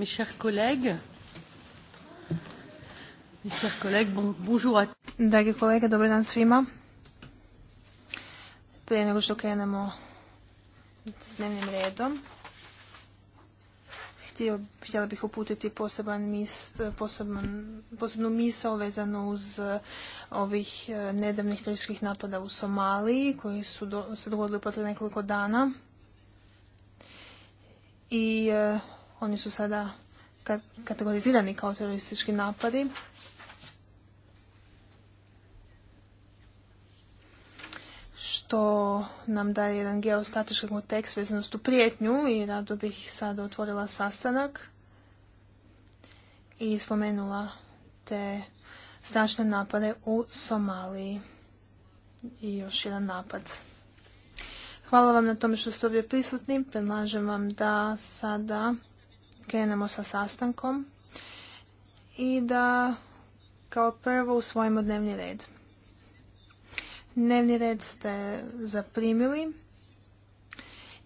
Mes chers collègues, mes chers collègues, bon, bonjour à kolege, dobro dan svima. Prije nego što krenemo s dnevnim redom, htio, htjela bih uputiti mis, posebnu misao vezano uz eh, ovih eh, nedavnih terorističkih napada u Somaliji koji su se dogodili protiv nekoliko dana i eh, oni su sada kategorizirani kao teroristički napadi. Što nam daje jedan geostatički kontekst vezanost u prijetnju i rado bih sada otvorila sastanak i spomenula te strašne napade u Somaliji. I još jedan napad. Hvala vam na tome što ste ovdje prisutni. Predlažem vam da sada krenemo sa sastankom i da kao prvo usvojimo dnevni red. Dnevni red ste zaprimili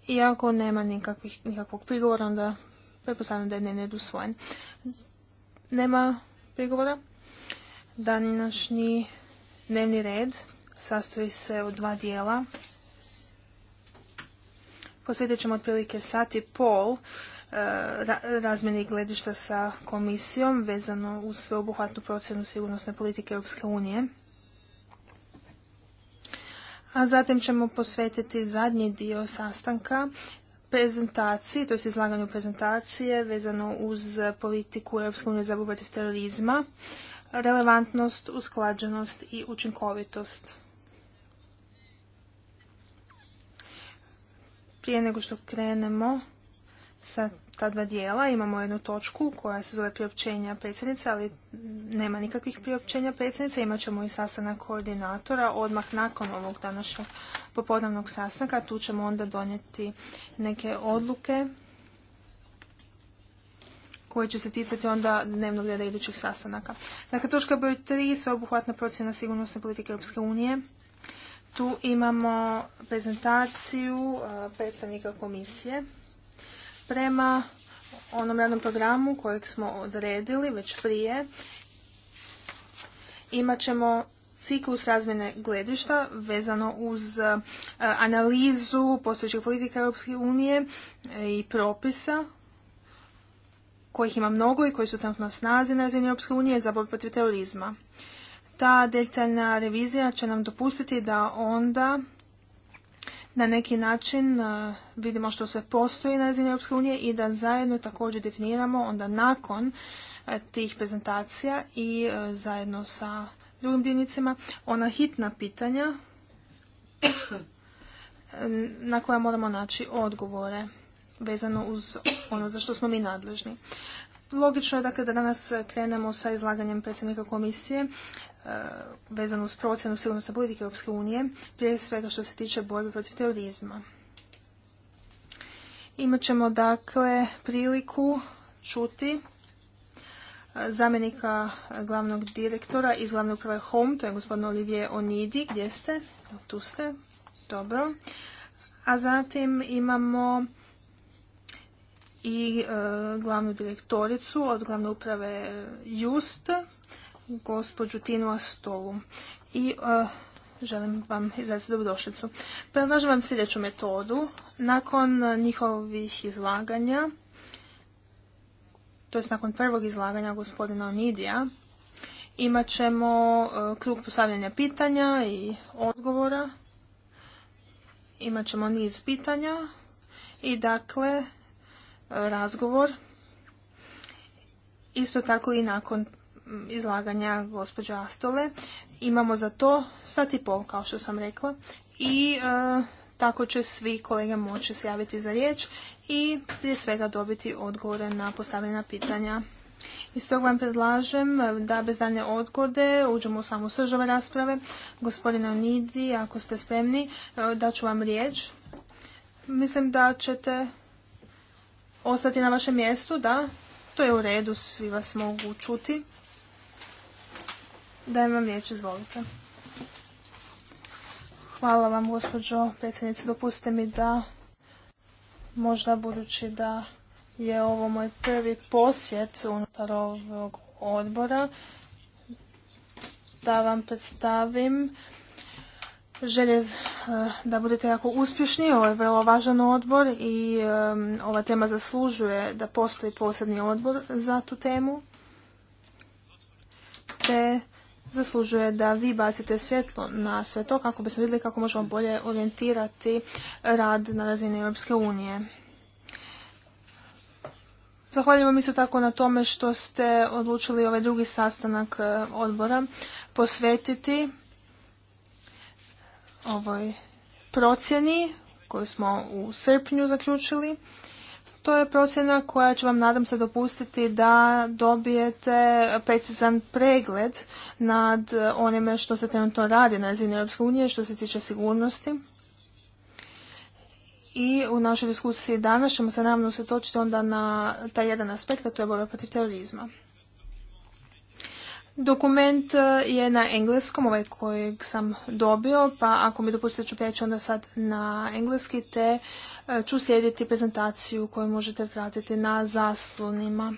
i ako nema nikakvog prigovora, onda pretpostavljam da je dnevni red usvojen. Nema prigovora. Današnji dnevni red sastoji se od dva dijela. Posvjetit ćemo otprilike sat i pol E, razmjeni gledišta sa komisijom vezano uz sveobuhvatnu procjenu sigurnosne politike Europske unije. A zatim ćemo posvetiti zadnji dio sastanka prezentaciji, to je izlaganju prezentacije vezano uz politiku Europske unije za terorizma, relevantnost, usklađenost i učinkovitost. Prije nego što krenemo sa ta dva dijela. Imamo jednu točku koja se zove priopćenja predsjednice, ali nema nikakvih priopćenja predsjednice. Imat ćemo i sastanak koordinatora odmah nakon ovog današnjeg popodnevnog sastanka. Tu ćemo onda donijeti neke odluke koje će se ticati onda dnevnog reda idućih sastanaka. Dakle, točka broj 3, sveobuhvatna procjena sigurnosne politike Europske unije. Tu imamo prezentaciju predstavnika komisije Prema onom radnom programu kojeg smo odredili već prije, imat ćemo ciklus razmjene gledišta vezano uz e, analizu postojećih politika Europske unije e, i propisa kojih ima mnogo i koji su trenutno na snazi na razini Europske unije za borbu protiv terorizma. Ta detaljna revizija će nam dopustiti da onda na neki način e, vidimo što sve postoji na razini Europske unije i da zajedno također definiramo onda nakon e, tih prezentacija i e, zajedno sa drugim djenicima ona hitna pitanja na koja moramo naći odgovore vezano uz ono za što smo mi nadležni. Logično je dakle da danas krenemo sa izlaganjem predsjednika komisije Eh, vezano uz procjenu sigurnosne politike Europske unije, prije svega što se tiče borbe protiv terorizma. Imaćemo dakle priliku čuti eh, zamjenika glavnog direktora iz glavne uprave HOME, to je gospodin Olivier Onidi. Gdje ste? Tu ste. Dobro. A zatim imamo i eh, glavnu direktoricu od glavne uprave JUST, gospođu Tinu Astolu i eh, želim vam izraziti dobrodošlicu. Predlažem vam sljedeću metodu. Nakon njihovih izlaganja, to je nakon prvog izlaganja gospodina Onidija, imat ćemo eh, krug postavljanja pitanja i odgovora. Imat ćemo niz pitanja i dakle eh, razgovor. Isto tako i nakon izlaganja gospođe Astole. Imamo za to sat i pol, kao što sam rekla. I e, tako će svi kolege moći se javiti za riječ i prije svega dobiti odgovore na postavljena pitanja. I stoga vam predlažem da bez danje odgode uđemo u samu srž rasprave. Gospodine Nidi, ako ste spremni, e, ću vam riječ. Mislim da ćete ostati na vašem mjestu, da? To je u redu, svi vas mogu čuti. Dajem vam riječ, izvolite. Hvala vam, gospođo predsjednice. Dopustite mi da možda budući da je ovo moj prvi posjet unutar ovog odbora, da vam predstavim želje eh, da budete jako uspješni. Ovo je vrlo važan odbor i ova tema zaslužuje da postoji posebni odbor za tu temu. Te zaslužuje da vi bacite svjetlo na sve to kako bismo vidjeli kako možemo bolje orijentirati rad na razini Europske unije. Zahvaljujem vam isto tako na tome što ste odlučili ovaj drugi sastanak e, odbora posvetiti ovoj procjeni koju smo u srpnju zaključili to je procjena koja će vam, nadam se, dopustiti da dobijete precizan pregled nad onime što se trenutno radi na razini Europske unije što se tiče sigurnosti. I u našoj diskusiji danas ćemo se naravno onda na taj jedan aspekt, a to je borba protiv terorizma. Dokument je na engleskom, ovaj kojeg sam dobio, pa ako mi dopustite ću prijeći onda sad na engleski, te E, ću slijediti prezentaciju koju možete pratiti na zaslonima.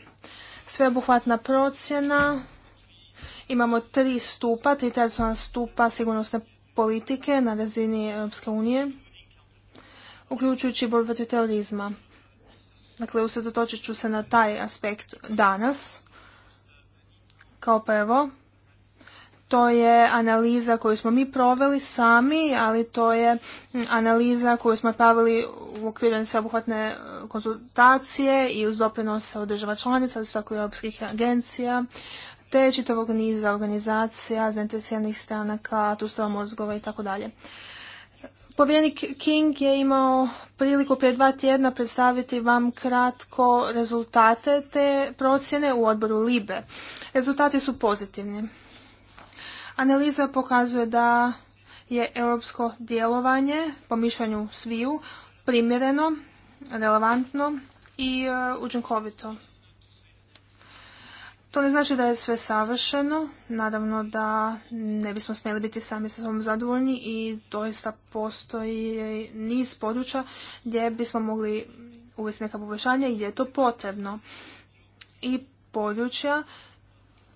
Sveobuhvatna procjena. Imamo tri stupa, tri tradicionalna stupa sigurnosne politike na razini Europske unije, uključujući borbu protiv terorizma. Dakle, usredotočit ću se na taj aspekt danas. Kao prvo, to je analiza koju smo mi proveli sami, ali to je mm, analiza koju smo pravili u okviru sveobuhvatne e, konzultacije i uz doprinosa od država članica, ali tako i europskih agencija, te čitavog niza organizacija, zainteresiranih stranaka, tustava mozgova i tako dalje. Povjerenik King je imao priliku prije dva tjedna predstaviti vam kratko rezultate te procjene u odboru LIBE. Rezultati su pozitivni. Analiza pokazuje da je europsko djelovanje, po mišljenju sviju, primjereno, relevantno i e, učinkovito. To ne znači da je sve savršeno, naravno da ne bismo smjeli biti sami sa sobom zadovoljni i doista postoji niz područja gdje bismo mogli uvesti neka poboljšanja i gdje je to potrebno. I područja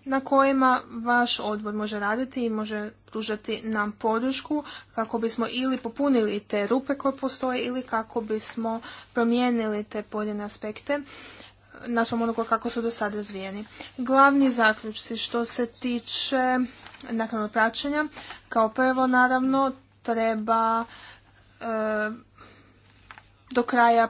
na kojima vaš odbor može raditi i može pružati nam podršku kako bismo ili popunili te rupe koje postoje ili kako bismo promijenili te pojedine aspekte eh, naspram onoga kako su do sada razvijeni. Glavni zaključci što se tiče nakon praćenja, kao prvo naravno treba eh, do kraja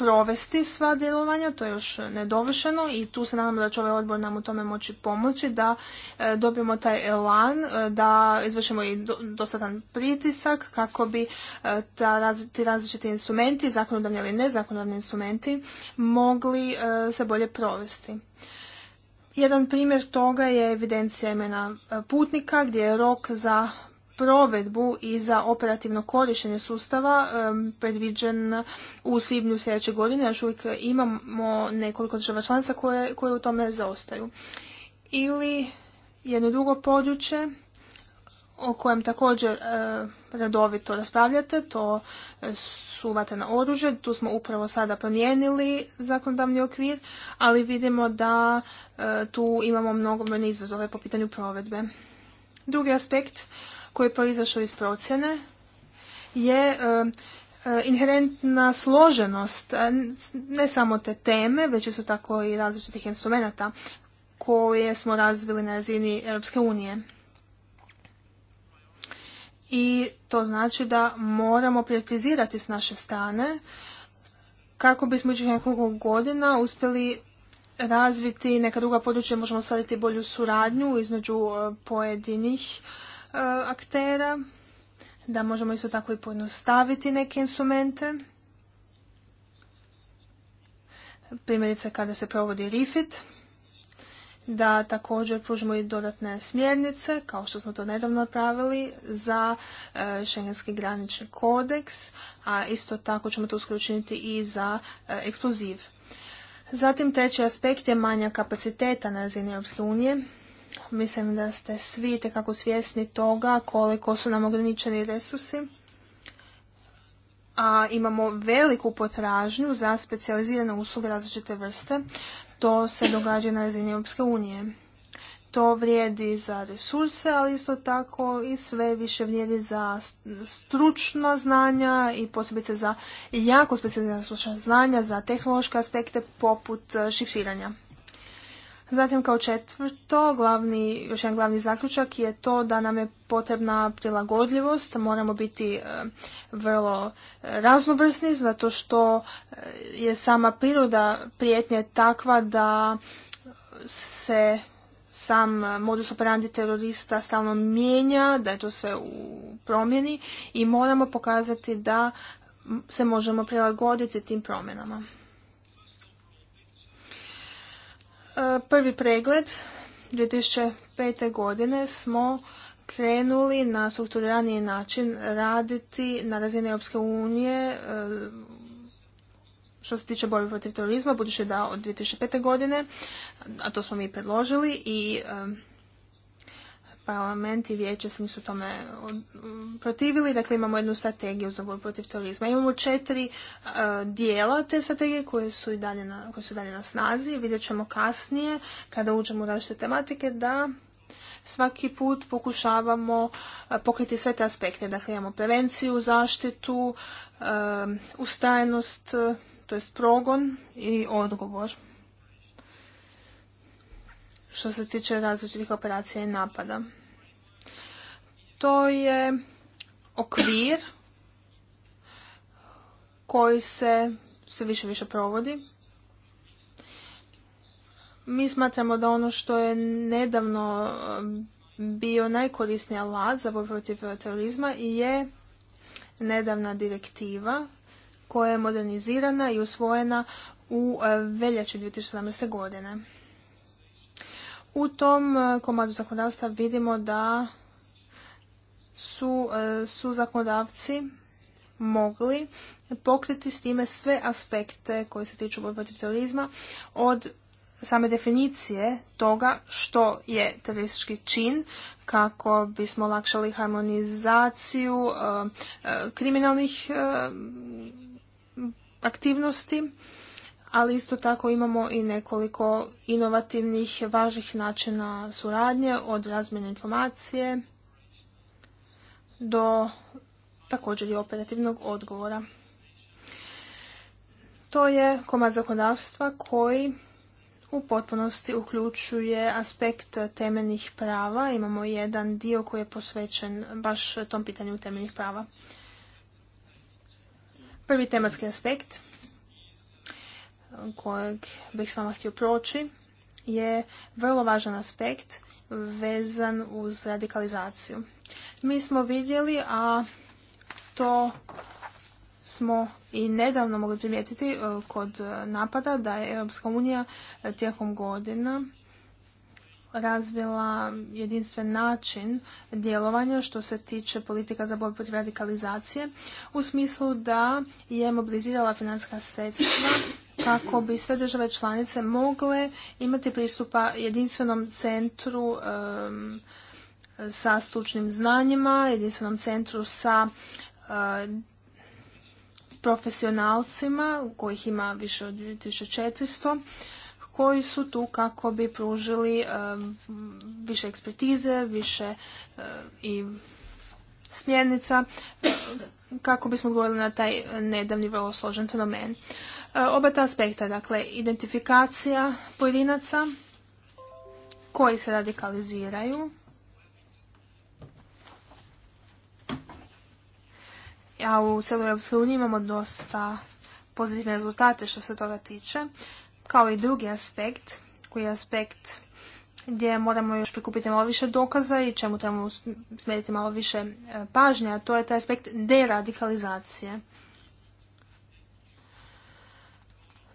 provesti sva djelovanja, to je još nedovršeno i tu se nadamo da će ovaj odbor nam u tome moći pomoći, da e, dobijemo taj elan, e, da izvršimo i dostatan pritisak kako bi e, ti različiti instrumenti, zakonodavni ili nezakonodavni instrumenti, mogli se bolje provesti. Jedan primjer toga je evidencija imena putnika gdje je rok za provedbu i za operativno korištenje sustava predviđen u svibnju sljedeće godine. Još uvijek imamo nekoliko država članica koje, u tome zaostaju. Ili jedno drugo područje o kojem također e, redovito raspravljate, to su na oružje. Tu smo upravo sada promijenili zakonodavni okvir, ali vidimo da e, tu imamo mnogo izazove po pitanju provedbe. Drugi aspekt koji je proizašao iz procjene je e, inherentna složenost e, ne samo te teme, već su tako i različitih instrumenta koje smo razvili na razini Europske unije. I to znači da moramo prioritizirati s naše strane kako bismo ići nekoliko godina uspjeli razviti neka druga područja, možemo staviti bolju suradnju između e, pojedinih Eh, aktera, da možemo isto tako i pojednostaviti neke instrumente. Primjerice kada se provodi RIFIT, da također pružimo i dodatne smjernice, kao što smo to nedavno napravili, za šengenski eh, granični kodeks, a isto tako ćemo to usklučiti i za eh, eksploziv. Zatim treći aspekt je manja kapaciteta na razini Europske unije. Mislim da ste svi tekako svjesni toga koliko su nam ograničeni resursi, a imamo veliku potražnju za specijalizirane usluge različite vrste. To se događa na razini Europske unije. To vrijedi za resurse, ali isto tako i sve više vrijedi za stručna znanja i posebice za jako specijalizirana stručna znanja za tehnološke aspekte poput šifriranja. Zatim kao četvrto, glavni, još jedan glavni zaključak je to da nam je potrebna prilagodljivost, moramo biti e, vrlo e, raznovrsni zato što e, je sama priroda prijetnje takva da se sam modus operandi terorista stalno mijenja, da je to sve u promjeni i moramo pokazati da se možemo prilagoditi tim promjenama. E, prvi pregled 2005. godine smo krenuli na strukturiraniji način raditi na razini Europske unije e, što se tiče borbe protiv terorizma, budući da od 2005. godine, a to smo mi predložili i e, parlament i vijeće se nisu tome protivili. Dakle, imamo jednu strategiju za borbu protiv terorizma. Imamo četiri e, dijela te strategije koje su i dalje na, koje su na snazi. Vidjet ćemo kasnije, kada uđemo u različite tematike, da svaki put pokušavamo e, pokriti sve te aspekte. Dakle, imamo prevenciju, zaštitu, e, ustajenost, to jest progon i odgovor što se tiče različitih operacija i napada. To je okvir koji se sve više više provodi. Mi smatramo da ono što je nedavno um, bio najkorisniji alat za borbu protiv terorizma je nedavna direktiva koja je modernizirana i usvojena u uh, veljači 2017. godine. U tom uh, komadu zakonodavstva vidimo da su, e, su zakonodavci mogli pokriti s time sve aspekte koji se tiču borbe protiv terorizma od same definicije toga što je teroristički čin kako bismo olakšali harmonizaciju e, e, kriminalnih aktivnosti, ali isto tako imamo i nekoliko inovativnih važnih načina suradnje od razmjene informacije do također i operativnog odgovora. To je komad zakonodavstva koji u potpunosti uključuje aspekt temeljnih prava. Imamo jedan dio koji je posvećen baš tom pitanju temeljnih prava. Prvi tematski aspekt kojeg bih s vama htio proći je vrlo važan aspekt vezan uz radikalizaciju. Mi smo vidjeli, a to smo i nedavno mogli primijetiti e, kod napada da je Europska unija tijekom godina razvila jedinstven način djelovanja što se tiče politika za borbu protiv radikalizacije u smislu da je mobilizirala financijska sredstva kako bi sve države članice mogle imati pristupa jedinstvenom centru sa stručnim znanjima, jedinstvenom centru sa e, profesionalcima, kojih ima više od 2400, koji su tu kako bi pružili e, više ekspertize, više e, i smjernica kako bismo odgovorili na taj nedavni vrlo složen fenomen. Oba ta aspekta, dakle, identifikacija pojedinaca koji se radikaliziraju a u cijeloj EU imamo dosta pozitivne rezultate što se toga tiče, kao i drugi aspekt, koji je aspekt gdje moramo još prikupiti malo više dokaza i čemu trebamo smeriti malo više e, pažnje, a to je taj aspekt deradikalizacije.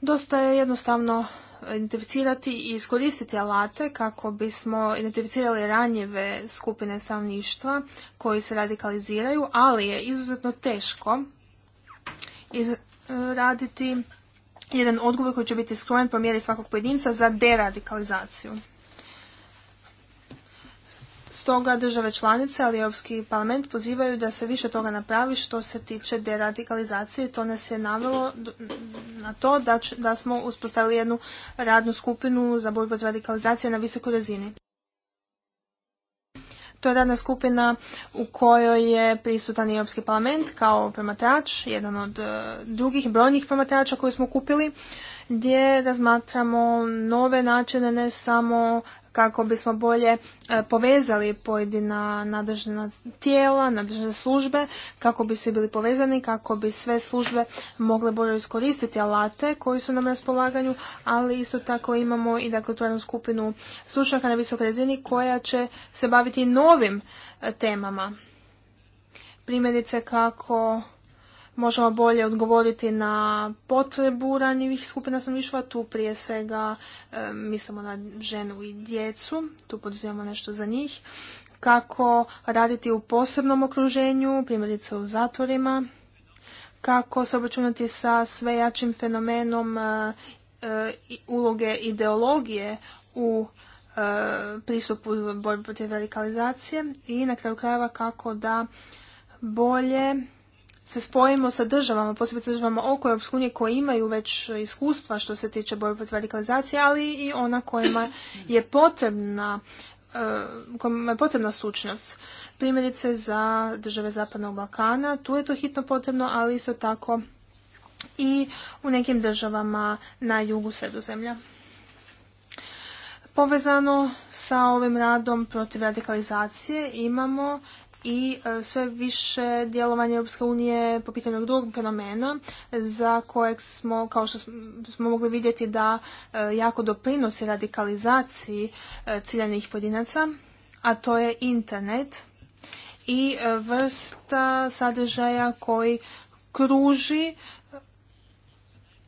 Dosta je jednostavno identificirati i iskoristiti alate kako bismo identificirali ranjive skupine stanovništva koji se radikaliziraju, ali je izuzetno teško e, raditi jedan odgovor koji će biti skrojen po mjeri svakog pojedinca za deradikalizaciju. Stoga države članice, ali Europski parlament pozivaju da se više toga napravi što se tiče deradikalizacije. To nas je navelo na to da, da smo uspostavili jednu radnu skupinu za borbu protiv radikalizacije na visokoj razini. To je radna skupina u kojoj je prisutan Europski parlament kao promatrač, jedan od e, drugih brojnih promatrača koje smo kupili gdje razmatramo nove načine ne samo kako bismo bolje e, povezali pojedina nadležna tijela, nadležne službe, kako bi svi bili povezani, kako bi sve službe mogle bolje iskoristiti alate koji su nam na raspolaganju, ali isto tako imamo i dakle tu jednu skupinu stručnjaka na visokoj razini koja će se baviti novim e, temama. Primjerice kako možemo bolje odgovoriti na potrebu ranjivih skupina stanovništva. Tu prije svega e, mislimo na ženu i djecu, tu poduzimamo nešto za njih. Kako raditi u posebnom okruženju, primjerice u zatvorima, kako se obračunati sa sve jačim fenomenom e, e, uloge ideologije u pristupu borbi protiv radikalizacije i na kraju krajeva kako da bolje se spojimo sa državama, posebno sa državama oko EU koje imaju već iskustva što se tiče borbe protiv radikalizacije, ali i ona kojima je potrebna eh, kojima je potrebna sučnost. Primjerice za države Zapadnog Balkana, tu je to hitno potrebno, ali isto tako i u nekim državama na jugu sredozemlja. Povezano sa ovim radom protiv radikalizacije imamo i e, sve više djelovanje Europske unije po pitanju drugog fenomena za kojeg smo, kao što smo mogli vidjeti, da e, jako doprinosi radikalizaciji e, ciljanih pojedinaca, a to je internet i vrsta sadržaja koji kruži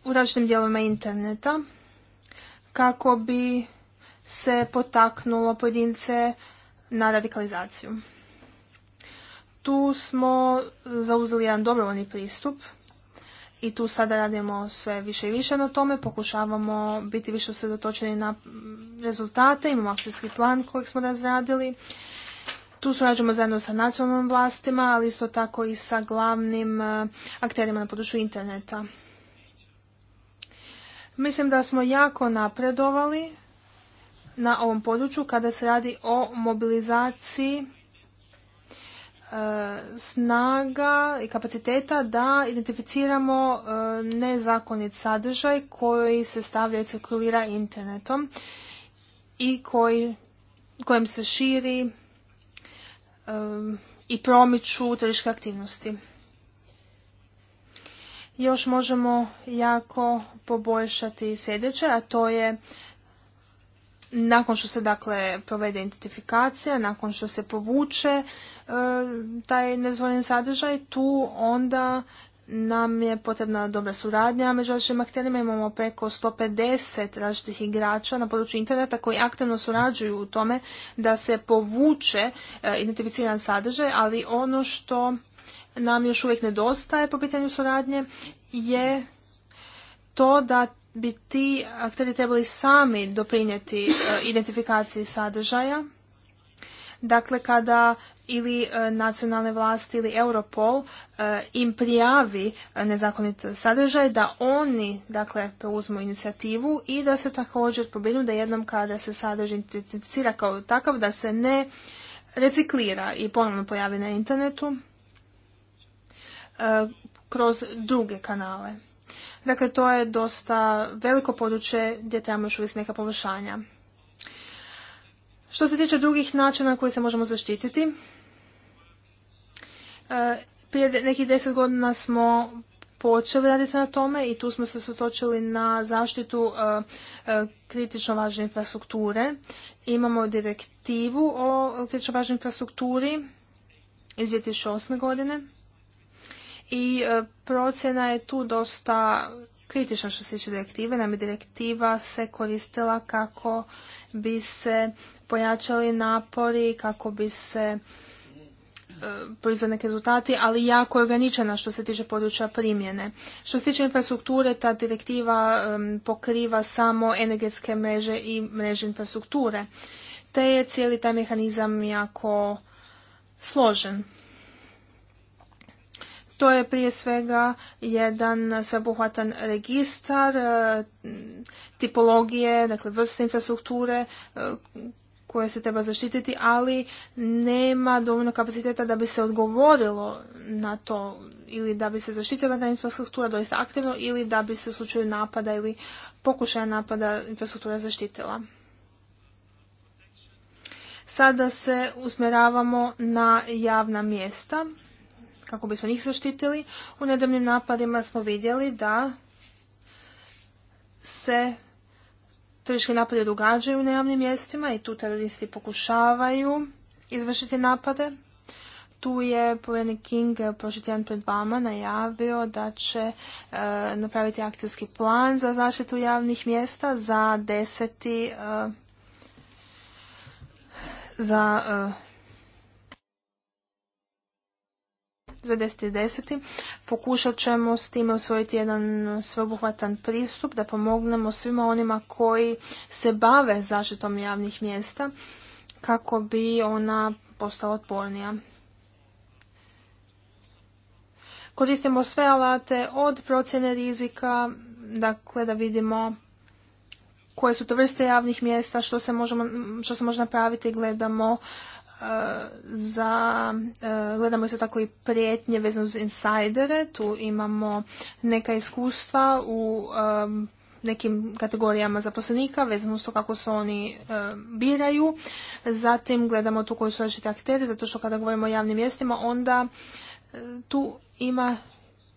u različitim dijelovima interneta kako bi se potaknulo pojedince na radikalizaciju tu smo zauzeli jedan dobrovoljni pristup i tu sada radimo sve više i više na tome, pokušavamo biti više usredotočeni na rezultate, imamo akcijski plan kojeg smo razradili. Tu surađujemo zajedno sa nacionalnim vlastima, ali isto tako i sa glavnim e, akterima na području interneta. Mislim da smo jako napredovali na ovom području kada se radi o mobilizaciji E, snaga i kapaciteta da identificiramo e, nezakonit sadržaj koji se stavlja i cirkulira internetom i kojim se širi e, i promiču tržiške aktivnosti. Još možemo jako poboljšati sljedeće, a to je nakon što se dakle provede identifikacija, nakon što se povuče e, taj nezvoljen sadržaj, tu onda nam je potrebna dobra suradnja. Među različitim akterima imamo preko 150 različitih igrača na području interneta koji aktivno surađuju u tome da se povuče e, identificiran sadržaj, ali ono što nam još uvijek nedostaje po pitanju suradnje je to da bi ti akteri trebali sami doprinijeti e, identifikaciji sadržaja. Dakle, kada ili e, nacionalne vlasti ili Europol e, im prijavi nezakonit sadržaj, da oni dakle preuzmu inicijativu i da se također pobinu da jednom kada se sadržaj identificira kao takav da se ne reciklira i ponovno pojavi na internetu kroz druge kanale. Dakle, to je dosta veliko područje gdje trebamo još uvijek neka poboljšanja. Što se tiče drugih načina na koji se možemo zaštititi, e, prije nekih deset godina smo počeli raditi na tome i tu smo se sotočili na zaštitu e, e, kritično važne infrastrukture. Imamo direktivu o kritično važnoj infrastrukturi iz 2008. godine i e, procjena je tu dosta kritična što se tiče direktive. Naime, direktiva se koristila kako bi se pojačali napori, kako bi se e, proizveli rezultati, ali jako je ograničena što se tiče područja primjene. Što se tiče infrastrukture, ta direktiva e, pokriva samo energetske mreže i mreže infrastrukture, te je cijeli taj mehanizam jako složen. To je prije svega jedan sveobuhvatan registar e, tipologije, dakle vrste infrastrukture e, koje se treba zaštititi, ali nema dovoljno kapaciteta da bi se odgovorilo na to ili da bi se zaštitila ta infrastruktura doista aktivno ili da bi se u slučaju napada ili pokušaja napada infrastruktura zaštitila. Sada se usmjeravamo na javna mjesta kako bismo njih zaštitili. U nedavnim napadima smo vidjeli da se teroriški napade događaju u javnim mjestima i tu teroristi pokušavaju izvršiti napade. Tu je povjerenik King eh, prošli tjedan pred vama najavio da će eh, napraviti akcijski plan za zaštitu javnih mjesta za deseti eh, za za 10.10. Pokušat ćemo s time osvojiti jedan sveobuhvatan pristup da pomognemo svima onima koji se bave zaštitom javnih mjesta kako bi ona postala otpornija. Koristimo sve alate od procjene rizika, dakle da vidimo koje su to vrste javnih mjesta, što se, što se može napraviti, gledamo za, e, gledamo isto tako i prijetnje vezano uz insajdere, tu imamo neka iskustva u e, nekim kategorijama zaposlenika vezano uz to kako se oni e, biraju. Zatim gledamo tu koji su različiti akteri, zato što kada govorimo o javnim mjestima, onda tu ima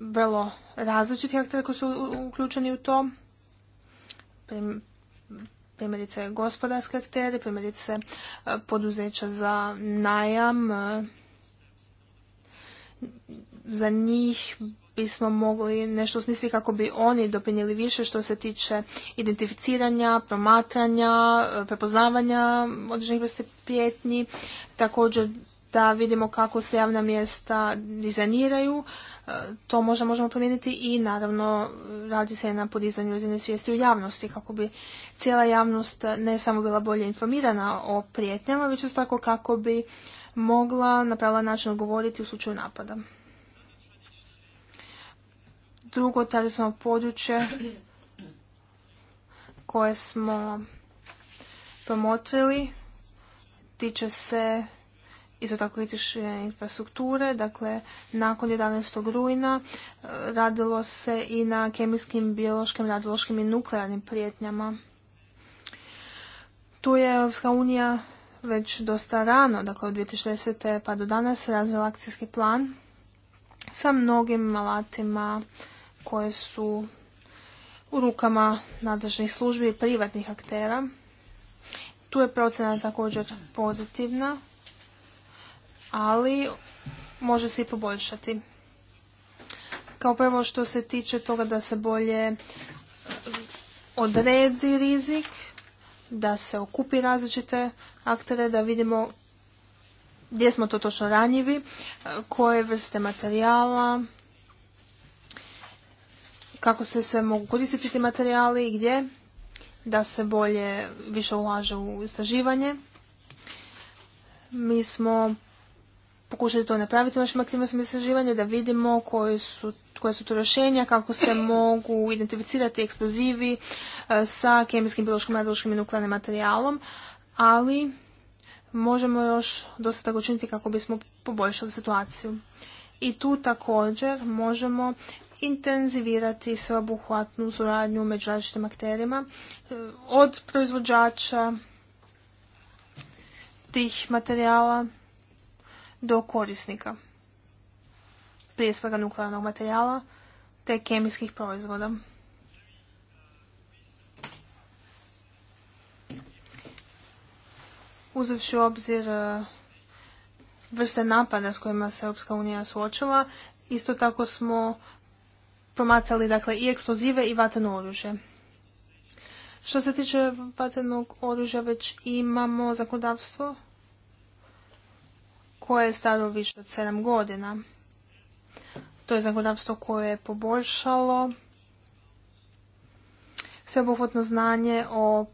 vrlo različitih aktera koji su uključeni u to primjerice gospodarske aktere, primjerice e, poduzeća za najam. E, za njih bismo mogli nešto smisli kako bi oni dopinjeli više što se tiče identificiranja, promatranja, e, prepoznavanja određenih vrste prijetnji, također da vidimo kako se javna mjesta dizajniraju, to možda možemo promijeniti i naravno radi se na podizanju razine svijesti u javnosti kako bi cijela javnost ne samo bila bolje informirana o prijetnjama, već isto tako kako bi mogla na pravilan način govoriti u slučaju napada. Drugo tradicionalno područje koje smo promotrili tiče se isto tako infrastrukture. Dakle, nakon 11. rujna e, radilo se i na kemijskim, biološkim, radiološkim i nuklearnim prijetnjama. Tu je Europska unija već dosta rano, dakle od 2010. pa do danas, razvila akcijski plan sa mnogim alatima koje su u rukama nadležnih službi i privatnih aktera. Tu je procena također pozitivna ali može se i poboljšati. Kao prvo što se tiče toga da se bolje e, odredi rizik, da se okupi različite aktere, da vidimo gdje smo to točno ranjivi, e, koje vrste materijala, kako se sve mogu koristiti ti materijali i gdje, da se bolje više ulaže u istraživanje. Mi smo pokušati to napraviti u našim aktivnostima istraživanja, da vidimo koje su koja su to rješenja, kako se mogu identificirati eksplozivi e, sa kemijskim, biološkim, radiološkim i nuklearnim materijalom, ali možemo još dosta tako učiniti kako bismo poboljšali situaciju. I tu također možemo intenzivirati sveobuhvatnu suradnju među različitim akterima e, od proizvođača tih materijala do korisnika, prije svega nuklearnog materijala te kemijskih proizvoda. Uzevši u obzir e, vrste napada s kojima se Europska unija suočila, isto tako smo promatrali dakle, i eksplozive i vatreno oružje. Što se tiče vatrenog oružja, već imamo zakonodavstvo koje je staro više od 7 godina. To je zakonodavstvo koje je poboljšalo sveobuhvatno znanje o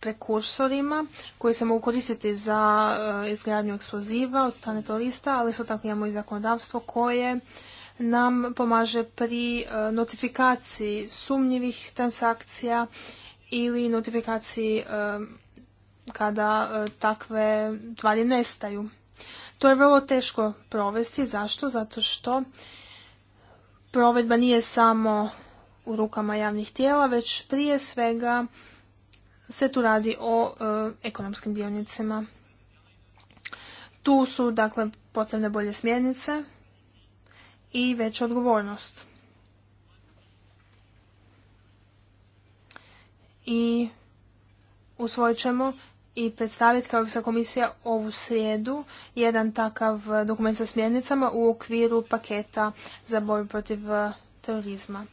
prekursorima koji se mogu koristiti za e, izgradnju eksploziva od strane turista, ali su tako imamo i zakonodavstvo koje nam pomaže pri e, notifikaciji sumnjivih transakcija ili notifikaciji e, kada takve tvari nestaju. To je vrlo teško provesti. Zašto? Zato što provedba nije samo u rukama javnih tijela, već prije svega se tu radi o e, ekonomskim dionicima. Tu su dakle potrebne bolje smjernice i veća odgovornost. I usvojit ćemo i predstaviti kao Europska komisija ovu srijedu jedan takav eh, dokument sa smjernicama u okviru paketa za borbu protiv eh, terorizma.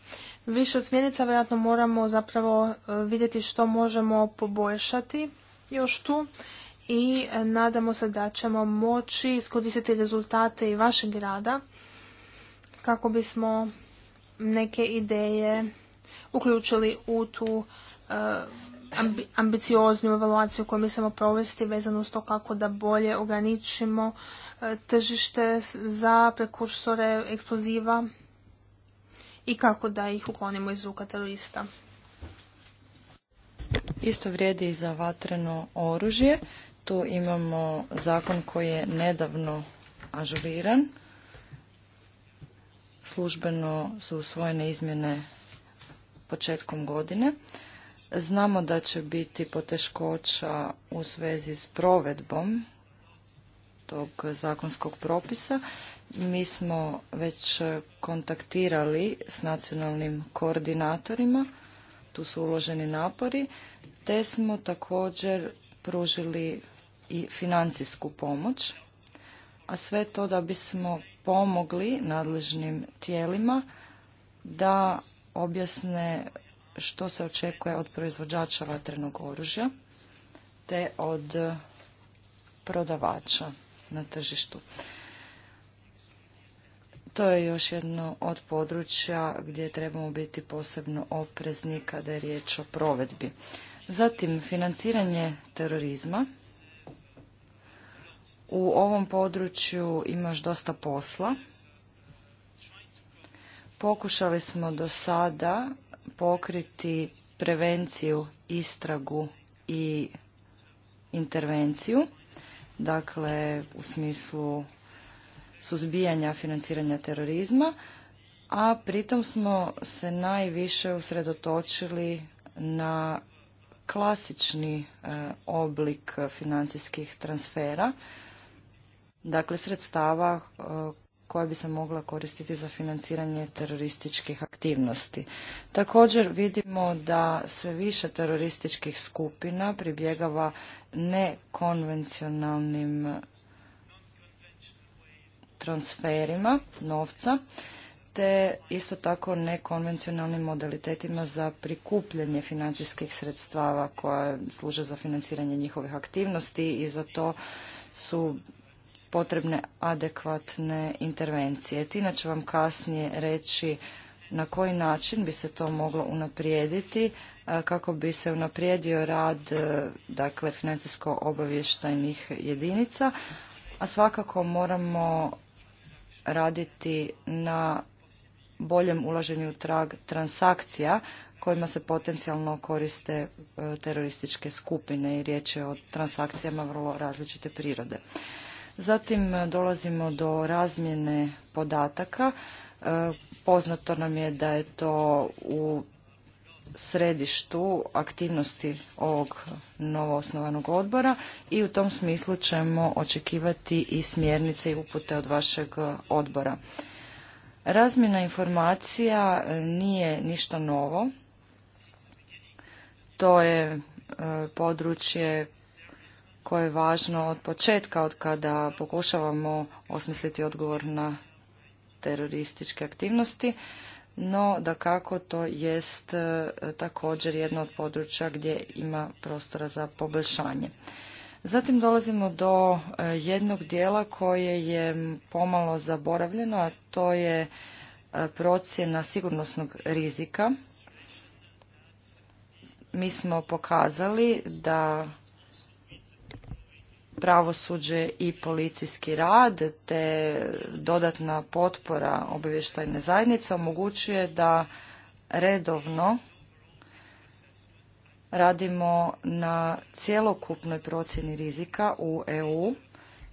Više od smjernica vjerojatno moramo zapravo eh, vidjeti što možemo poboljšati još tu i nadamo se da ćemo moći iskoristiti rezultate i vašeg rada kako bismo neke ideje uključili u tu ambiciozniju evaluaciju koju mislimo provesti vezano uz to kako da bolje ograničimo e, tržište za prekursore eksploziva i kako da ih uklonimo iz ruka terorista. Isto vrijedi i za vatreno oružje. Tu imamo zakon koji je nedavno ažuriran. Službeno su usvojene izmjene početkom godine. Znamo da će biti poteškoća u svezi s provedbom tog zakonskog propisa. Mi smo već kontaktirali s nacionalnim koordinatorima, tu su uloženi napori, te smo također pružili i financijsku pomoć, a sve to da bismo pomogli nadležnim tijelima da objasne što se očekuje od proizvođača vatrenog oružja te od prodavača na tržištu. To je još jedno od područja gdje trebamo biti posebno oprezni kada je riječ o provedbi. Zatim, financiranje terorizma. U ovom području imaš dosta posla. Pokušali smo do sada pokriti prevenciju, istragu i intervenciju, dakle u smislu suzbijanja financiranja terorizma, a pritom smo se najviše usredotočili na klasični e, oblik financijskih transfera, dakle sredstava e, koja bi se mogla koristiti za financiranje terorističkih aktivnosti. Također vidimo da sve više terorističkih skupina pribjegava nekonvencionalnim transferima novca te isto tako nekonvencionalnim modalitetima za prikupljanje financijskih sredstava koja služe za financiranje njihovih aktivnosti i za to su potrebne adekvatne intervencije. Tina će vam kasnije reći na koji način bi se to moglo unaprijediti e, kako bi se unaprijedio rad e, dakle financijsko obavještajnih jedinica, a svakako moramo raditi na boljem ulaženju trag transakcija kojima se potencijalno koriste e, terorističke skupine i riječ je o transakcijama vrlo različite prirode. Zatim e, dolazimo do razmjene podataka. E, poznato nam je da je to u središtu aktivnosti ovog novoosnovanog odbora i u tom smislu ćemo očekivati i smjernice i upute od vašeg odbora. Razmjena informacija e, nije ništa novo. To je područje koje je važno od početka, od kada pokušavamo osmisliti odgovor na terorističke aktivnosti, no da kako to jest e, također jedno od područja gdje ima prostora za poboljšanje. Zatim dolazimo do e, jednog dijela koje je pomalo zaboravljeno, a to je e, procjena sigurnosnog rizika. Mi smo pokazali da pravosuđe i policijski rad te dodatna potpora obavještajne zajednice omogućuje da redovno radimo na cjelokupnoj procjeni rizika u EU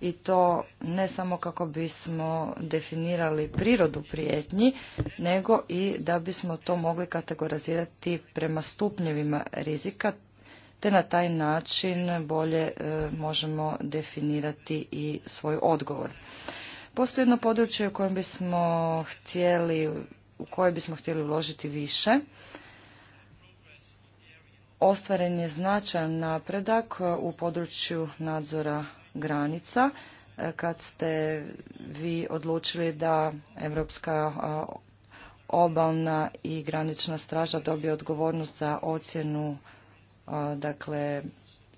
i to ne samo kako bismo definirali prirodu prijetnji, nego i da bismo to mogli kategorizirati prema stupnjevima rizika te na taj način bolje e, možemo definirati i svoj odgovor. Postoji jedno područje u kojem bismo htjeli, u koje bismo htjeli uložiti više. Ostvaren je značajan napredak u području nadzora granica e, kad ste vi odlučili da Europska e, obalna i granična straža dobije odgovornost za ocjenu dakle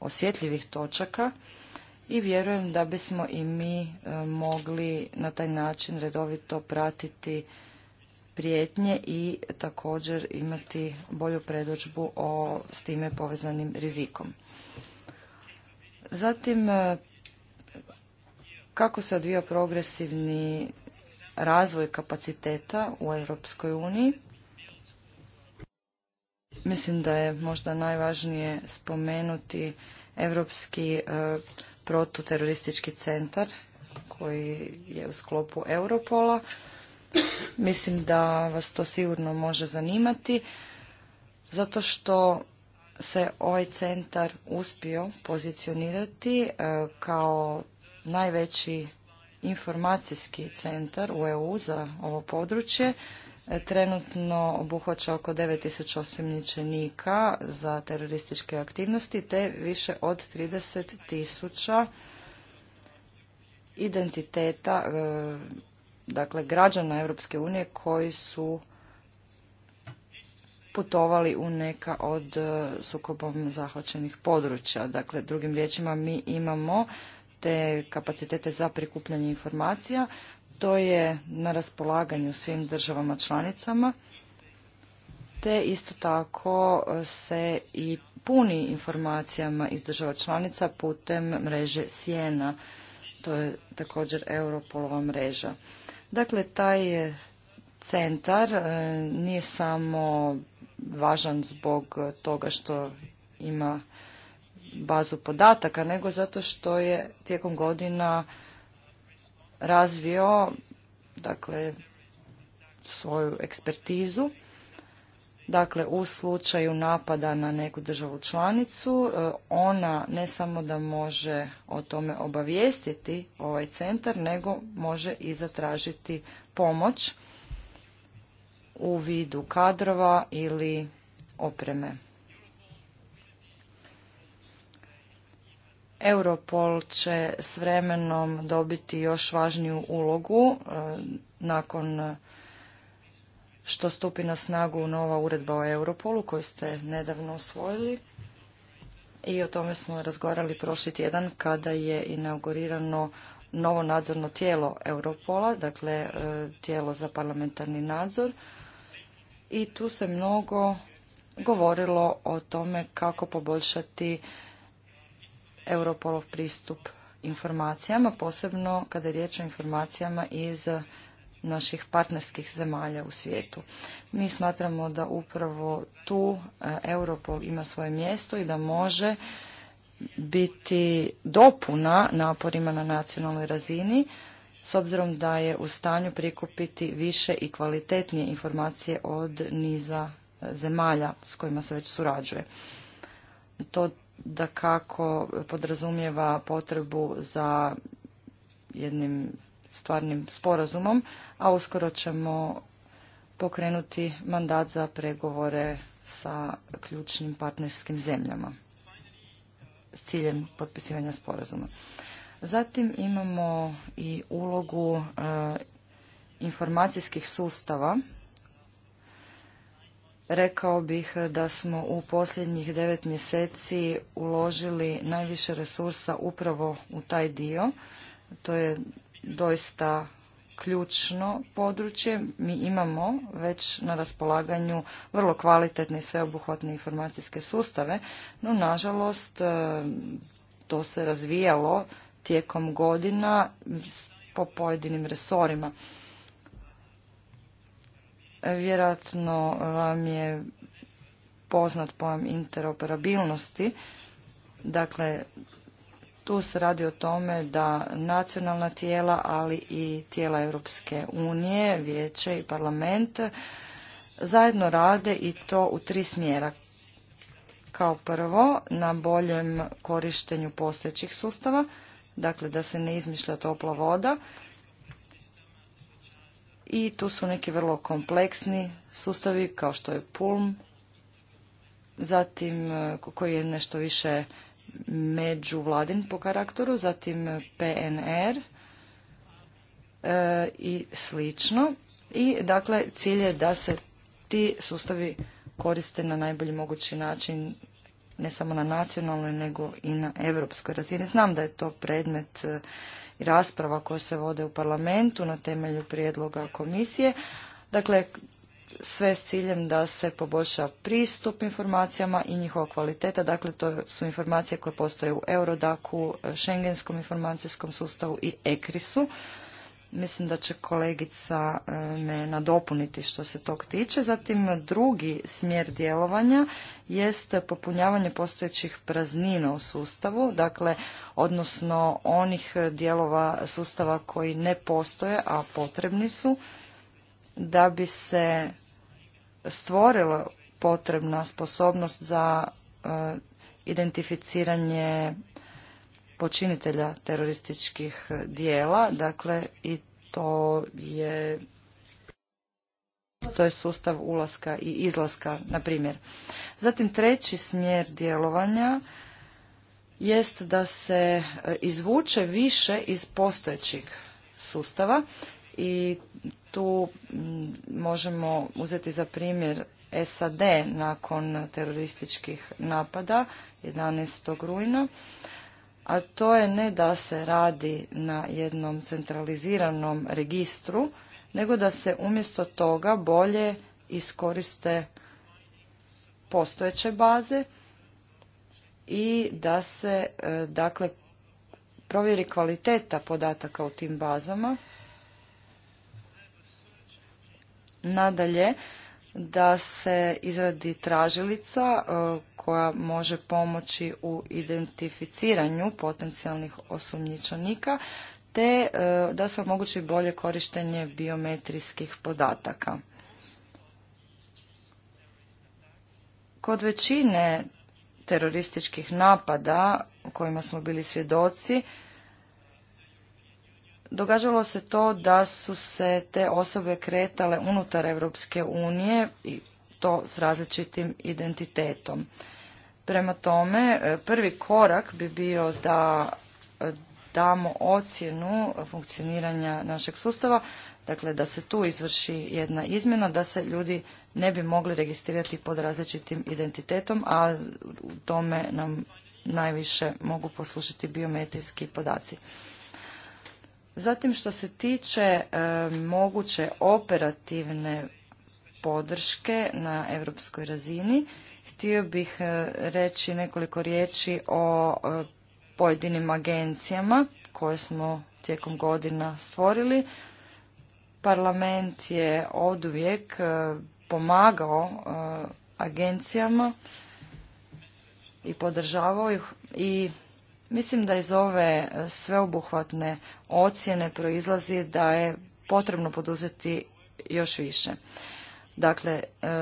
osjetljivih točaka i vjerujem da bismo i mi e, mogli na taj način redovito pratiti prijetnje i također imati bolju predođbu o s time povezanim rizikom. Zatim, e, kako se odvija progresivni razvoj kapaciteta u Europskoj uniji, Mislim da je možda najvažnije spomenuti Europski e, protuteroristički centar koji je u sklopu Europola. Mislim da vas to sigurno može zanimati zato što se ovaj centar uspio pozicionirati e, kao najveći informacijski centar u EU za ovo područje trenutno obuhvaća oko 9000 osumnjičenika za terorističke aktivnosti te više od 30.000 identiteta e, dakle građana Europske unije koji su putovali u neka od e, sukobom zahvaćenih područja. Dakle, drugim riječima mi imamo te kapacitete za prikupljanje informacija to je na raspolaganju svim državama članicama, te isto tako e, se i puni informacijama iz država članica putem mreže Sjena. To je također Europolova mreža. Dakle, taj centar e, nije samo važan zbog toga što ima bazu podataka, nego zato što je tijekom godina razvio dakle svoju ekspertizu. Dakle, u slučaju napada na neku državu članicu, e, ona ne samo da može o tome obavijestiti ovaj centar, nego može i zatražiti pomoć u vidu kadrova ili opreme. Europol će s vremenom dobiti još važniju ulogu e, nakon što stupi na snagu nova uredba o Europolu koju ste nedavno usvojili i o tome smo razgovarali prošli tjedan kada je inaugurirano novo nadzorno tijelo Europola, dakle e, tijelo za parlamentarni nadzor i tu se mnogo govorilo o tome kako poboljšati Europolov pristup informacijama, posebno kada je riječ o informacijama iz naših partnerskih zemalja u svijetu. Mi smatramo da upravo tu e, Europol ima svoje mjesto i da može biti dopuna naporima na nacionalnoj razini s obzirom da je u stanju prikupiti više i kvalitetnije informacije od niza e, zemalja s kojima se već surađuje. To da kako podrazumijeva potrebu za jednim stvarnim sporazumom, a uskoro ćemo pokrenuti mandat za pregovore sa ključnim partnerskim zemljama s ciljem potpisivanja sporazuma. Zatim imamo i ulogu e, informacijskih sustava Rekao bih da smo u posljednjih devet mjeseci uložili najviše resursa upravo u taj dio. To je doista ključno područje. Mi imamo već na raspolaganju vrlo kvalitetne i sveobuhvatne informacijske sustave, no nažalost e, to se razvijalo tijekom godina po pojedinim resorima. Vjerojatno vam je poznat pojam interoperabilnosti. Dakle, tu se radi o tome da nacionalna tijela, ali i tijela Europske unije, vijeće i parlament zajedno rade i to u tri smjera. Kao prvo, na boljem korištenju postojećih sustava, dakle da se ne izmišlja topla voda, i tu su neki vrlo kompleksni sustavi kao što je PULM, zatim e, koji je nešto više međuvladin po karakteru, zatim PNR e, i slično. I dakle cilj je da se ti sustavi koriste na najbolji mogući način ne samo na nacionalnoj nego i na europskoj razini. Znam da je to predmet e, rasprava koje se vode u parlamentu na temelju prijedloga komisije. Dakle, sve s ciljem da se poboljša pristup informacijama i njihova kvaliteta. Dakle, to su informacije koje postoje u Eurodaku, Schengenskom informacijskom sustavu i Ekrisu. Mislim da će kolegica e, me nadopuniti što se tog tiče. Zatim drugi smjer djelovanja jest popunjavanje postojećih praznina u sustavu, dakle, odnosno onih dijelova sustava koji ne postoje, a potrebni su, da bi se stvorila potrebna sposobnost za e, identificiranje počinitelja terorističkih e, dijela, dakle i to je to je sustav ulaska i izlaska, na primjer. Zatim treći smjer djelovanja jest da se e, izvuče više iz postojećih sustava i tu možemo uzeti za primjer SAD nakon terorističkih napada 11. rujna a to je ne da se radi na jednom centraliziranom registru, nego da se umjesto toga bolje iskoriste postojeće baze i da se e, dakle provjeri kvaliteta podataka u tim bazama. Nadalje, da se izradi tražilica e, koja može pomoći u identificiranju potencijalnih osumnjičenika te e, da se omogući bolje korištenje biometrijskih podataka. Kod većine terorističkih napada kojima smo bili svjedoci Događalo se to da su se te osobe kretale unutar Europske unije i to s različitim identitetom. Prema tome, e, prvi korak bi bio da e, damo ocjenu funkcioniranja našeg sustava, dakle da se tu izvrši jedna izmjena, da se ljudi ne bi mogli registrirati pod različitim identitetom, a u tome nam najviše mogu poslušati biometrijski podaci. Zatim što se tiče e, moguće operativne podrške na europskoj razini, htio bih e, reći nekoliko riječi o e, pojedinim agencijama koje smo tijekom godina stvorili. Parlament je oduvijek pomagao agencijama i podržavao ih i Mislim da iz ove e, sveobuhvatne ocjene proizlazi da je potrebno poduzeti još više. Dakle, e,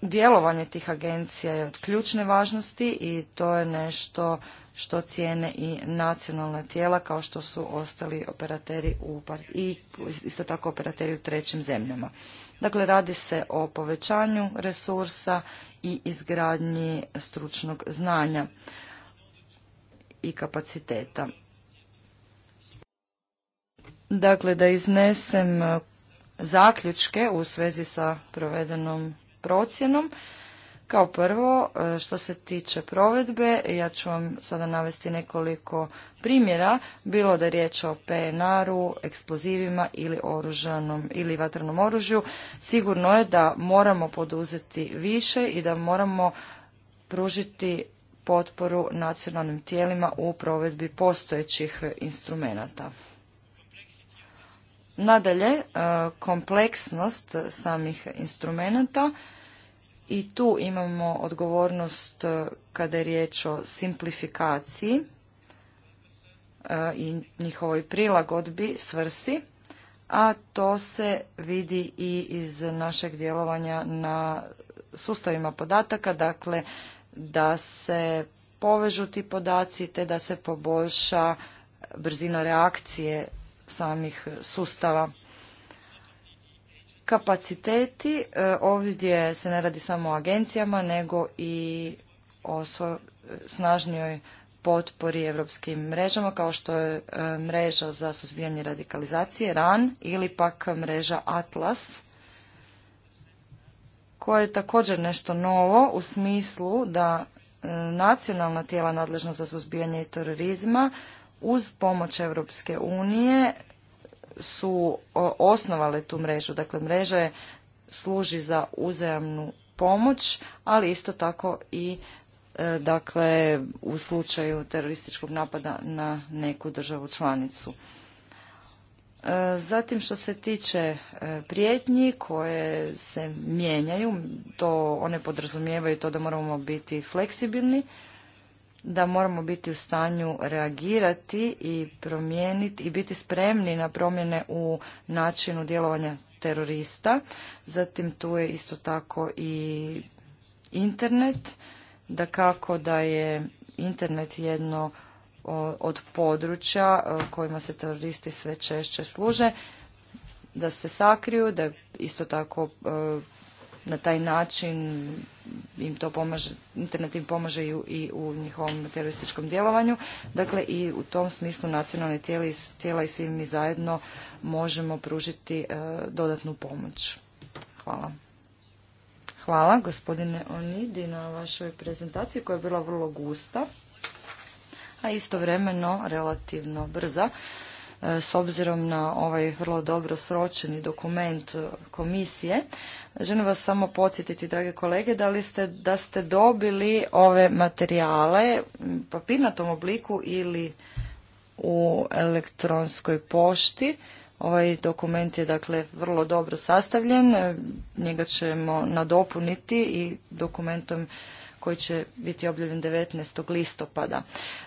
djelovanje tih agencija je od ključne važnosti i to je nešto što cijene i nacionalna tijela kao što su ostali operateri u, i isto tako operateri u trećim zemljama. Dakle, radi se o povećanju resursa i izgradnji stručnog znanja i kapaciteta. Dakle, da iznesem zaključke u svezi sa provedenom procjenom. Kao prvo, e, što se tiče provedbe, ja ću vam sada navesti nekoliko primjera, bilo da je riječ o PNR-u, eksplozivima ili oružanom ili vatrenom oružju. Sigurno je da moramo poduzeti više i da moramo pružiti potporu nacionalnim tijelima u provedbi postojećih instrumenata. Nadalje, e, kompleksnost samih instrumenata i tu imamo odgovornost e, kada je riječ o simplifikaciji e, i njihovoj prilagodbi svrsi, a to se vidi i iz našeg djelovanja na sustavima podataka, dakle da se povežu ti podaci te da se poboljša brzina reakcije samih sustava. Kapaciteti, e, ovdje se ne radi samo o agencijama, nego i o snažnijoj potpori europskim mrežama, kao što je e, mreža za suzbijanje radikalizacije, RAN, ili pak mreža Atlas, koja je također nešto novo u smislu da e, nacionalna tijela nadležna za suzbijanje terorizma uz pomoć Europske unije su osnovale tu mrežu. Dakle, mreža služi za uzajamnu pomoć, ali isto tako i e, dakle u slučaju terorističkog napada na neku državu članicu. E, zatim što se tiče e, prijetnji koje se mijenjaju, to one podrazumijevaju to da moramo biti fleksibilni da moramo biti u stanju reagirati i promijeniti i biti spremni na promjene u načinu djelovanja terorista. Zatim tu je isto tako i internet, da kako da je internet jedno od područja kojima se teroristi sve češće služe, da se sakriju, da isto tako na taj način im to pomaže, internet im pomaže i u njihovom terorističkom djelovanju. Dakle, i u tom smislu nacionalne tijela i svi mi zajedno možemo pružiti e, dodatnu pomoć. Hvala. Hvala gospodine Onidi na vašoj prezentaciji koja je bila vrlo gusta, a istovremeno relativno brza s obzirom na ovaj vrlo dobro sročeni dokument e, komisije. Želim vas samo podsjetiti, drage kolege, da, li ste, da ste dobili ove materijale u papirnatom obliku ili u elektronskoj pošti. Ovaj dokument je dakle vrlo dobro sastavljen, e, njega ćemo nadopuniti i dokumentom koji će biti objavljen 19. listopada.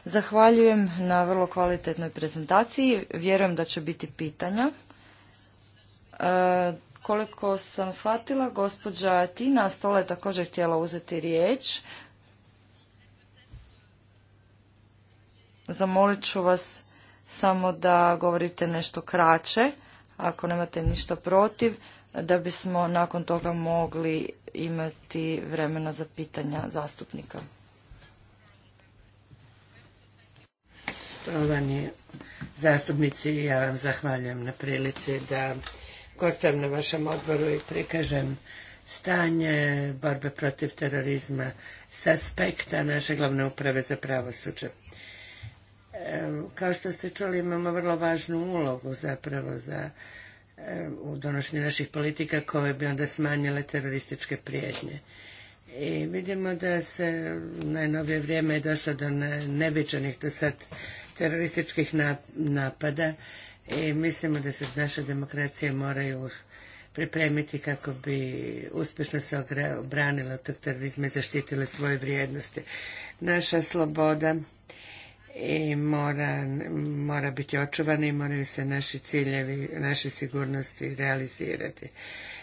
Zahvaljujem na vrlo kvalitetnoj prezentaciji. Vjerujem da će biti pitanja. E, koliko sam shvatila, gospođa Tina Stola je također htjela uzeti riječ. Zamolit ću vas samo da govorite nešto kraće, ako nemate ništa protiv, da bismo nakon toga mogli imati vremena za pitanja zastupnika. Štovani zastupnici, ja vam zahvaljujem na prilici da gostujem na vašem odboru i prikažem stanje borbe protiv terorizma s aspekta naše glavne uprave za pravosuđe. Ehm, kao što ste čuli, imamo vrlo važnu ulogu zapravo za Eh, u donošenju naših politika koje bi onda smanjile terorističke prijetnje. I vidimo da se najnovije vrijeme je došlo do neviđenih do sad terorističkih napada i mislimo da se naše demokracije moraju pripremiti kako bi uspješno se obranile od tog terorizma i zaštitile svoje vrijednosti. Naša sloboda i mora, mora biti očuvana i moraju se naši ciljevi, naše sigurnosti realizirati.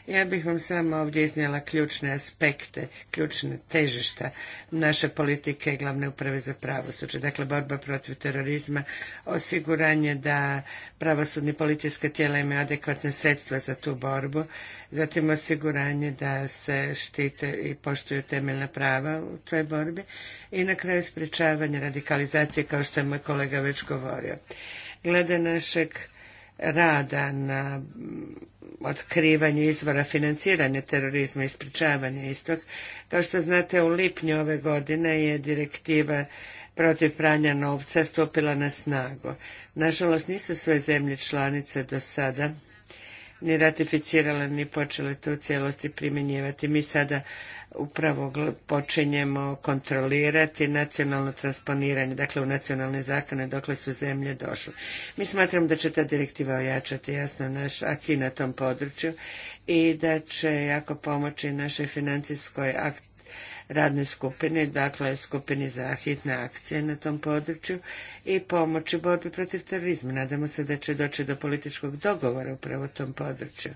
Ja bih vam samo ovdje iznijela ključne aspekte, ključne težišta naše politike i glavne uprave za pravosuđe. Dakle, borba protiv terorizma, osiguranje da pravosudni policijska tijela imaju adekvatne sredstva za tu borbu, zatim osiguranje da se štite i poštuju temeljna prava u toj borbi i na kraju sprječavanje radikalizacije kao što je moj kolega već govorio. Glede našeg rada na otkrivanju izvora financiranja terorizma i spričavanja istog. Kao što znate, u lipnju ove godine je direktiva protiv pranja novca stupila na snagu. Nažalost, nisu sve zemlje članice do sada ni ratificirale ni počele to u cijelosti primjenjivati. Mi sada upravo počinjemo kontrolirati nacionalno transponiranje, dakle u nacionalne zakone dokle su zemlje došle. Mi smatramo da će ta direktiva ojačati jasno naš aki na tom području i da će jako pomoći našoj financijskoj aktivnosti radne skupini, dakle skupini za hitne akcije na tom području i pomoći borbi protiv terorizma. Nadamo se da će doći do političkog dogovora upravo u tom području.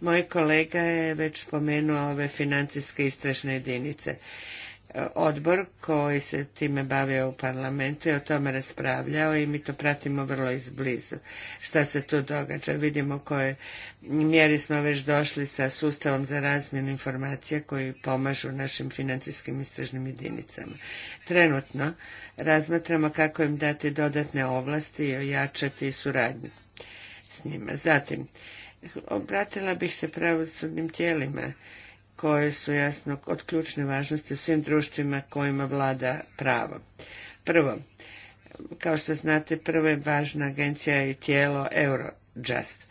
Moj kolega je već spomenuo ove financijske istražne jedinice odbor koji se time bavio u parlamentu i o tome raspravljao i mi to pratimo vrlo izblizu šta se tu događa. Vidimo koje mjeri smo već došli sa sustavom za razmjenu informacija koji pomažu našim financijskim istražnim jedinicama. Trenutno razmatramo kako im dati dodatne ovlasti i ojačati suradnju s njima. Zatim, obratila bih se pravosudnim tijelima koje su jasno od ključne važnosti u svim društvima kojima vlada pravo. Prvo, kao što znate, prvo je važna agencija i tijelo Eurojust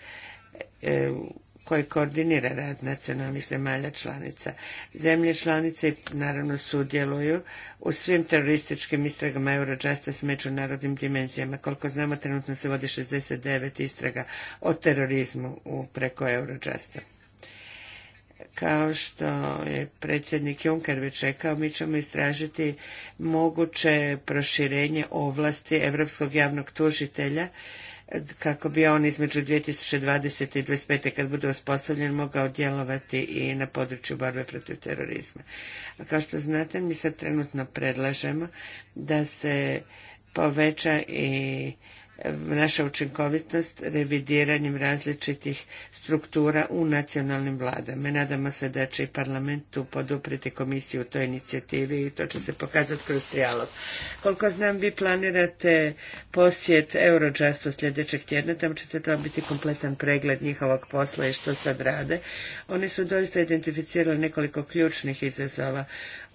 e, koje koordinira rad nacionalnih zemalja članica. Zemlje članice naravno sudjeluju u svim terorističkim istragama Eurojusta s međunarodnim dimenzijama. Koliko znamo, trenutno se vodi 69 istraga o terorizmu preko Eurojusta kao što je predsjednik Juncker već rekao, mi ćemo istražiti moguće proširenje ovlasti Europskog javnog tužitelja kako bi on između 2020. i 2025. kad bude uspostavljen mogao djelovati i na području borbe protiv terorizma. A kao što znate, mi sad trenutno predlažemo da se poveća i naša učinkovitost revidiranjem različitih struktura u nacionalnim vladama. Nadamo se da će i parlament tu podupriti komisiju u toj inicijativi i to će se pokazati kroz trijalog. Koliko znam, vi planirate posjet Eurojustu sljedećeg tjedna, tamo ćete dobiti kompletan pregled njihovog posla i što sad rade. Oni su doista identificirali nekoliko ključnih izazova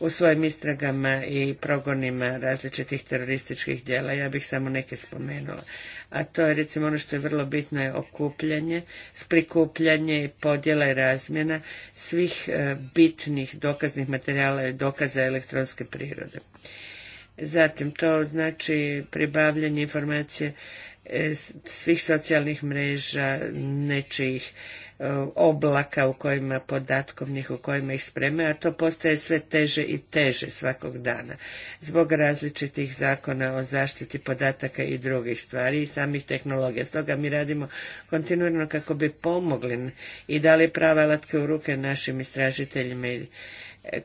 u svojim istragama i progonima različitih terorističkih djela. Ja bih samo neke spomenula. A to je recimo ono što je vrlo bitno je okupljanje, prikupljanje, podjela i razmjena svih e, bitnih dokaznih materijala i dokaza elektronske prirode. Zatim to znači pribavljanje informacije e, svih socijalnih mreža, nečijih oblaka u kojima podatkovnih u kojima ih spreme a to postaje sve teže i teže svakog dana zbog različitih zakona o zaštiti podataka i drugih stvari i samih tehnologija. Stoga mi radimo kontinuirano kako bi pomogli i dali prave alatke u ruke našim istražiteljima e,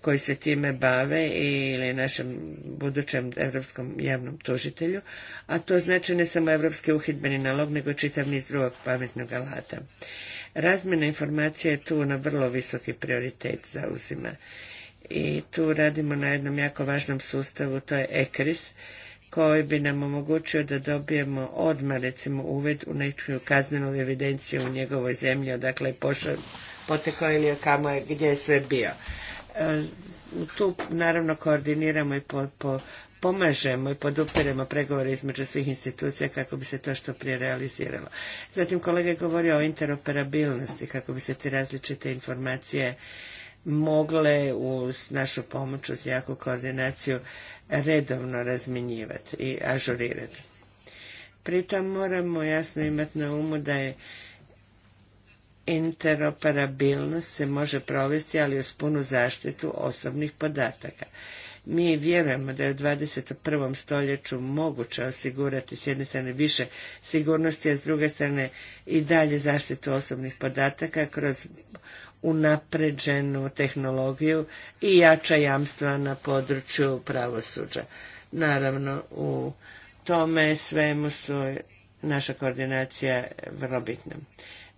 koji se time bave ili našem budućem europskom javnom tužitelju, a to znači ne samo europski uhidbeni nalog, nego čitav niz drugog pametnog alata. Razmjena informacija je tu na vrlo visoki prioritet zauzima. I tu radimo na jednom jako važnom sustavu, to je ECRIS, koji bi nam omogućio da dobijemo odmah recimo uvid u nečiju kaznenu evidenciju u njegovoj zemlji, odakle je pošao, potekao ili kamo je, gdje je sve bio tu naravno koordiniramo i pomažemo i podupiremo pregovore između svih institucija kako bi se to što prije realiziralo. Zatim kolega je govorio o interoperabilnosti kako bi se te različite informacije mogle uz našu pomoć, uz jaku koordinaciju redovno razmjenjivati i ažurirati. Pritom moramo jasno imati na umu da je interoperabilnost se može provesti, ali uz punu zaštitu osobnih podataka. Mi vjerujemo da je u 21. stoljeću moguće osigurati s jedne strane više sigurnosti, a s druge strane i dalje zaštitu osobnih podataka kroz unapređenu tehnologiju i jača jamstva na području pravosuđa. Naravno, u tome svemu su naša koordinacija vrlo bitna.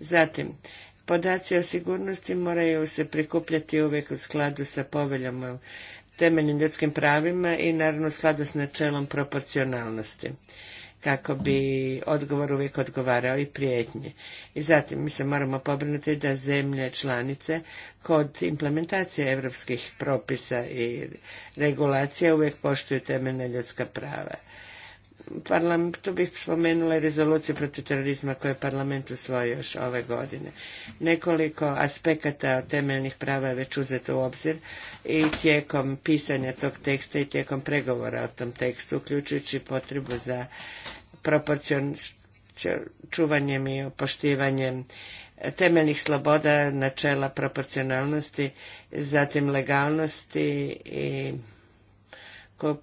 Zatim, podaci o sigurnosti moraju se prikupljati uvijek u skladu sa poveljom temeljnim ljudskim pravima i naravno u skladu s načelom proporcionalnosti kako bi odgovor uvijek odgovarao i prijetnje. I zatim mi se moramo pobrinuti da zemlje članice kod implementacije europskih propisa i regulacija uvijek poštuju temeljna ljudska prava tu bih spomenula i rezoluciju protiv terorizma koju je parlament usvojio još ove godine. Nekoliko aspekata temeljnih prava je već uzeto u obzir i tijekom pisanja tog teksta i tijekom pregovora o tom tekstu, uključujući potrebu za proporcion čuvanjem i poštivanjem temeljnih sloboda, načela proporcionalnosti, zatim legalnosti i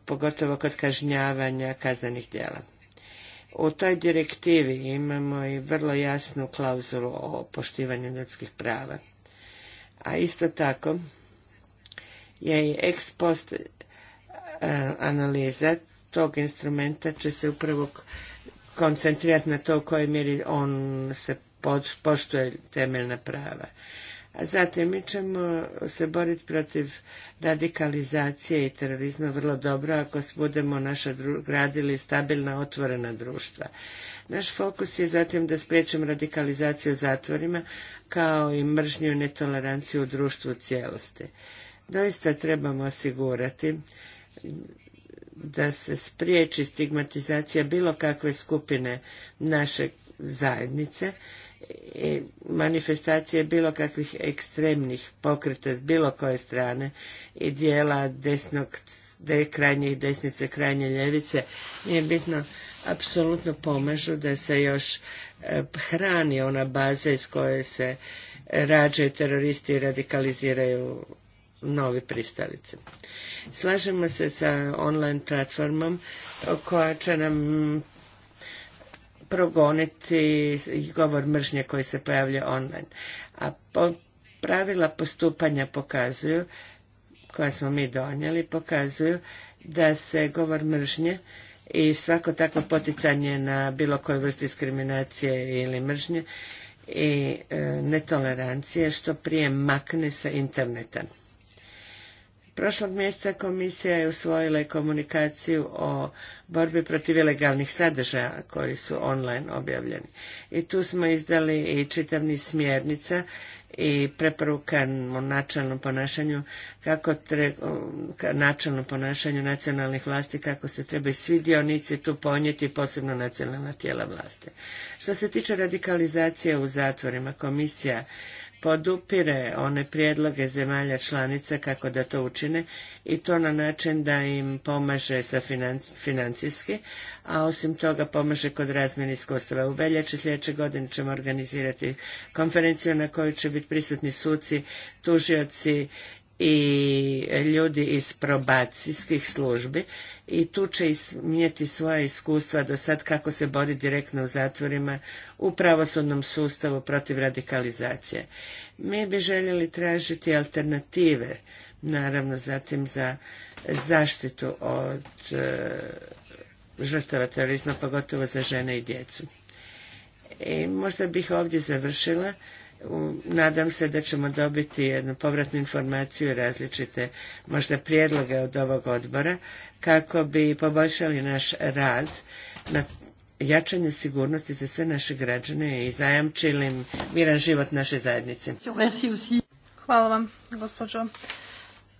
pogotovo kod kažnjavanja kaznenih djela. U toj direktivi imamo i vrlo jasnu klauzulu o poštivanju ljudskih prava. A isto tako je i ex post e, analiza tog instrumenta će se upravo koncentrirati na to u kojoj mjeri on se poštuje temeljna prava. Zatim, mi ćemo se boriti protiv radikalizacije i terorizma vrlo dobro ako budemo naša gradili stabilna, otvorena društva. Naš fokus je zatim da spriječimo radikalizaciju zatvorima, kao i mržnju i netoleranciju u društvu u cijelosti. Doista trebamo osigurati da se spriječi stigmatizacija bilo kakve skupine naše zajednice, manifestacije bilo kakvih ekstremnih pokreta s bilo koje strane i dijela desnog, de, desnice, krajnje ljevice, nije bitno, apsolutno pomažu da se još e, hrani ona baza iz koje se rađaju teroristi i radikaliziraju novi pristalice. Slažemo se sa online platformom koja će nam progoniti govor mržnje koji se pojavlja online. A pravila postupanja pokazuju, koja smo mi donijeli, pokazuju da se govor mržnje i svako takvo poticanje na bilo koju vrstu diskriminacije ili mržnje i e, netolerancije što prije makne sa interneta. Prošlog mjeseca komisija je usvojila i komunikaciju o borbi protiv ilegalnih sadržaja koji su online objavljeni. I tu smo izdali i čitav niz smjernica i preporuka o načelnom ponašanju kako tre, načelnom ponašanju nacionalnih vlasti kako se trebaju svi dionici tu ponijeti posebno nacionalna tijela vlasti. Što se tiče radikalizacije u zatvorima, komisija podupire one prijedloge zemalja članica kako da to učine i to na način da im pomaže sa financijski, a osim toga pomaže kod razmjene iskustava. U veljači sljedeće godine ćemo organizirati konferenciju na kojoj će biti prisutni suci, tužioci i ljudi iz probacijskih službi i tu će ismijeti svoja iskustva do sad kako se bori direktno u zatvorima u pravosudnom sustavu protiv radikalizacije. Mi bi željeli tražiti alternative, naravno zatim za zaštitu od e, žrtava terorizma, pogotovo za žene i djecu. I e, možda bih ovdje završila nadam se da ćemo dobiti jednu povratnu informaciju i različite možda prijedloge od ovog odbora kako bi poboljšali naš rad na jačanju sigurnosti za sve naše građane i zajamčili miran život naše zajednice. Hvala vam, gospođo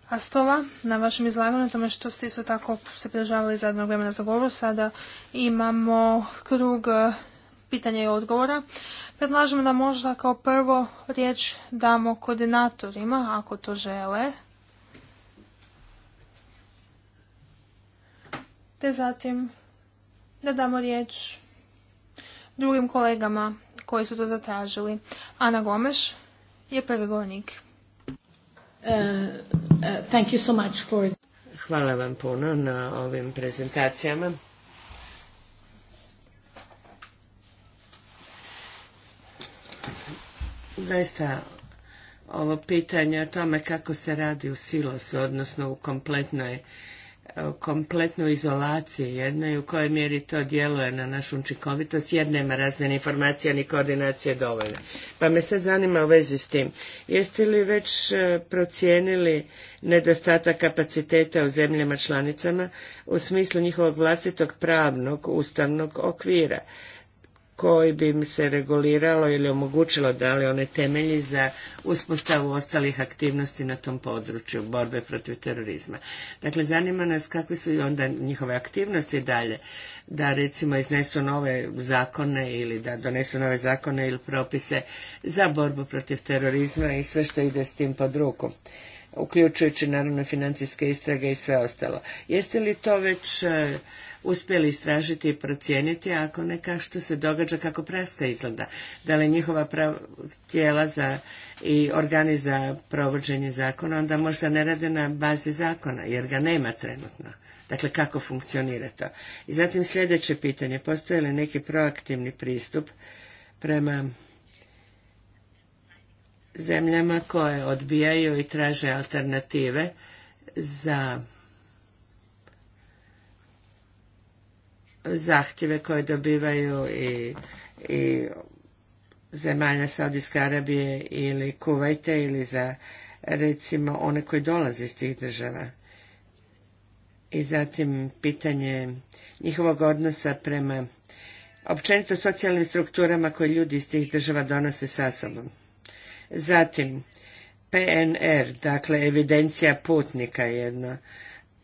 Astova, na vašem izlaganju, tome što ste isto tako se pridržavali zadnog vremena za govor. Sada imamo krug pitanja i odgovora. Predlažem da možda kao prvo riječ damo koordinatorima, ako to žele. Te zatim da damo riječ drugim kolegama koji su to zatražili. Ana Gomes je prvi govornik. Uh, uh, much Hvala vam puno na ovim prezentacijama. zaista ovo pitanje o tome kako se radi u silosu, odnosno u kompletnoj kompletnoj izolaciji jednoj u kojoj mjeri to djeluje na našu učinkovitost jer nema razmjene informacija ni koordinacije dovoljne. Pa me sad zanima u vezi s tim. Jeste li već e, procijenili nedostatak kapaciteta u zemljama članicama u smislu njihovog vlastitog pravnog ustavnog okvira? koji bi im se reguliralo ili omogućilo da li one temelji za uspostavu ostalih aktivnosti na tom području borbe protiv terorizma. Dakle, zanima nas kakve su i onda njihove aktivnosti dalje, da recimo iznesu nove zakone ili da donesu nove zakone ili propise za borbu protiv terorizma i sve što ide s tim pod ruku uključujući naravno financijske istrage i sve ostalo. Jeste li to već uspjeli istražiti i procijeniti, ako neka što se događa kako praska izgleda. Da li njihova tijela za, i organi za provođenje zakona, onda možda ne rade na bazi zakona, jer ga nema trenutno. Dakle, kako funkcionira to. I zatim sljedeće pitanje, postoje li neki proaktivni pristup prema zemljama koje odbijaju i traže alternative za zahtjeve koje dobivaju i, i zemalja Saudijske Arabije ili Kuvajte ili za recimo one koji dolaze iz tih država. I zatim pitanje njihovog odnosa prema općenito socijalnim strukturama koje ljudi iz tih država donose sa sobom. Zatim, PNR, dakle evidencija putnika jedna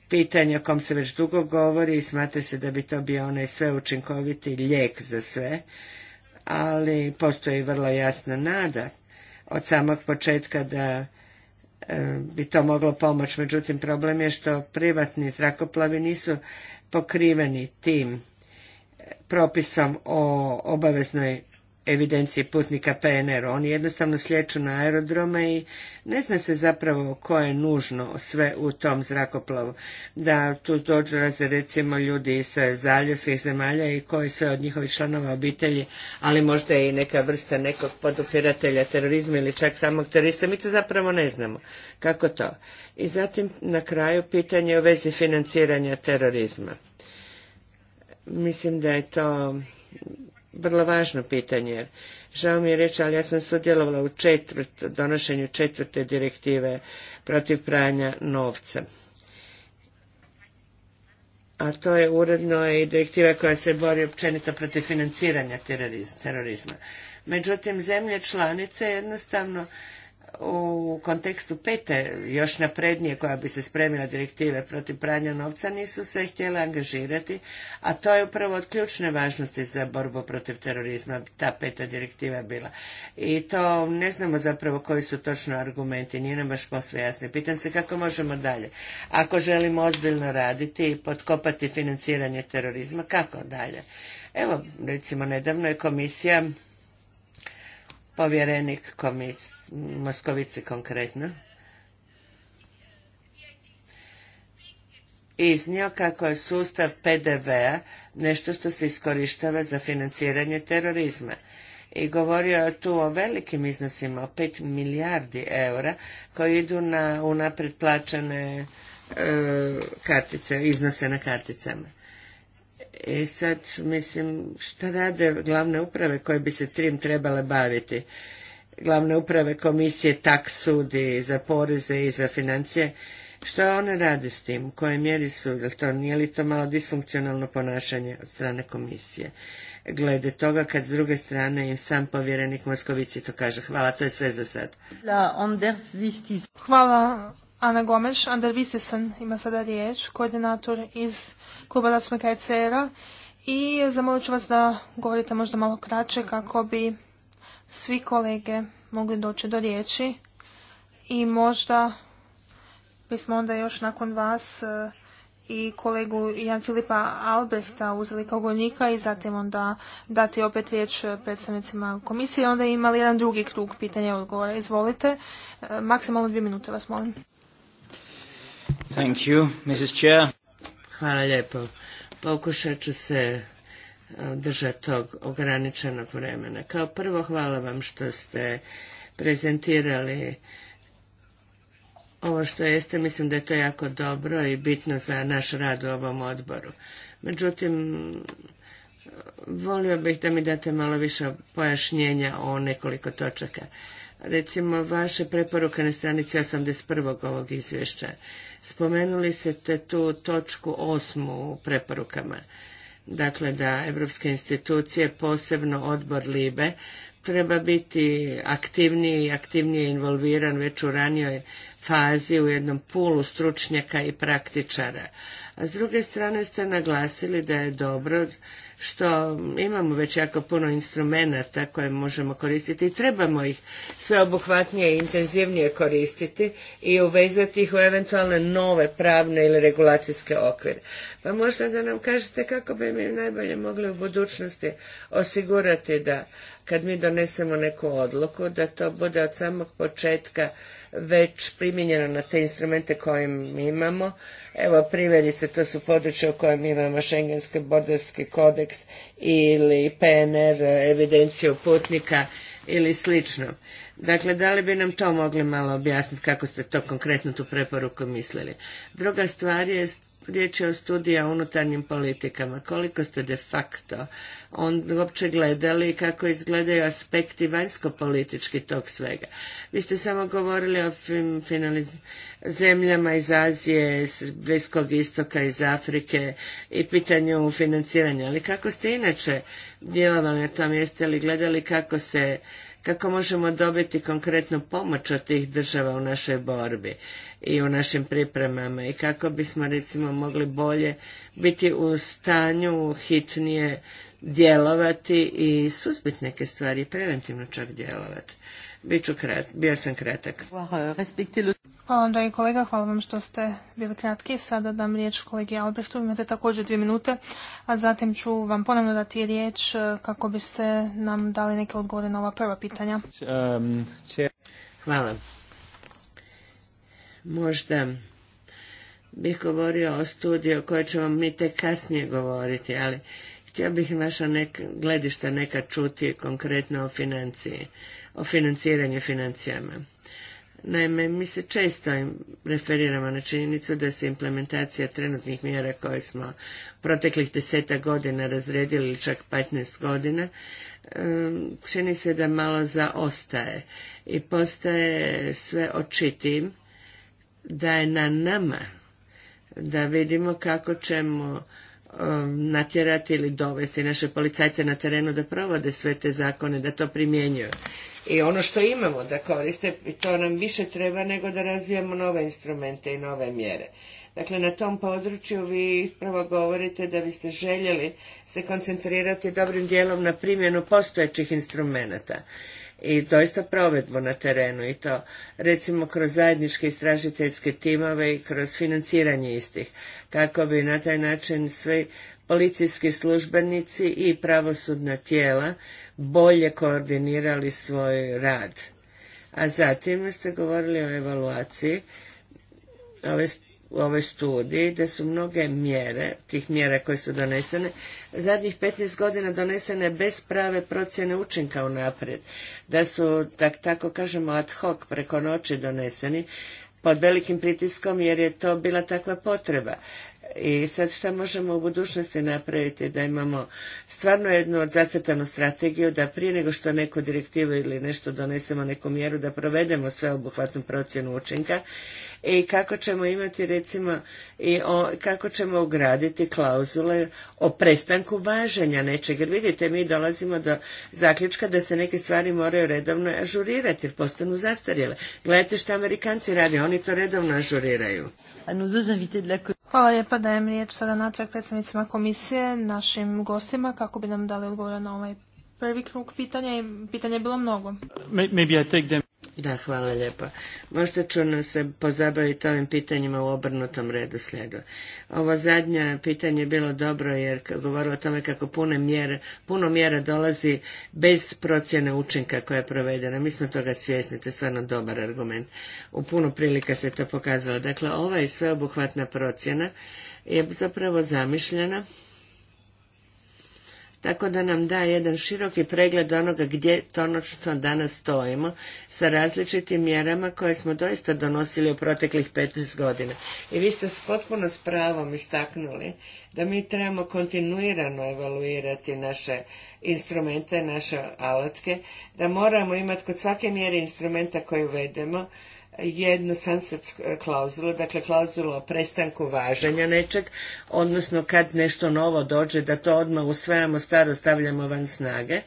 pitanje o kom se već dugo govori i smatra se da bi to bio onaj sveučinkoviti lijek za sve, ali postoji vrlo jasna nada od samog početka da e, bi to moglo pomoći. Međutim, problem je što privatni zrakoplavi nisu pokriveni tim propisom o obaveznoj evidencije putnika PNR. Oni jednostavno slijeću na aerodrome i ne zna se zapravo koje je nužno sve u tom zrakoplovu. Da tu dođu raze recimo ljudi iz zaljevskih zemalja i koji sve od njihovih članova obitelji, ali možda i neka vrsta nekog podupiratelja terorizma ili čak samog terorista. Mi to zapravo ne znamo. Kako to? I zatim na kraju pitanje o vezi financiranja terorizma. Mislim da je to vrlo važno pitanje. žao mi je reći, ali ja sam sudjelovala u četvrt, donošenju četvrte direktive protiv pranja novca. A to je uredno i direktiva koja se bori općenito protiv financiranja terorizma. Međutim, zemlje članice jednostavno u kontekstu pete, još naprednije koja bi se spremila direktive protiv pranja novca, nisu se htjele angažirati, a to je upravo od ključne važnosti za borbu protiv terorizma, ta peta direktiva bila. I to ne znamo zapravo koji su točno argumenti, nije nam baš posve jasno. Pitam se kako možemo dalje. Ako želimo ozbiljno raditi i potkopati financiranje terorizma, kako dalje? Evo, recimo, nedavno je komisija povjerenik Moskovici konkretno, iznio kako je sustav PDV-a nešto što se iskorištava za financiranje terorizma i govorio je tu o velikim iznosima, o pet milijardi eura koji idu na unaprijed plaćane e, kartice, iznose na karticama. I e sad, mislim, šta rade glavne uprave koje bi se trim trebale baviti? Glavne uprave komisije, tak sudi, za poreze i za financije. Što one rade s tim? Koje mjeri su? to, nije li to malo disfunkcionalno ponašanje od strane komisije? Glede toga kad s druge strane im sam povjerenik Moskovici to kaže. Hvala, to je sve za sad. Hvala, Ana Gomes. Ander visesen ima sada riječ, koordinator iz kluba zastupnika ECR-a i zamolit ću vas da govorite možda malo kraće kako bi svi kolege mogli doći do riječi i možda bismo onda još nakon vas eh, i kolegu Jan Filipa Albrehta uzeli kao govornika i zatim onda dati opet riječ predstavnicima komisije. Onda imali jedan drugi krug pitanja i odgovora. Izvolite. Eh, maksimalno dvije minute vas molim. Thank you, Mrs. Chair. Hvala lijepo. Pokušat ću se e, držati tog ograničenog vremena. Kao prvo hvala vam što ste prezentirali ovo što jeste. Mislim da je to jako dobro i bitno za naš rad u ovom odboru. Međutim, volio bih da mi date malo više pojašnjenja o nekoliko točaka. Recimo, vaše preporuke na stranici 81. ovog izvješća Spomenuli ste tu točku osmu u preporukama. Dakle, da evropske institucije, posebno odbor LIBE, treba biti aktivniji i aktivnije involviran već u ranijoj fazi u jednom pulu stručnjaka i praktičara. A s druge strane ste naglasili da je dobro što imamo već jako puno instrumenata koje možemo koristiti i trebamo ih sveobuhvatnije i intenzivnije koristiti i uvezati ih u eventualne nove pravne ili regulacijske okvire. Pa možda da nam kažete kako bi mi najbolje mogli u budućnosti osigurati da kad mi donesemo neku odluku da to bude od samog početka već primijenjeno na te instrumente koje mi imamo. Evo primjerice to su područja u kojem imamo Schengenski borderski kodeks ili PNR evidenciju putnika ili slično. Dakle, da li bi nam to mogli malo objasniti kako ste to konkretno tu preporuku mislili? Druga stvar je riječ je o studija o unutarnjim politikama. Koliko ste de facto on uopće gledali i kako izgledaju aspekti vanjsko-politički tog svega. Vi ste samo govorili o zemljama iz Azije, Bliskog istoka, iz Afrike i pitanju financiranja. Ali kako ste inače djelovali na tom? Jeste li gledali kako se kako možemo dobiti konkretnu pomoć od tih država u našoj borbi i u našim pripremama i kako bismo recimo mogli bolje biti u stanju hitnije djelovati i suzbiti neke stvari, preventivno čak djelovati. Biću bio sam kratak. Hvala vam, dragi kolega, hvala vam što ste bili kratki. Sada dam riječ kolegi Albrechtu, imate također dvije minute, a zatim ću vam ponovno dati riječ e, kako biste nam dali neke odgovore na ova prva pitanja. Hvala. Možda bih govorio o studiju o kojoj ćemo mi tek kasnije govoriti, ali htio bih naša neka gledišta neka čuti konkretno o financiji o financiranju financijama. Naime, mi se često referiramo na činjenicu da se implementacija trenutnih mjera koje smo proteklih deseta godina razredili čak 15 godina, čini se da malo zaostaje i postaje sve očitim da je na nama da vidimo kako ćemo natjerati ili dovesti naše policajce na terenu da provode sve te zakone, da to primjenjuju i ono što imamo da koriste i to nam više treba nego da razvijamo nove instrumente i nove mjere. Dakle, na tom području vi prvo govorite da biste željeli se koncentrirati dobrim dijelom na primjenu postojećih instrumenata i doista provedbu na terenu i to recimo kroz zajedničke istražiteljske timove i kroz financiranje istih kako bi na taj način svi policijski službenici i pravosudna tijela bolje koordinirali svoj rad. A zatim ste govorili o evaluaciji u ovoj studiji, da su mnoge mjere, tih mjera koje su donesene, zadnjih 15 godina donesene bez prave procjene učinka unaprijed. Da su, da tako kažemo, ad hoc preko noći doneseni, pod velikim pritiskom jer je to bila takva potreba. I sad šta možemo u budućnosti napraviti da imamo stvarno jednu zacrtanu strategiju da prije nego što neku direktivu ili nešto donesemo neku mjeru da provedemo sveobuhvatnu procjenu učinka i kako ćemo imati recimo i o, kako ćemo ugraditi klauzule o prestanku važenja nečeg. Jer vidite, mi dolazimo do zaključka da se neke stvari moraju redovno ažurirati jer postanu zastarjele. Gledajte što Amerikanci rade, oni to redovno ažuriraju. Hvala lijepa, dajem riječ sada natrag predstavnicima komisije, našim gostima, kako bi nam dali odgovore na ovaj prvi krug pitanja pitanja je bilo mnogo. Maybe I take them. Da, hvala lijepa Možda ću se pozabaviti ovim pitanjima u obrnutom redu slijedu. Ovo zadnje pitanje je bilo dobro jer govorilo o tome kako puno mjera dolazi bez procjene učinka koja je provedena. Mi smo toga svjesni, to je stvarno dobar argument. U puno prilika se to pokazalo. Dakle, ova je sveobuhvatna procjena je zapravo zamišljena tako da nam da jedan široki pregled onoga gdje tonočno danas stojimo sa različitim mjerama koje smo doista donosili u proteklih 15 godina. I vi ste potpuno s pravom istaknuli da mi trebamo kontinuirano evaluirati naše instrumente, naše alatke, da moramo imati kod svake mjere instrumenta koju uvedemo jednu sunset klauzulu, dakle klauzulu o prestanku važenja nečeg, odnosno kad nešto novo dođe da to odmah usvajamo, staro stavljamo van snage.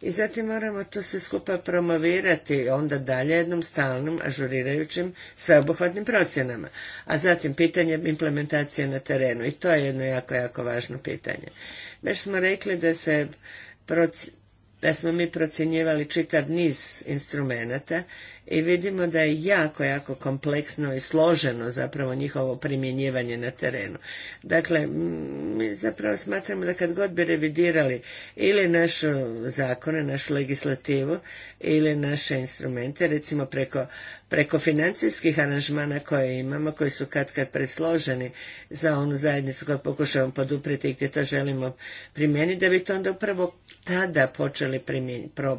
I zatim moramo to sve skupa promovirati onda dalje jednom stalnom, ažurirajućim, sveobuhvatnim procjenama. A zatim pitanje implementacije na terenu. I to je jedno jako, jako važno pitanje. Već smo rekli da se da smo mi procjenjivali čitav niz instrumenata i vidimo da je jako, jako kompleksno i složeno zapravo njihovo primjenjivanje na terenu. Dakle, mi zapravo smatramo da kad god bi revidirali ili našu zakone, našu legislativu ili naše instrumente, recimo preko preko financijskih aranžmana koje imamo, koji su kad kad presloženi za onu zajednicu koju pokušavamo poduprijeti i gdje to želimo primijeniti, da bi to onda upravo tada počeli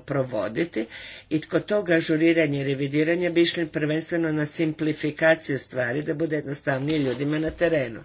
provoditi i kod toga ažuriranje revidiranje bi išli prvenstveno na simplifikaciju stvari, da bude jednostavnije ljudima na terenu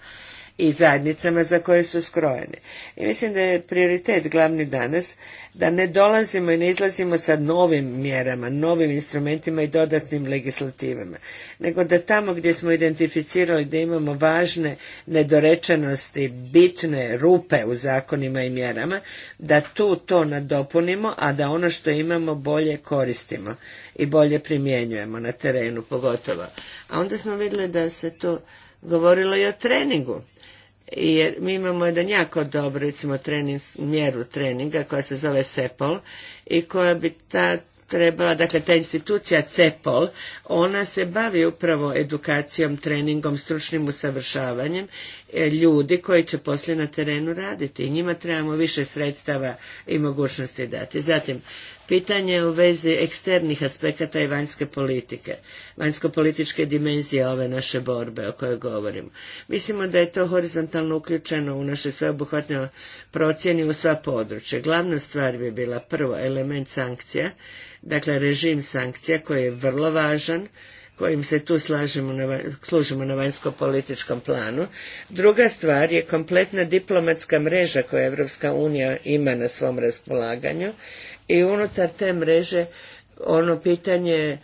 i zajednicama za koje su skrojene. I mislim da je prioritet glavni danas da ne dolazimo i ne izlazimo sa novim mjerama, novim instrumentima i dodatnim legislativama, nego da tamo gdje smo identificirali da imamo važne nedorečenosti, bitne rupe u zakonima i mjerama, da tu to nadopunimo, a da ono što imamo bolje koristimo i bolje primjenjujemo na terenu pogotovo. A onda smo vidjeli da se to govorilo i o treningu jer mi imamo jedan jako dobro recimo trening, mjeru treninga koja se zove CEPOL i koja bi ta trebala, dakle ta institucija CEPOL, ona se bavi upravo edukacijom, treningom, stručnim usavršavanjem e, ljudi koji će poslije na terenu raditi i njima trebamo više sredstava i mogućnosti dati. Zatim, pitanje u vezi eksternih aspekata i vanjske politike, vanjsko-političke dimenzije ove naše borbe o kojoj govorimo. Mislimo da je to horizontalno uključeno u naše sveobuhvatnoj procjeni u sva područja. Glavna stvar bi bila prvo element sankcija, dakle režim sankcija koji je vrlo važan, kojim se tu služimo na vanjsko-političkom planu. Druga stvar je kompletna diplomatska mreža koju Evropska unija ima na svom raspolaganju i unutar te mreže ono pitanje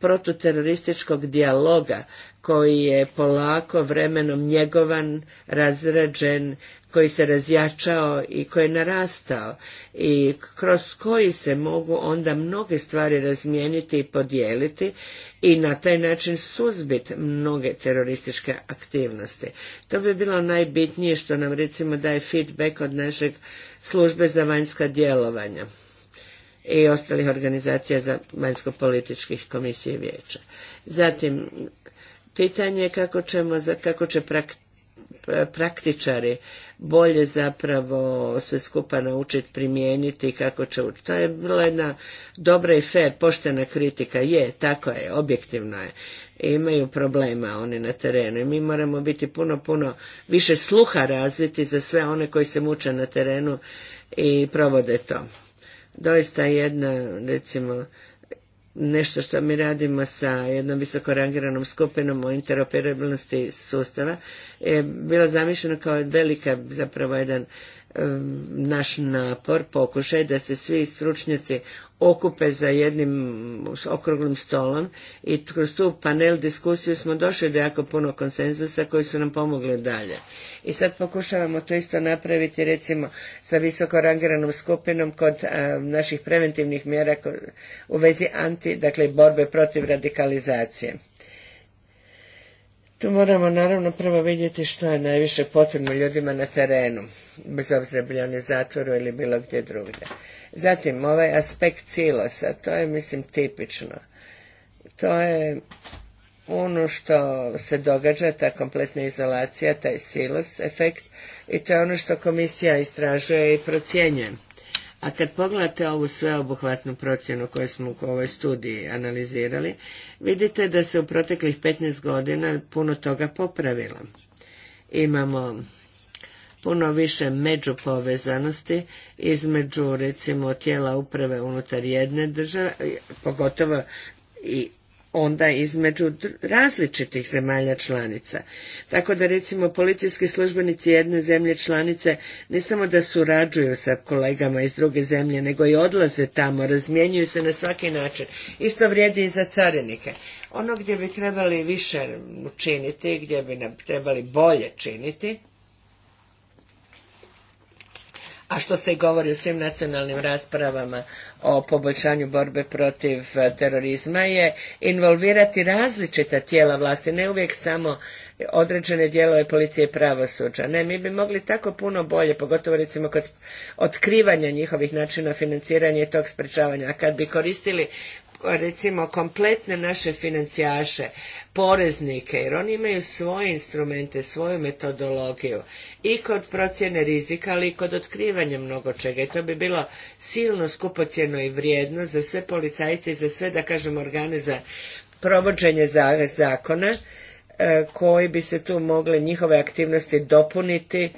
protuterorističkog dijaloga koji je polako vremenom njegovan, razređen, koji se razjačao i koji je narastao i kroz koji se mogu onda mnoge stvari razmijeniti i podijeliti i na taj način suzbiti mnoge terorističke aktivnosti. To bi bilo najbitnije što nam recimo daje feedback od našeg službe za vanjska djelovanja i ostalih organizacija za vanjsko-političkih komisije vijeća. Zatim, pitanje kako, ćemo, kako će praktičari bolje zapravo se skupa naučiti primijeniti i kako će učiti. To je bila jedna dobra i fair, poštena kritika. Je, tako je, objektivno je. Imaju problema oni na terenu i mi moramo biti puno, puno više sluha razviti za sve one koji se muče na terenu i provode to doista jedna, recimo, nešto što mi radimo sa jednom visoko rangiranom skupinom o interoperabilnosti sustava je bilo zamišljeno kao velika, zapravo jedan naš napor, pokušaj da se svi stručnjaci okupe za jednim okruglim stolom i kroz tu panel diskusiju smo došli do jako puno konsenzusa koji su nam pomogli dalje. I sad pokušavamo to isto napraviti recimo sa visoko rangiranom skupinom kod naših preventivnih mjera u vezi anti, dakle borbe protiv radikalizacije. Tu moramo naravno prvo vidjeti što je najviše potrebno ljudima na terenu, bez obzira bili oni zatvoru ili bilo gdje drugdje. Zatim, ovaj aspekt silosa, to je mislim tipično. To je ono što se događa, ta kompletna izolacija, taj silos efekt i to je ono što komisija istražuje i procjenjuje. A kad pogledate ovu sveobuhvatnu procjenu koju smo u ovoj studiji analizirali, vidite da se u proteklih 15 godina puno toga popravilo. Imamo puno više međupovezanosti između recimo tijela uprave unutar jedne države, pogotovo i onda između različitih zemalja članica. Tako da recimo policijski službenici jedne zemlje članice ne samo da surađuju sa kolegama iz druge zemlje, nego i odlaze tamo, razmjenjuju se na svaki način. Isto vrijedi i za carinike. Ono gdje bi trebali više učiniti, gdje bi nam trebali bolje činiti, a što se i govori u svim nacionalnim raspravama o poboljšanju borbe protiv e, terorizma je involvirati različita tijela vlasti, ne uvijek samo određene dijelove policije i pravosuđa. Ne, mi bi mogli tako puno bolje, pogotovo recimo kod otkrivanja njihovih načina financiranja i tog sprečavanja. A kad bi koristili recimo kompletne naše financijaše, poreznike, jer oni imaju svoje instrumente, svoju metodologiju i kod procjene rizika, ali i kod otkrivanja mnogo čega. I to bi bilo silno skupocjeno i vrijedno za sve policajce i za sve, da kažem, organe za provođenje zakona, e, koji bi se tu mogle njihove aktivnosti dopuniti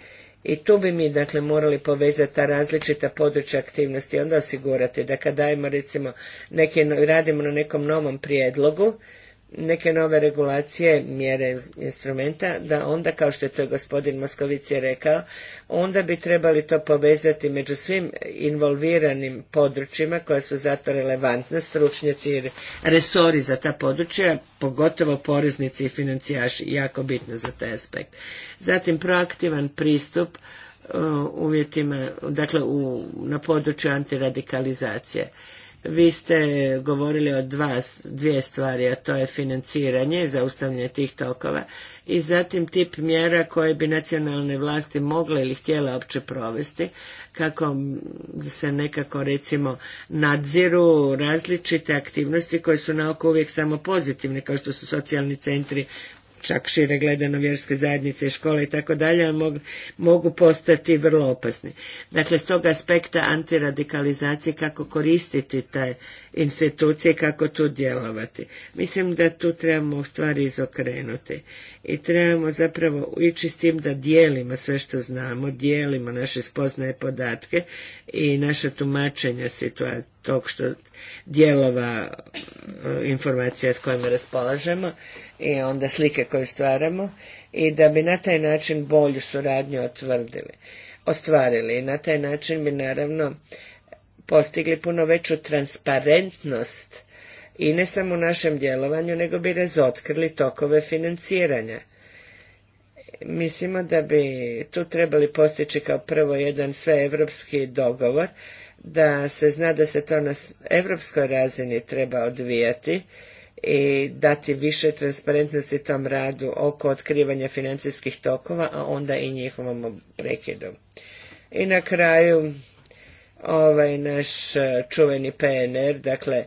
i tu bi mi dakle morali povezati ta različita područja aktivnosti i onda osigurati da kad dajemo recimo neke, radimo na nekom novom prijedlogu neke nove regulacije, mjere, instrumenta, da onda, kao što je to gospodin Moskovic je rekao, onda bi trebali to povezati među svim involviranim područjima koja su zato relevantna, stručnjaci i resori za ta područja, pogotovo poreznici i financijaši, jako bitno za taj aspekt. Zatim proaktivan pristup uh, uvjetima, dakle na području antiradikalizacije vi ste govorili o dva, dvije stvari, a to je financiranje i zaustavljanje tih tokova i zatim tip mjera koje bi nacionalne vlasti mogle ili htjele opće provesti kako se nekako recimo nadziru različite aktivnosti koje su na oko uvijek samo pozitivne kao što su socijalni centri, čak šire gledano vjerske zajednice i škole i tako dalje, mogu postati vrlo opasni. Dakle, s tog aspekta antiradikalizacije kako koristiti taj institucije, kako tu djelovati. Mislim da tu trebamo stvari izokrenuti i trebamo zapravo ići s tim da dijelimo sve što znamo, dijelimo naše spoznaje podatke i naše tumačenja situacije tog što dijelova e, informacija s kojima raspolažemo i onda slike koje stvaramo i da bi na taj način bolju suradnju otvrdili, ostvarili i na taj način bi naravno postigli puno veću transparentnost i ne samo u našem djelovanju, nego bi razotkrili tokove financiranja. Mislimo da bi tu trebali postići kao prvo jedan sveevropski dogovor, da se zna da se to na evropskoj razini treba odvijati i dati više transparentnosti tom radu oko otkrivanja financijskih tokova, a onda i njihovom prekidu. I na kraju ovaj naš e, čuveni PNR, dakle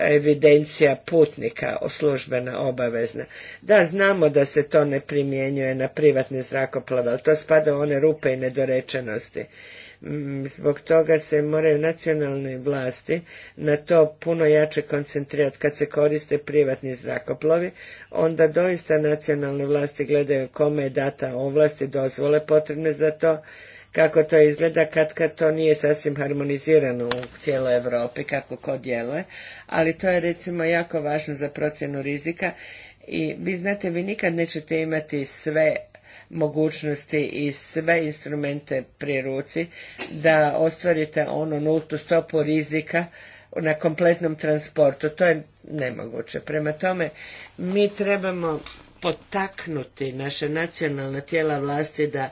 evidencija putnika službena obavezna. Da, znamo da se to ne primjenjuje na privatne zrakoplove, ali to spada u one rupe i nedorečenosti. Mm, zbog toga se moraju nacionalne vlasti na to puno jače koncentrirati. Kad se koriste privatni zrakoplovi, onda doista nacionalne vlasti gledaju kome je data ovlasti, dozvole potrebne za to, kako to izgleda kad, kad to nije sasvim harmonizirano u cijeloj Europi kako ko djeluje, ali to je recimo jako važno za procjenu rizika i vi znate, vi nikad nećete imati sve mogućnosti i sve instrumente pri ruci da ostvarite onu nultu stopu rizika na kompletnom transportu. To je nemoguće. Prema tome, mi trebamo potaknuti naše nacionalne tijela vlasti da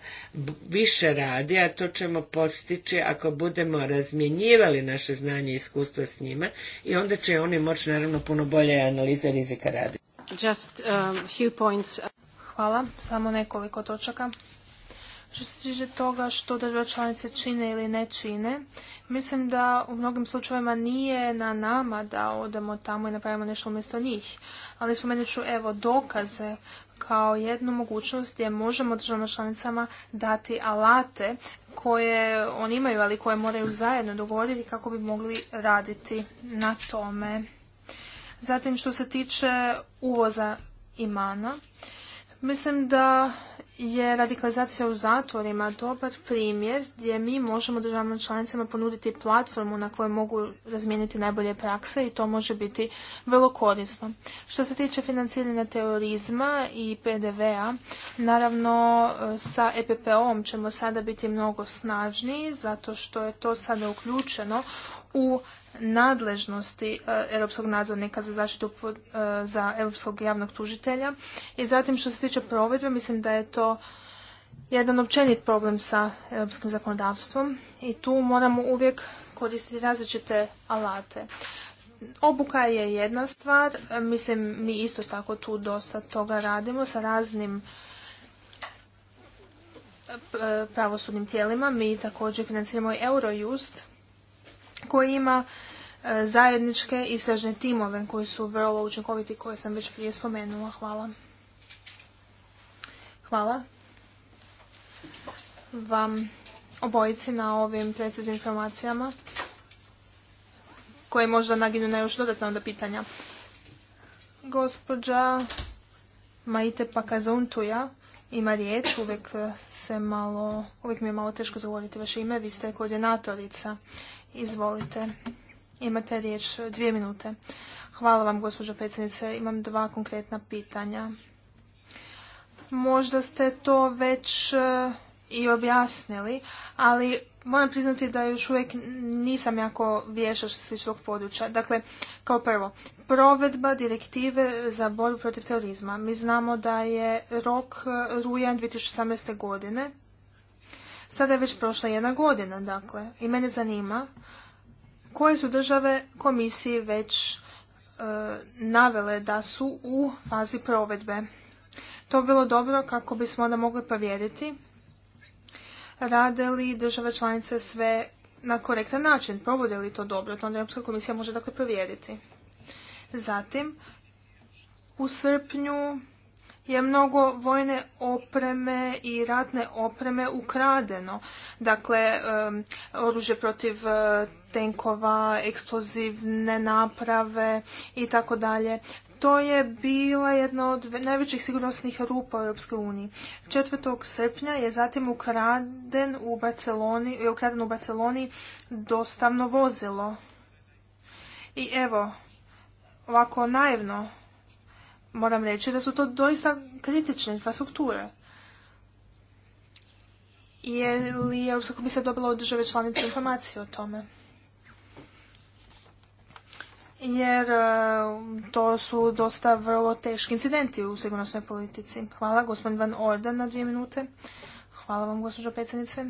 više radi, a to ćemo postići ako budemo razmjenjivali naše znanje i iskustva s njima i onda će oni moći naravno puno bolje analize rizika raditi. Just, a um, few points. Hvala. Samo nekoliko točaka. Što se tiče toga što države članice čine ili ne čine, mislim da u mnogim slučajevima nije na nama da odemo tamo i napravimo nešto umjesto njih. Ali spomenut ću evo dokaze kao jednu mogućnost gdje možemo državama članicama dati alate koje oni imaju, ali koje moraju zajedno dogovoriti kako bi mogli raditi na tome. Zatim što se tiče uvoza imana, Mislim da je radikalizacija u zatvorima dobar primjer gdje mi možemo državnim članicama ponuditi platformu na kojoj mogu razmijeniti najbolje prakse i to može biti vrlo korisno. Što se tiče financiranja terorizma i PDV-a, naravno e, sa EPPO-om ćemo sada biti mnogo snažniji zato što je to sada uključeno u nadležnosti e, europskog nadzornika za zaštitu e, za europskog javnog tužitelja i zatim što se tiče provedbe mislim da je to jedan općenit problem sa europskim zakonodavstvom i tu moramo uvijek koristiti različite alate. Obuka je jedna stvar, e, mislim mi isto tako tu dosta toga radimo sa raznim pravosudnim tijelima. Mi također financiramo i Eurojust koji ima e, zajedničke istražne timove koji su vrlo učinkoviti koje sam već prije spomenula. Hvala. Hvala vam obojici na ovim preciznim informacijama koje možda naginu na još dodatna onda pitanja. Gospođa Maite Pakazuntuja ima riječ, uvijek se malo, uvijek mi je malo teško zagovoriti vaše ime, vi ste koordinatorica Izvolite. Imate riječ dvije minute. Hvala vam, gospođo predsjednice. Imam dva konkretna pitanja. Možda ste to već eh, i objasnili, ali moram priznati da još uvijek nisam jako vješa što se tiče tog područja. Dakle, kao prvo, provedba direktive za borbu protiv terorizma. Mi znamo da je rok eh, rujan 2018. godine Sada je već prošla jedna godina, dakle, i mene zanima koje su države komisije već e, navele da su u fazi provedbe. To bi bilo dobro kako bismo onda mogli provjeriti rade li države članice sve na korektan način, provode li to dobro, to onda Europska komisija može dakle provjeriti. Zatim, u srpnju je mnogo vojne opreme i ratne opreme ukradeno. Dakle, oružje protiv e, tenkova, eksplozivne naprave i tako dalje. To je bila jedna od najvećih sigurnosnih rupa u Europskoj uniji. 4. srpnja je zatim ukraden u Barceloni, je ukraden u Barceloni dostavno vozilo. I evo, ovako naivno moram reći da su to doista kritične infrastrukture. Je li bi komisija dobila od države članice informacije o tome? Jer e, to su dosta vrlo teški incidenti u sigurnosnoj politici. Hvala, gospodin Van Orden na dvije minute. Hvala vam, gospođo predsjednice.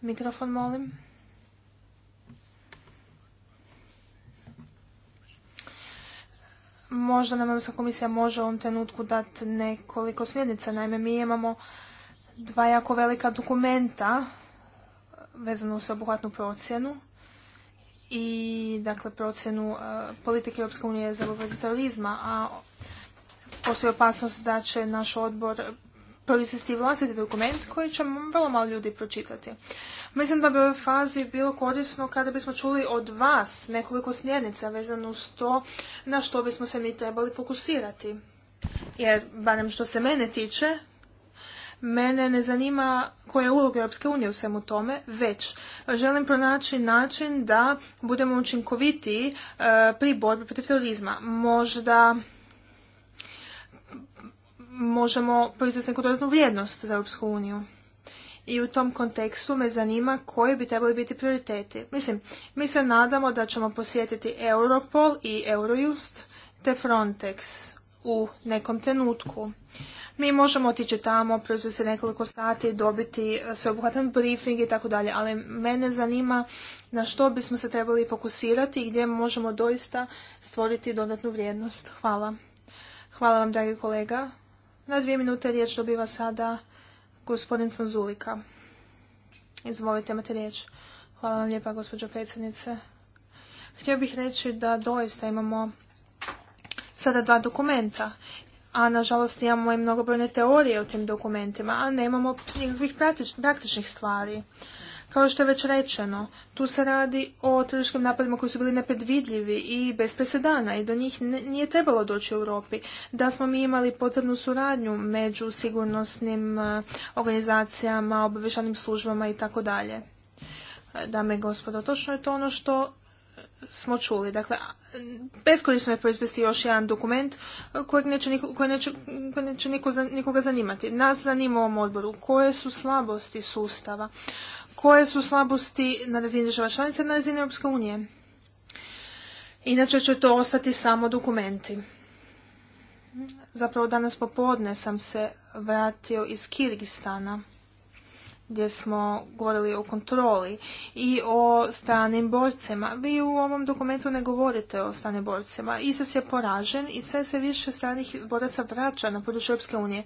Mikrofon, molim. možda nam Europska komisija može u ovom trenutku dati nekoliko smjernica. Naime, mi imamo dva jako velika dokumenta vezano u sveobuhvatnu procjenu i dakle procjenu e, politike Europske unije za borbu terorizma, a postoji opasnost da će naš odbor proizvesti vlastiti dokument koji će vrlo malo ljudi pročitati. Mislim da bi u ovoj fazi bilo korisno kada bismo čuli od vas nekoliko smjernica vezano uz to na što bismo se mi trebali fokusirati. Jer, barem što se mene tiče, Mene ne zanima koja je uloga Europske unije u svemu tome, već želim pronaći način da budemo učinkovitiji e, pri borbi protiv terorizma. Možda možemo proizvesti neku dodatnu vrijednost za Europsku uniju i u tom kontekstu me zanima koji bi trebali biti prioriteti. Mislim, mi se nadamo da ćemo posjetiti Europol i Eurojust te Frontex u nekom trenutku. Mi možemo otići tamo, se nekoliko sati, dobiti e, sveobuhvatan briefing i tako dalje, ali mene zanima na što bismo se trebali fokusirati i gdje možemo doista stvoriti dodatnu vrijednost. Hvala. Hvala vam, dragi kolega. Na dvije minute riječ dobiva sada Gospodin Fonzulika, izvolite, imate riječ. Hvala vam lijepa, gospođo predsjednice. Htio bih reći da doista imamo sada dva dokumenta, a nažalost imamo i mnogobrojne teorije u tim dokumentima, a nemamo nikakvih praktičnih stvari. Kao što je već rečeno, tu se radi o tržiškim napadima koji su bili nepredvidljivi i bez presedana i do njih nije trebalo doći u Europi. Da smo mi imali potrebnu suradnju među sigurnosnim e, organizacijama, obavežanim službama i tako dalje. Dame i gospodo, točno je to ono što smo čuli. Dakle, beskorisno je proizvesti još jedan dokument e, kojeg neće, koje koje neće nikoga zanimati. Nas zanima u ovom odboru koje su slabosti sustava koje su slabosti na razini država članica i na razini Europske unije. Inače će to ostati samo dokumenti. Zapravo danas popodne sam se vratio iz Kirgistana gdje smo govorili o kontroli i o stranim borcima. Vi u ovom dokumentu ne govorite o stranim borcima. ISIS je poražen i sve se više stranih boraca vraća na područje Europske unije.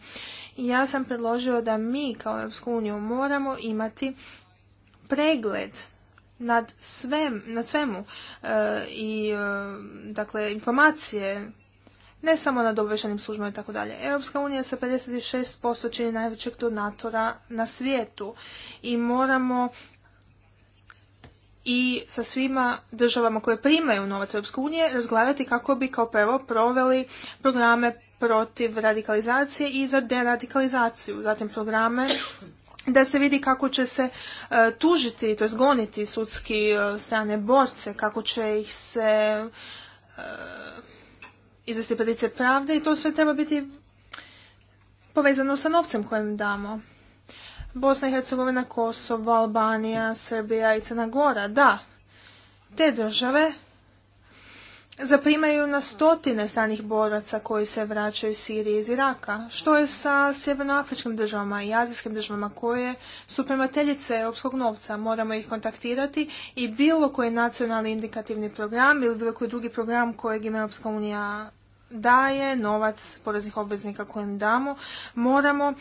I ja sam predložio da mi kao Europsku uniju moramo imati pregled nad, svem, nad svemu e, i e, dakle informacije ne samo nad obvešenim službama i tako dalje. Europska unija sa 56% čini najvećeg donatora na svijetu i moramo i sa svima državama koje primaju novac Europske unije razgovarati kako bi kao prvo proveli programe protiv radikalizacije i za deradikalizaciju, zatim programe da se vidi kako će se e, tužiti, to zgoniti sudski e, strane borce, kako će ih se e, izvesti predice pravde i to sve treba biti povezano sa novcem kojim damo. Bosna i Hercegovina, Kosovo, Albanija, Srbija i Crna Gora, da. Te države zaprimaju na stotine stranih boraca koji se vraćaju iz Sirije iz Iraka. Što je sa sjevernoafričkim državama i azijskim državama koje su primateljice europskog novca? Moramo ih kontaktirati i bilo koji nacionalni indikativni program ili bilo koji drugi program kojeg ima Europska unija daje novac poreznih obveznika kojim damo, moramo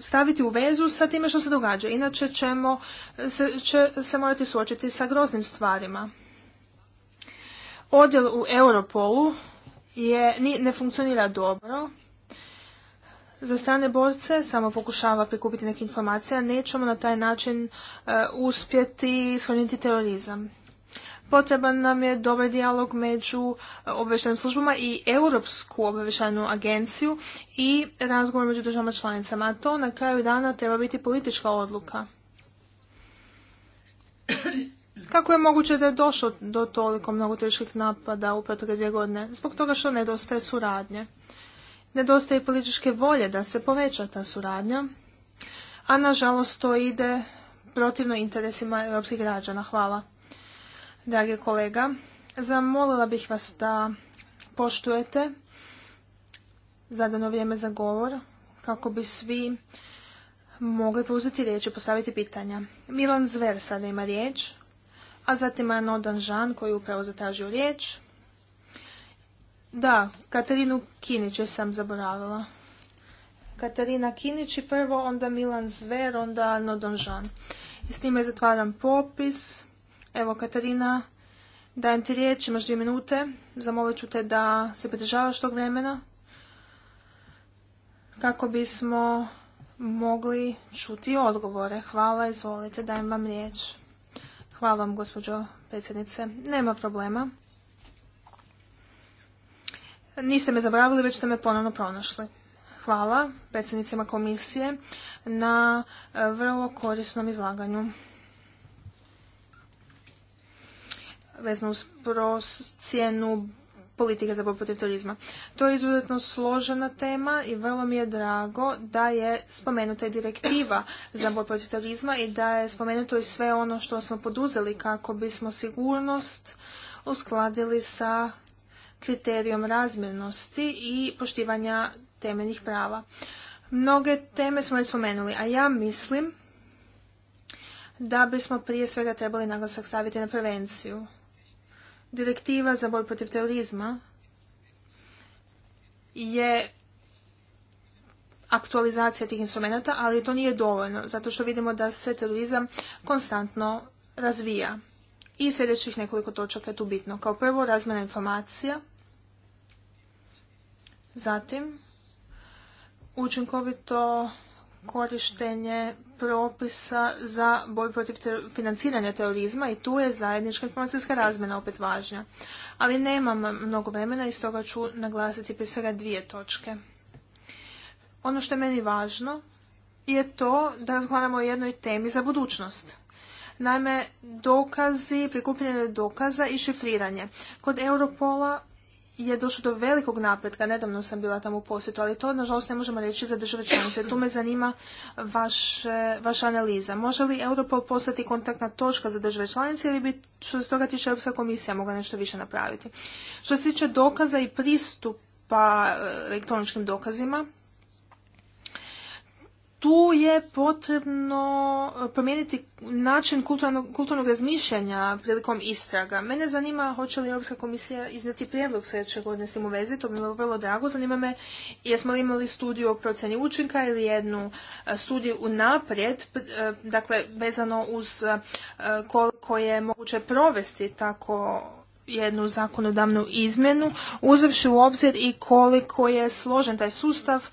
staviti u vezu sa time što se događa. Inače ćemo se, se morati suočiti sa groznim stvarima. Odjel u Europolu je, ne funkcionira dobro. Za strane borce samo pokušava prikupiti neke informacije, a nećemo na taj način e, uspjeti shodniti terorizam. Potreban nam je dobar dijalog među e, obavještajnim službama i Europsku obavještajnu agenciju i razgovor među državama članicama. A to na kraju dana treba biti politička odluka. Kako je moguće da je došlo do toliko mnogo teških napada u protekle dvije godine? Zbog toga što nedostaje suradnje. Nedostaje i političke volje da se poveća ta suradnja, a nažalost to ide protivno interesima europskih građana. Hvala. Dragi kolega, zamolila bih vas da poštujete zadano vrijeme za govor kako bi svi mogli preuzeti riječ i postaviti pitanja. Milan Zver sada ima riječ a zatim Nodan Žan koji je upravo zatražio riječ. Da, Katarinu Kinić sam zaboravila. Katarina Kinić i prvo, onda Milan Zver, onda Nodan Žan. I s time zatvaram popis. Evo, Katarina, dajem ti riječ, imaš dvije minute. Zamolit ću te da se pridržavaš tog vremena kako bismo mogli čuti odgovore. Hvala, izvolite, dajem vam riječ. Hvala vam, gospođo predsjednice. Nema problema. Niste me zaboravili, već ste me ponovno pronašli. Hvala predsjednicima komisije na e, vrlo korisnom izlaganju. Vezno uz cijenu politike za borbu protiv terorizma. To je izuzetno složena tema i vrlo mi je drago da je spomenuta i direktiva za borbu protiv terorizma i da je spomenuto i sve ono što smo poduzeli kako bismo sigurnost uskladili sa kriterijom razmjernosti i poštivanja temeljnih prava. Mnoge teme smo već spomenuli, a ja mislim da bismo prije svega trebali naglasak staviti na prevenciju. Direktiva za boj protiv terorizma je aktualizacija tih instrumenta, ali to nije dovoljno, zato što vidimo da se terorizam konstantno razvija. I sljedećih nekoliko točaka je tu bitno. Kao prvo, razmjena informacija, zatim učinkovito korištenje propisa za borbu protiv financiranja terorizma i tu je zajednička informacijska razmjena opet važna. Ali nemam mnogo vremena i stoga ću naglasiti prije svega dvije točke. Ono što je meni važno je to da razgovaramo o jednoj temi za budućnost. Naime, dokazi, prikupljanje dokaza i šifriranje. Kod Europola je došlo do velikog napretka. Nedavno sam bila tamo u posjetu, ali to nažalost ne možemo reći za države članice. Tu me zanima vaš, vaša analiza. Može li Europol postati kontaktna točka za države članice ili bi što se toga tiče Europska komisija mogla nešto više napraviti? Što se tiče dokaza i pristupa e, elektroničkim dokazima, tu je potrebno eh, promijeniti način kulturnog, razmišljanja prilikom istraga. Mene zanima hoće li Europska komisija izneti prijedlog sljedeće godine s tim u vezi, to bi bilo vrlo drago. Zanima me jesmo li imali studiju o procjeni učinka ili jednu eh, studiju unaprijed, eh, dakle vezano uz koliko je moguće provesti tako jednu zakonodavnu izmjenu, uzevši u obzir i koliko je složen taj sustav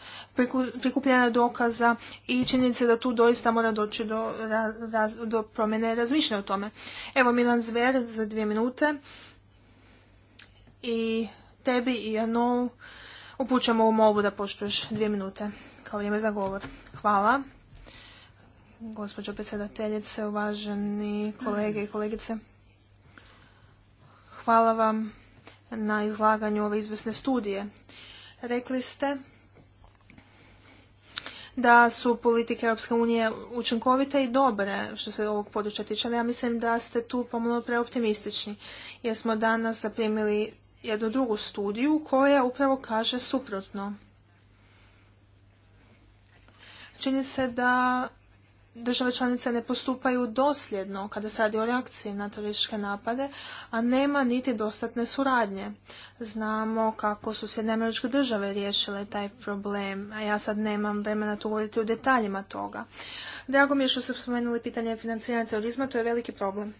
prikupljanja dokaza i činjenice da tu doista mora doći do, raz, do promjene razmišljanja o tome. Evo Milan Zver za dvije minute i tebi i Janu upućamo u molbu da poštuješ dvije minute kao vrijeme za govor. Hvala. Gospođo predsjedateljice, uvaženi kolege i kolegice. Hvala vam na izlaganju ove izvesne studije. Rekli ste da su politike Europske unije učinkovite i dobre što se ovog područja tiče, ali ja mislim da ste tu pomalo preoptimistični, jer smo danas zaprimili jednu drugu studiju koja upravo kaže suprotno. Čini se da države članice ne postupaju dosljedno kada se radi o reakciji na terorističke napade, a nema niti dostatne suradnje. Znamo kako su se američke države riješile taj problem, a ja sad nemam vremena to govoriti u detaljima toga. Drago mi je što ste spomenuli pitanje financiranja terorizma, to je veliki problem.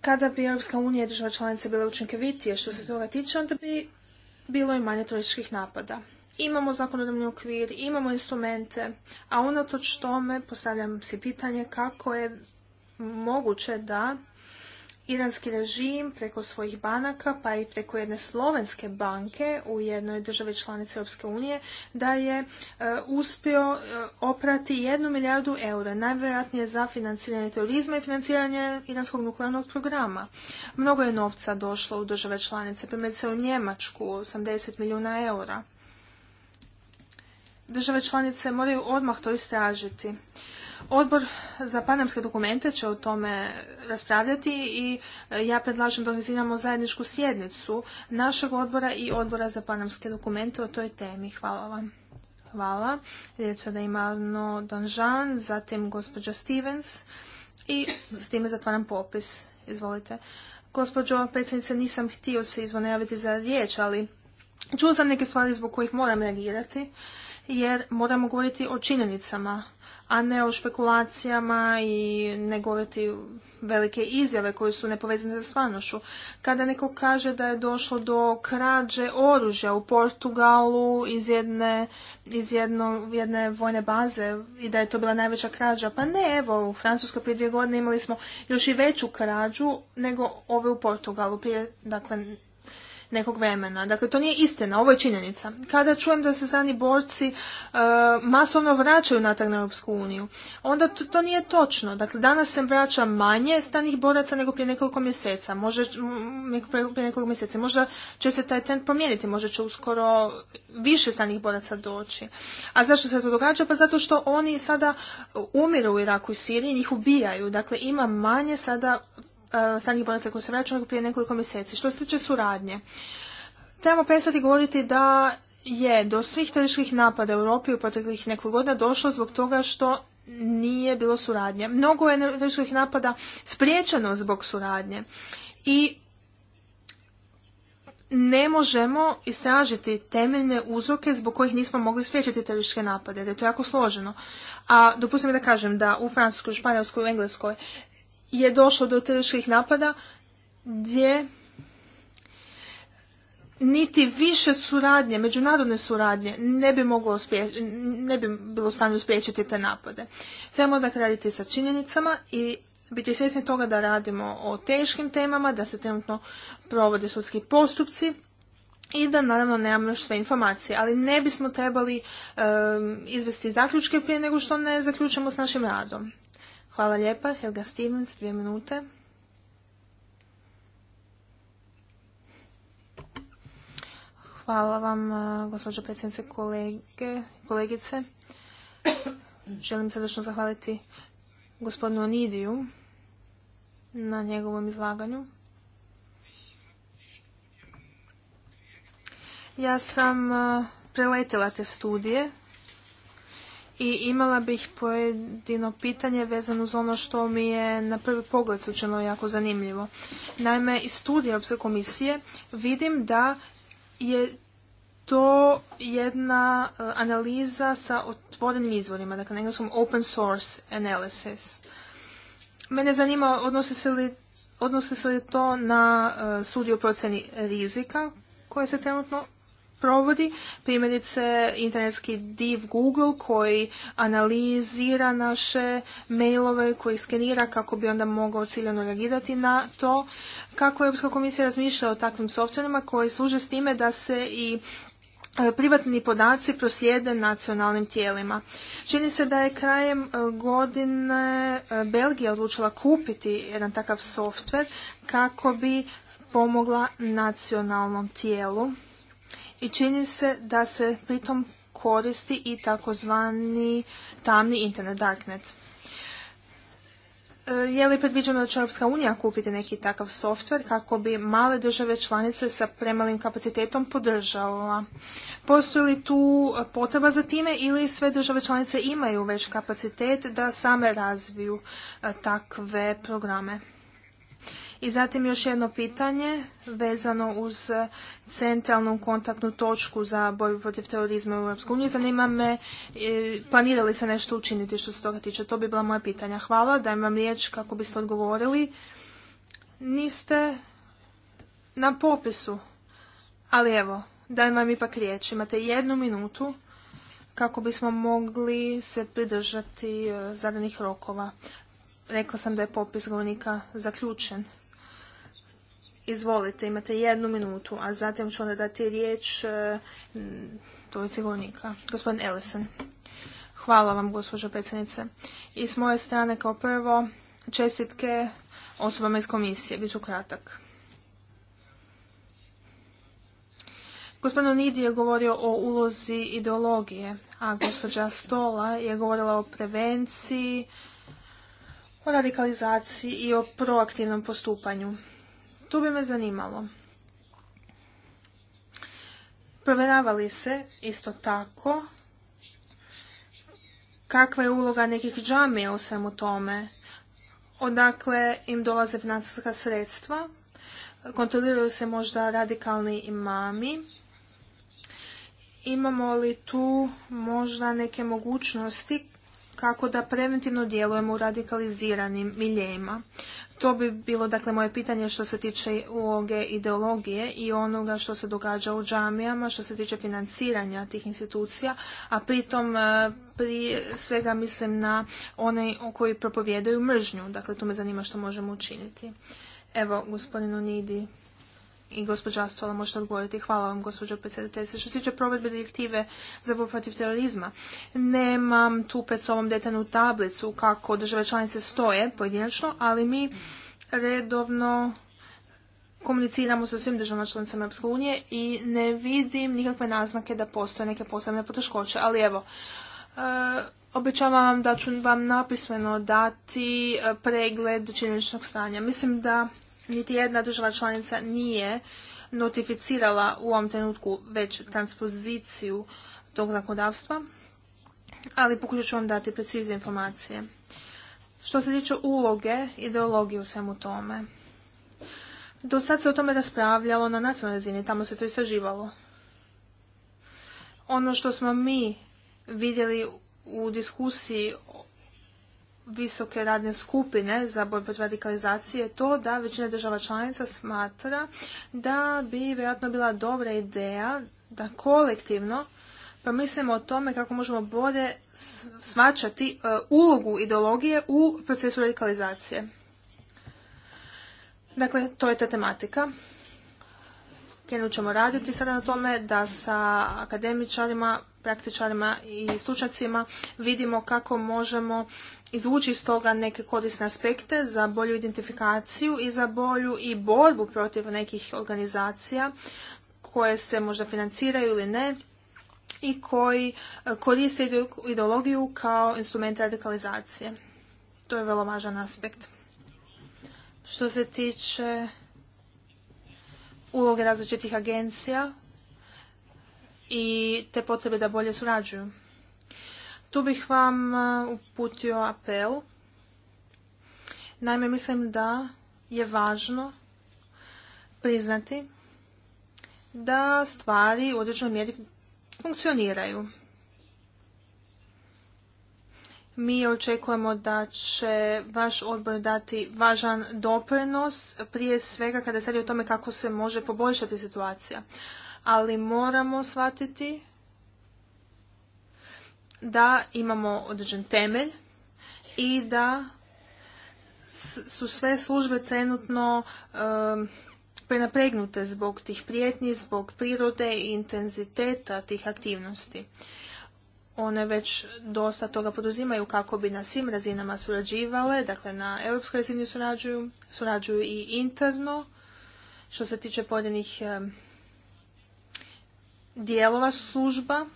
Kada bi Europska unija i država članice bile učinkovitije što se toga tiče, onda bi bilo i manje terorističkih napada. Imamo zakonodavni okvir, imamo instrumente, a unatoč tome postavljam si pitanje kako je moguće da iranski režim preko svojih banaka pa i preko jedne slovenske banke u jednoj državi članice Europske unije da je e, uspio e, oprati jednu milijardu eura, najvjerojatnije za financiranje terorizma i financiranje iranskog nuklearnog programa. Mnogo je novca došlo u države članice, primjerice u Njemačku 80 milijuna eura države članice moraju odmah to istražiti. Odbor za panamske dokumente će o tome raspravljati i e, ja predlažem da organiziramo zajedničku sjednicu našeg odbora i odbora za panamske dokumente o toj temi. Hvala vam. Hvala. Riječ da ima Arno Donžan, zatim gospođa Stevens i s time zatvaram popis. Izvolite. Gospođo predsjednice, nisam htio se izvonjaviti za riječ, ali čuo sam neke stvari zbog kojih moram reagirati jer moramo govoriti o činjenicama, a ne o špekulacijama i ne govoriti velike izjave koje su nepovezane sa stvarnošću. Kada neko kaže da je došlo do krađe oružja u Portugalu iz jedne, iz jedno, jedne vojne baze i da je to bila najveća krađa, pa ne, evo, u Francuskoj prije dvije godine imali smo još i veću krađu nego ove u Portugalu prije, dakle, nekog vremena. Dakle, to nije istina, ovo je činjenica. Kada čujem da se strani borci e, masovno vraćaju natrag na Europsku uniju, onda to, nije točno. Dakle, danas se vraća manje stranih boraca nego prije nekoliko mjeseca. Može, prije nekoliko mjeseci. Možda će se taj trend promijeniti, možda će uskoro više stranih boraca doći. A zašto se to događa? Pa zato što oni sada umiru u Iraku i Siriji, njih ubijaju. Dakle, ima manje sada E, stranih boraca koji se vraćaju prije nekoliko mjeseci. Što se tiče suradnje, trebamo prestati govoriti da je do svih terorističkih napada u Europi u proteklih nekoliko godina došlo zbog toga što nije bilo suradnje. Mnogo je terorističkih napada spriječeno zbog suradnje i ne možemo istražiti temeljne uzroke zbog kojih nismo mogli spriječiti terorističke napade, da je to jako složeno. A dopustite da kažem da u Francuskoj, Španjolskoj, u Engleskoj je došlo do teških napada gdje niti više suradnje, međunarodne suradnje ne bi, moglo ne bi bilo u stanju te napade. Trebamo da raditi sa činjenicama i biti svjesni toga da radimo o teškim temama, da se trenutno provode sudski postupci i da naravno nemamo još sve informacije. Ali ne bismo trebali izvesti zaključke prije nego što ne zaključimo s našim radom. Hvala lijepa. Helga Stevens, dvije minute. Hvala vam, eh, gospođo predsjednice, kolege, kolegice. Želim srdečno zahvaliti gospodinu Onidiju na njegovom izlaganju. Ja sam eh, preletila te studije i imala bih pojedino pitanje vezano uz ono što mi je na prvi pogled slučajno jako zanimljivo. Naime, iz studija Europske komisije vidim da je to jedna e, analiza sa otvorenim izvorima, dakle na engleskom open source analysis. Mene zanima odnose se li, to na e, studiju procjeni rizika koje se trenutno provodi, primjerice internetski div Google koji analizira naše mailove, koji skenira kako bi onda mogao ciljano reagirati na to, kako je Europska komisija razmišlja o takvim softverima koji služe s time da se i e, privatni podaci proslijede nacionalnim tijelima. Čini se da je krajem e, godine e, Belgija odlučila kupiti jedan takav softver kako bi pomogla nacionalnom tijelu i čini se da se pritom koristi i takozvani tamni internet darknet. E, je li predviđeno da će Europska unija kupiti neki takav softver kako bi male države članice sa premalim kapacitetom podržala? Postoji li tu potreba za time ili sve države članice imaju već kapacitet da same razviju e, takve programe? I zatim još jedno pitanje vezano uz centralnu kontaktnu točku za borbu protiv terorizma u EU. Zanima me, e, planira li se nešto učiniti što se toga tiče? To bi bila moja pitanja. Hvala, dajem vam riječ kako biste odgovorili. Niste na popisu, ali evo, dajem vam ipak riječ. Imate jednu minutu kako bismo mogli se pridržati e, zadanih rokova. Rekla sam da je popis govornika zaključen. Izvolite, imate jednu minutu, a zatim ću onda dati riječ e, dvojici govornika. Gospodin Ellison. Hvala vam, gospođo predsjednice. I s moje strane, kao prvo, čestitke osobama iz komisije. ću kratak. Gospodin Nidi je govorio o ulozi ideologije, a gospođa Stola je govorila o prevenciji, o radikalizaciji i o proaktivnom postupanju. Tu bi me zanimalo. li se isto tako kakva je uloga nekih džamija u svemu tome. Odakle im dolaze financijska sredstva, kontroliraju se možda radikalni imami. Imamo li tu možda neke mogućnosti kako da preventivno djelujemo u radikaliziranim miljejima. To bi bilo dakle moje pitanje što se tiče uloge ideologije i onoga što se događa u džamijama, što se tiče financiranja tih institucija, a pritom e, prije svega mislim na one koji propovjedaju mržnju. Dakle, to me zanima što možemo učiniti. Evo, gospodinu Nidi i gospođa Astola možete odgovoriti. Hvala vam, gospođo predsjedateljice. Što se tiče provedbe direktive za borbu protiv terorizma, nemam tu pred sobom detaljnu tablicu kako države članice stoje pojedinačno, ali mi redovno komuniciramo sa svim državama članicama Europske unije i ne vidim nikakve naznake da postoje neke posebne poteškoće. Ali evo, e, obećavam vam da ću vam napismeno dati e, pregled činjeničnog stanja. Mislim da niti jedna država članica nije notificirala u ovom trenutku već transpoziciju tog zakonodavstva, ali pokušat ću vam dati precizne informacije. Što se tiče uloge, ideologije u svemu tome. Do sad se o tome raspravljalo na nacionalnoj razini, tamo se to istraživalo. Ono što smo mi vidjeli u diskusiji visoke radne skupine za borbu protiv radikalizacije je to da većina država članica smatra da bi vjerojatno bila dobra ideja da kolektivno promislimo o tome kako možemo bolje smačati e, ulogu ideologije u procesu radikalizacije. Dakle, to je ta tematika. Krenut ćemo raditi sada na tome da sa akademičarima, praktičarima i stručnjacima vidimo kako možemo izvući iz toga neke korisne aspekte za bolju identifikaciju i za bolju i borbu protiv nekih organizacija koje se možda financiraju ili ne i koji e, koriste ideologiju kao instrument radikalizacije. To je vrlo važan aspekt. Što se tiče uloge različitih agencija i te potrebe da bolje surađuju. Tu bih vam e, uputio apel. Naime, mislim da je važno priznati da stvari u određenoj mjeri funkcioniraju. Mi očekujemo da će vaš odbor dati važan doprinos, prije svega kada se radi o tome kako se može poboljšati situacija. Ali moramo shvatiti da imamo određen temelj i da su sve službe trenutno um, prenapregnute zbog tih prijetnji, zbog prirode i intenziteta tih aktivnosti. One već dosta toga poduzimaju kako bi na svim razinama surađivale, dakle na europskoj razini surađuju, surađuju i interno. Što se tiče pojedinih um, dijelova služba,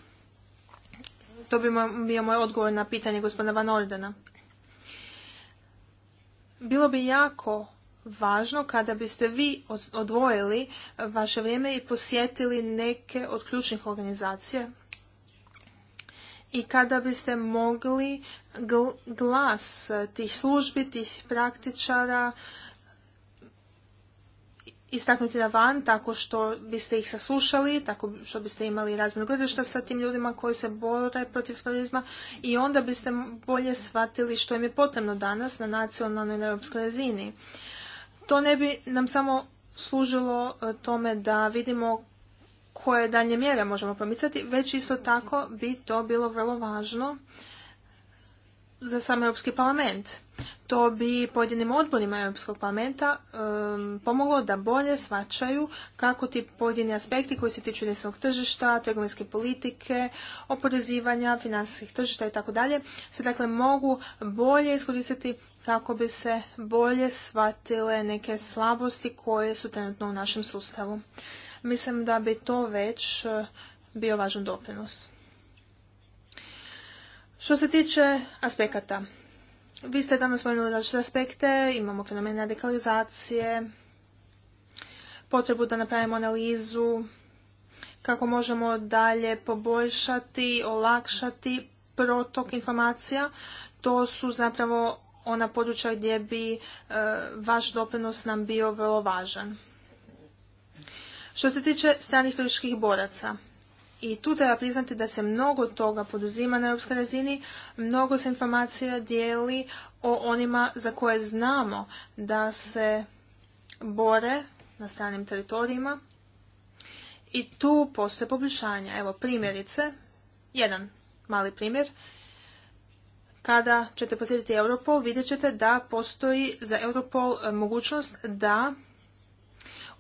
to bi bio moj odgovor na pitanje gospodina Van Ordena. Bilo bi jako važno kada biste vi odvojili vaše vrijeme i posjetili neke od ključnih organizacija i kada biste mogli glas tih službi, tih praktičara, istaknuti na van tako što biste ih saslušali, tako što biste imali razmjenu gledešta sa tim ljudima koji se bore protiv terorizma i onda biste bolje shvatili što im je potrebno danas na nacionalnoj i europskoj razini. To ne bi nam samo služilo e, tome da vidimo koje dalje mjere možemo promicati, već isto tako bi to bilo vrlo važno za sam Europski parlament to bi pojedinim odborima Europskog parlamenta pomoglo da bolje svačaju kako ti pojedini aspekti koji se tiču jedinstvenog tržišta, trgovinske politike, oporezivanja, financijskih tržišta i tako dalje se dakle mogu bolje iskoristiti kako bi se bolje shvatile neke slabosti koje su trenutno u našem sustavu. Mislim da bi to već e, bio važan doprinos. Što se tiče aspekata, vi ste danas spomenuli različite aspekte, imamo fenomen radikalizacije, potrebu da napravimo analizu kako možemo dalje poboljšati, olakšati protok informacija. To su zapravo ona područja gdje bi e, vaš doprinos nam bio vrlo važan. Što se tiče stranih turističkih boraca, i tu treba priznati da se mnogo toga poduzima na europskoj razini, mnogo se informacija dijeli o onima za koje znamo da se bore na stranim teritorijima i tu postoje poboljšanja. Evo primjerice, jedan mali primjer. Kada ćete posjetiti Europol, vidjet ćete da postoji za Europol mogućnost da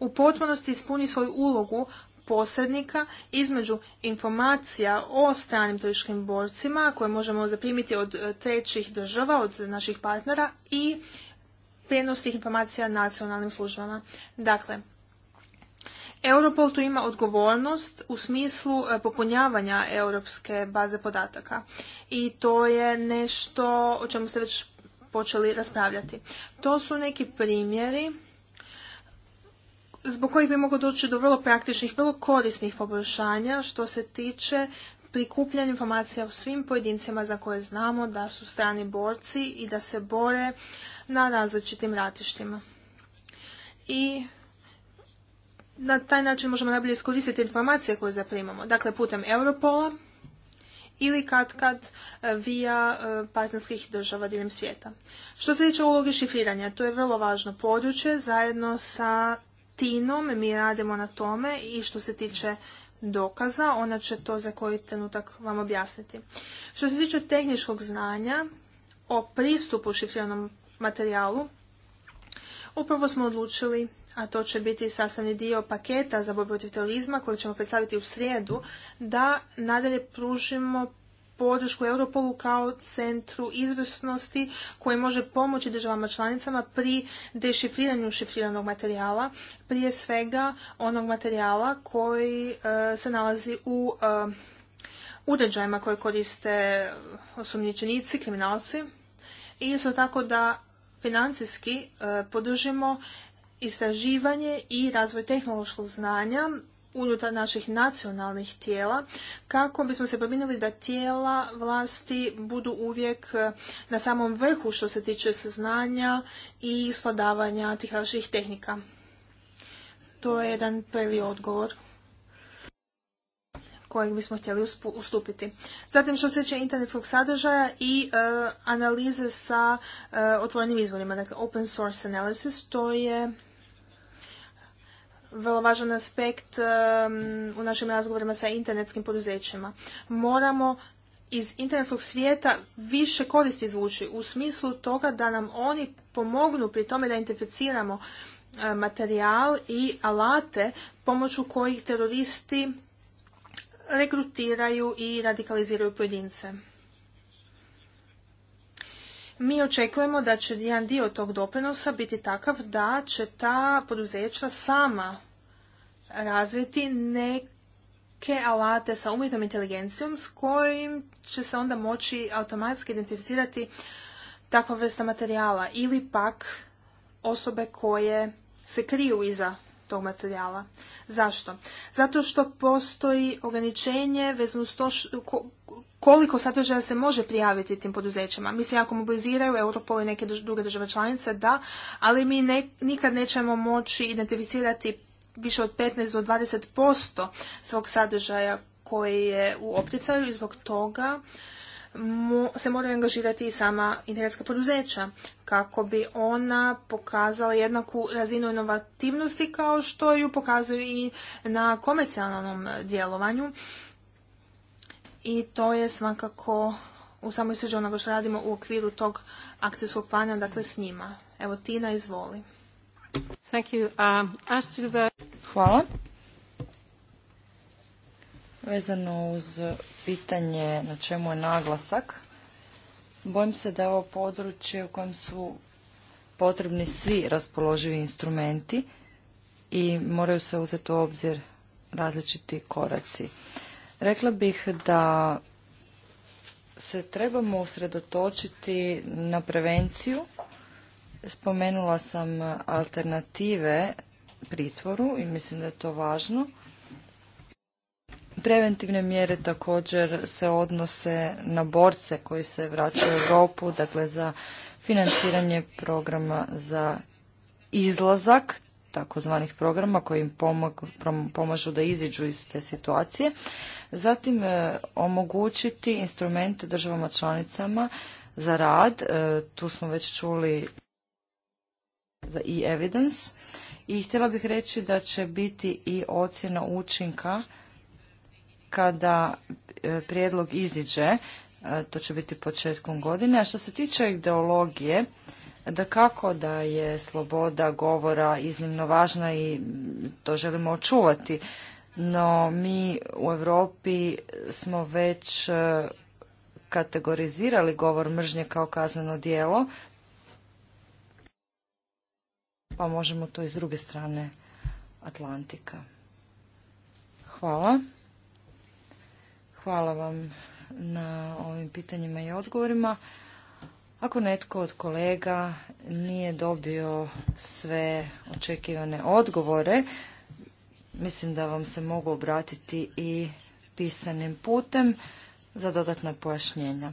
u potpunosti ispuni svoju ulogu posrednika između informacija o stranim tržiškim borcima koje možemo zaprimiti od e, trećih država, od naših partnera i prijenos tih informacija nacionalnim službama. Dakle, Europol tu ima odgovornost u smislu e, popunjavanja europske baze podataka i to je nešto o čemu ste već počeli raspravljati. To su neki primjeri zbog kojih bi moglo doći do vrlo praktičnih, vrlo korisnih poboljšanja što se tiče prikupljanja informacija o svim pojedincima za koje znamo da su strani borci i da se bore na različitim ratištima. I na taj način možemo najbolje iskoristiti informacije koje zaprimamo. Dakle, putem Europola ili kad kad e, via e, partnerskih država diljem svijeta. Što se tiče uloge šifriranja, to je vrlo važno područje zajedno sa Tinom mi radimo na tome i što se tiče dokaza, ona će to za koji trenutak vam objasniti. Što se tiče tehničkog znanja o pristupu šifriranom materijalu, upravo smo odlučili a to će biti sastavni dio paketa za borbu protiv terorizma koji ćemo predstaviti u srijedu, da nadalje pružimo podršku Europolu kao centru izvrsnosti koji može pomoći državama članicama pri dešifriranju šifriranog materijala, prije svega onog materijala koji e, se nalazi u e, uređajima koje koriste osumnjičenici, kriminalci i isto tako da financijski e, podržimo istraživanje i razvoj tehnološkog znanja unutar naših nacionalnih tijela kako bismo se pobinili da tijela vlasti budu uvijek e, na samom vrhu što se tiče saznanja i sladavanja tih naših tehnika. To je jedan prvi odgovor kojeg bismo htjeli ustupiti. Zatim što se tiče internetskog sadržaja i e, analize sa e, otvorenim izvorima, dakle open source analysis, to je vrlo važan aspekt u našim razgovorima sa internetskim poduzećima. Moramo iz internetskog svijeta više koristi izvući u smislu toga da nam oni pomognu pri tome da identificiramo materijal i alate pomoću kojih teroristi rekrutiraju i radikaliziraju pojedince. Mi očekujemo da će jedan dio tog doprinosa biti takav da će ta poduzeća sama razviti neke alate sa umjetnom inteligencijom s kojim će se onda moći automatski identificirati takva vrsta materijala ili pak osobe koje se kriju iza tog materijala. Zašto? Zato što postoji ograničenje vezano s to koliko sadržaja se može prijaviti tim poduzećima. Mislim, ako mobiliziraju, Europol i neke druge države članice, da, ali mi nikad nećemo moći identificirati više od 15 do 20% svog sadržaja koji je u opticaju i zbog toga se moraju angažirati i sama internetska poduzeća kako bi ona pokazala jednaku razinu inovativnosti kao što ju pokazuju i na komercijalnom djelovanju. I to je svakako u samoj sređu onoga što radimo u okviru tog akcijskog plana, dakle s njima. Evo Tina, izvoli. Um, Hvala. Vezano uz pitanje na čemu je naglasak, bojim se da je ovo područje u kojem su potrebni svi raspoloživi instrumenti i moraju se uzeti u obzir različiti koraci. Rekla bih da se trebamo usredotočiti na prevenciju Spomenula sam alternative pritvoru i mislim da je to važno. Preventivne mjere također se odnose na borce koji se vraćaju u Europu, dakle za financiranje programa za izlazak, takozvanih programa koji im pomažu da iziđu iz te situacije. Zatim e, omogućiti instrumente državama članicama za rad, e, tu smo već čuli za e-evidence i htjela bih reći da će biti i ocjena učinka kada e, prijedlog iziđe, e, to će biti početkom godine. A što se tiče ideologije, da kako da je sloboda govora iznimno važna i to želimo očuvati, no mi u Europi smo već e, kategorizirali govor mržnje kao kazneno djelo pa možemo to i s druge strane Atlantika. Hvala. Hvala vam na ovim pitanjima i odgovorima. Ako netko od kolega nije dobio sve očekivane odgovore, mislim da vam se mogu obratiti i pisanim putem za dodatna pojašnjenja.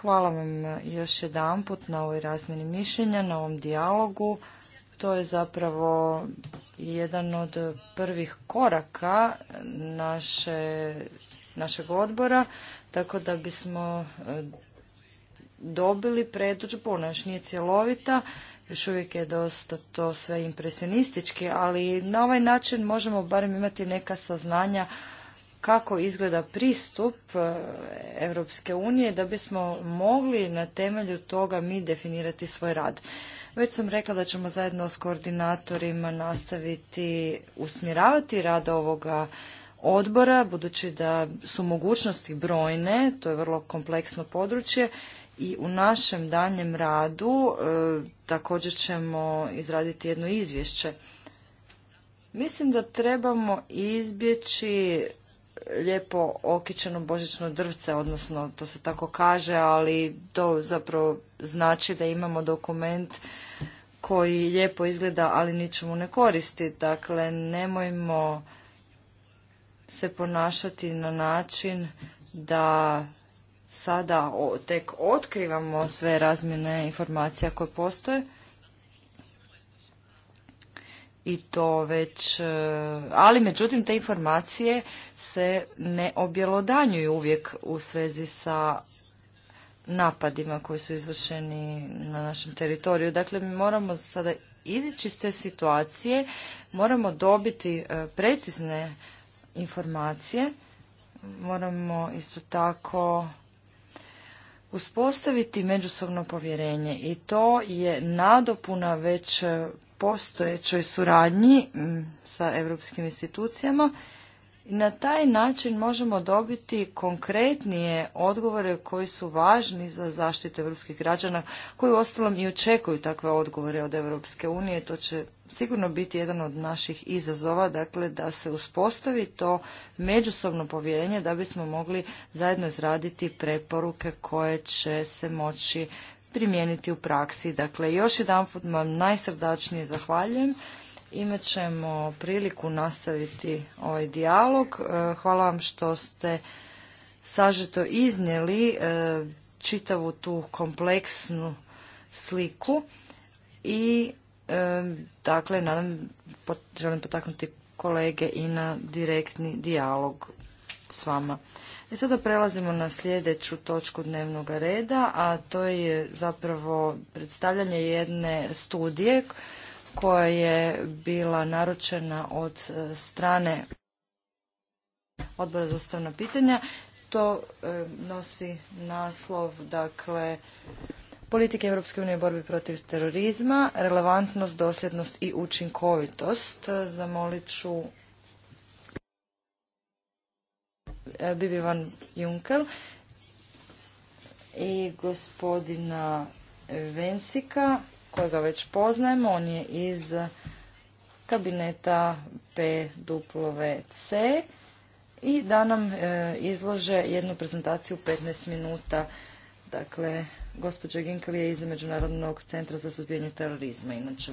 Hvala vam još jedanput na ovoj razmjeni mišljenja, na ovom dijalogu to je zapravo jedan od prvih koraka naše, našeg odbora, tako da bismo e, dobili predođbu, ona još nije cjelovita, još uvijek je dosta to sve impresionistički, ali na ovaj način možemo barem imati neka saznanja kako izgleda pristup Europske unije da bismo mogli na temelju toga mi definirati svoj rad. Već sam rekla da ćemo zajedno s koordinatorima nastaviti usmjeravati rad ovoga odbora, budući da su mogućnosti brojne, to je vrlo kompleksno područje i u našem danjem radu e, također ćemo izraditi jedno izvješće. Mislim da trebamo izbjeći lijepo okičeno božično drvce, odnosno to se tako kaže, ali to zapravo znači da imamo dokument koji lijepo izgleda, ali ničemu ne koristi. Dakle, nemojmo se ponašati na način da sada tek otkrivamo sve razmjene informacija koje postoje i to već, e, ali međutim te informacije se ne objelodanjuju uvijek u svezi sa napadima koji su izvršeni na našem teritoriju. Dakle, mi moramo sada izići iz te situacije, moramo dobiti e, precizne informacije, moramo isto tako uspostaviti međusobno povjerenje i to je nadopuna već postojećoj suradnji mm, sa europskim institucijama na taj način možemo dobiti konkretnije odgovore koji su važni za zaštitu europskih građana, koji ostalom i očekuju takve odgovore od Europske unije. To će sigurno biti jedan od naših izazova, dakle da se uspostavi to međusobno povjerenje da bismo mogli zajedno izraditi preporuke koje će se moći primijeniti u praksi. Dakle, još jedanput vam najsrdačnije zahvaljujem imat ćemo priliku nastaviti ovaj dijalog. E, hvala vam što ste sažeto iznijeli e, čitavu tu kompleksnu sliku i e, dakle nadam želim potaknuti kolege i na direktni dijalog s vama. I sada prelazimo na sljedeću točku dnevnog reda, a to je zapravo predstavljanje jedne studije koja je bila naručena od e, strane odbora za ustavna pitanja. To e, nosi naslov, dakle, politike Europske unije borbi protiv terorizma, relevantnost, dosljednost i učinkovitost. E, zamolit ću Bibi Van Junkel i gospodina Vensika kojega već poznajemo. On je iz kabineta p C i da nam e, izlože jednu prezentaciju 15 minuta. Dakle, gospođa Ginkel je iz Međunarodnog centra za suzbijanje terorizma. Inače,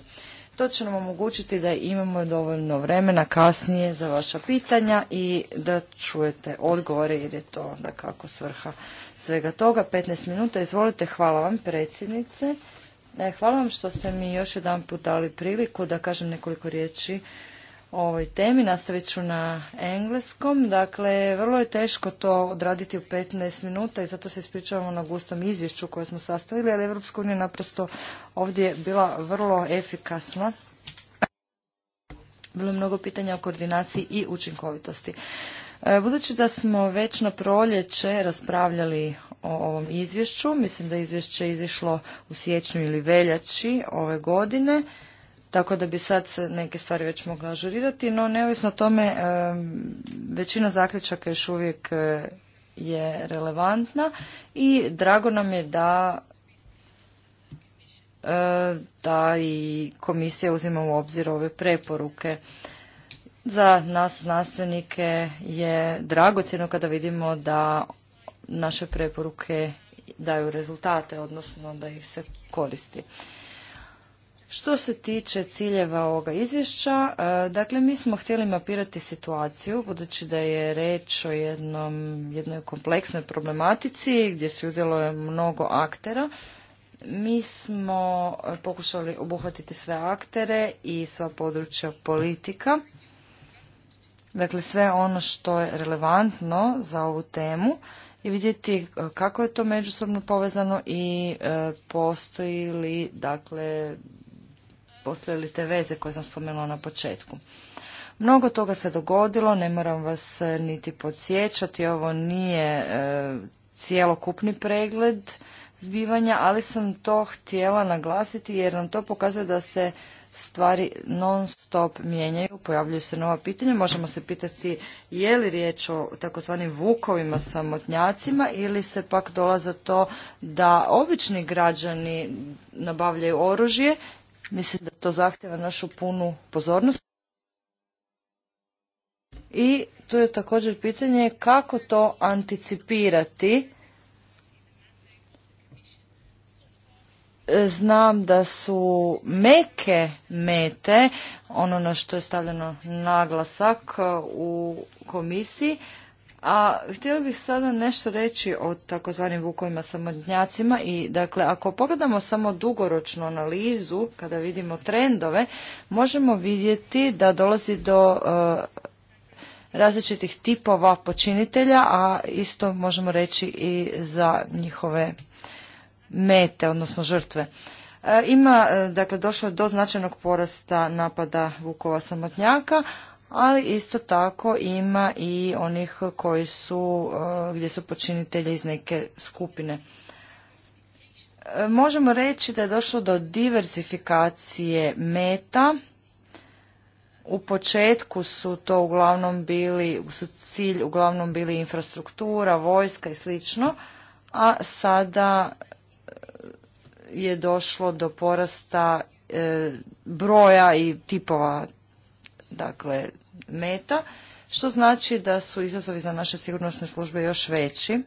to će nam omogućiti da imamo dovoljno vremena kasnije za vaša pitanja i da čujete odgovore jer je to da kako svrha svega toga. 15 minuta, izvolite, hvala vam predsjednice. E, hvala vam što ste mi još jedan put dali priliku da kažem nekoliko riječi o ovoj temi. Nastavit ću na engleskom. Dakle, vrlo je teško to odraditi u 15 minuta i zato se ispričavamo na gustom izvješću koje smo sastavili, ali Evropska unija naprosto ovdje bila vrlo efikasna. Bilo je mnogo pitanja o koordinaciji i učinkovitosti. E, budući da smo već na proljeće raspravljali o ovom izvješću. Mislim da je izvješće izišlo u siječnju ili veljači ove godine, tako da bi sad se neke stvari već mogla ažurirati, no neovisno o tome većina zaključaka još uvijek e, je relevantna i drago nam je da e, da i komisija uzima u obzir ove preporuke. Za nas znanstvenike je dragocjeno kada vidimo da naše preporuke daju rezultate, odnosno da ih se koristi. Što se tiče ciljeva ovoga izvješća, e, dakle mi smo htjeli mapirati situaciju, budući da je reč o jednom, jednoj kompleksnoj problematici gdje se udjeluje mnogo aktera. Mi smo pokušali obuhvatiti sve aktere i sva područja politika, dakle sve ono što je relevantno za ovu temu i vidjeti e, kako je to međusobno povezano i e, postoji li, dakle, postoje li te veze koje sam spomenula na početku. Mnogo toga se dogodilo, ne moram vas niti podsjećati, ovo nije e, cjelokupni pregled zbivanja, ali sam to htjela naglasiti jer nam to pokazuje da se stvari non stop mijenjaju, pojavljuju se nova pitanja. Možemo se pitati je li riječ o takozvanim vukovima, samotnjacima ili se pak dolaza to da obični građani nabavljaju oružje. Mislim da to zahtjeva našu punu pozornost. I tu je također pitanje kako to anticipirati znam da su meke mete, ono na što je stavljeno naglasak e, u komisiji, a htjela bih sada nešto reći o takozvanim vukovima samotnjacima i dakle ako pogledamo samo dugoročnu analizu kada vidimo trendove možemo vidjeti da dolazi do e, različitih tipova počinitelja, a isto možemo reći i za njihove mete, odnosno žrtve. E, ima, e, dakle, došlo je do značajnog porasta napada vukova samotnjaka, ali isto tako ima i onih koji su, e, gdje su počinitelji iz neke skupine. Možemo reći da je došlo do diversifikacije meta. U početku su to uglavnom bili, su cilj uglavnom bili infrastruktura, vojska i slično, a sada je došlo do porasta e, broja i tipova dakle meta, što znači da su izazovi za naše sigurnosne službe još veći,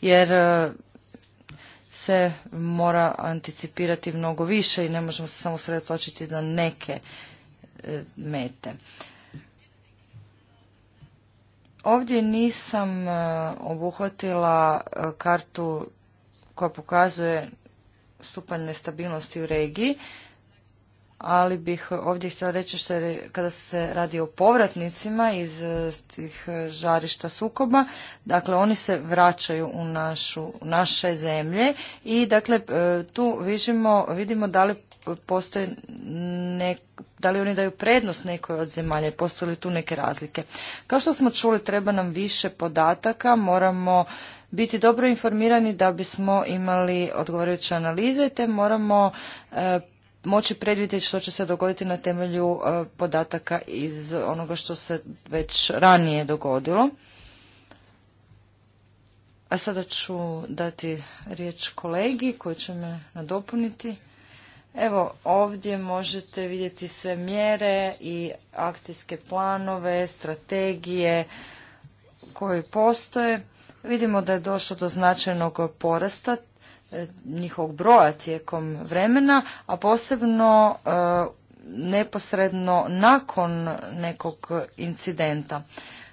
jer e, se mora anticipirati mnogo više i ne možemo se samo sredotočiti na neke e, mete. Ovdje nisam obuhvatila kartu koja pokazuje stupanj nestabilnosti u regiji, ali bih ovdje htjela reći što je, kada se radi o povratnicima iz eh, tih eh, žarišta sukoba, dakle oni se vraćaju u našu, naše zemlje i dakle eh, tu vižimo, vidimo da li postoje da li oni daju prednost nekoj od zemalja, postoje li tu neke razlike. Kao što smo čuli, treba nam više podataka, moramo biti dobro informirani da bismo imali odgovarajuće analize te moramo e, moći predvidjeti što će se dogoditi na temelju e, podataka iz onoga što se već ranije dogodilo. A sada ću dati riječ kolegi koji će me nadopuniti. Evo, ovdje možete vidjeti sve mjere i akcijske planove, strategije koje postoje. Vidimo da je došlo do značajnog porasta e, njihovog broja tijekom vremena, a posebno e, neposredno nakon nekog incidenta.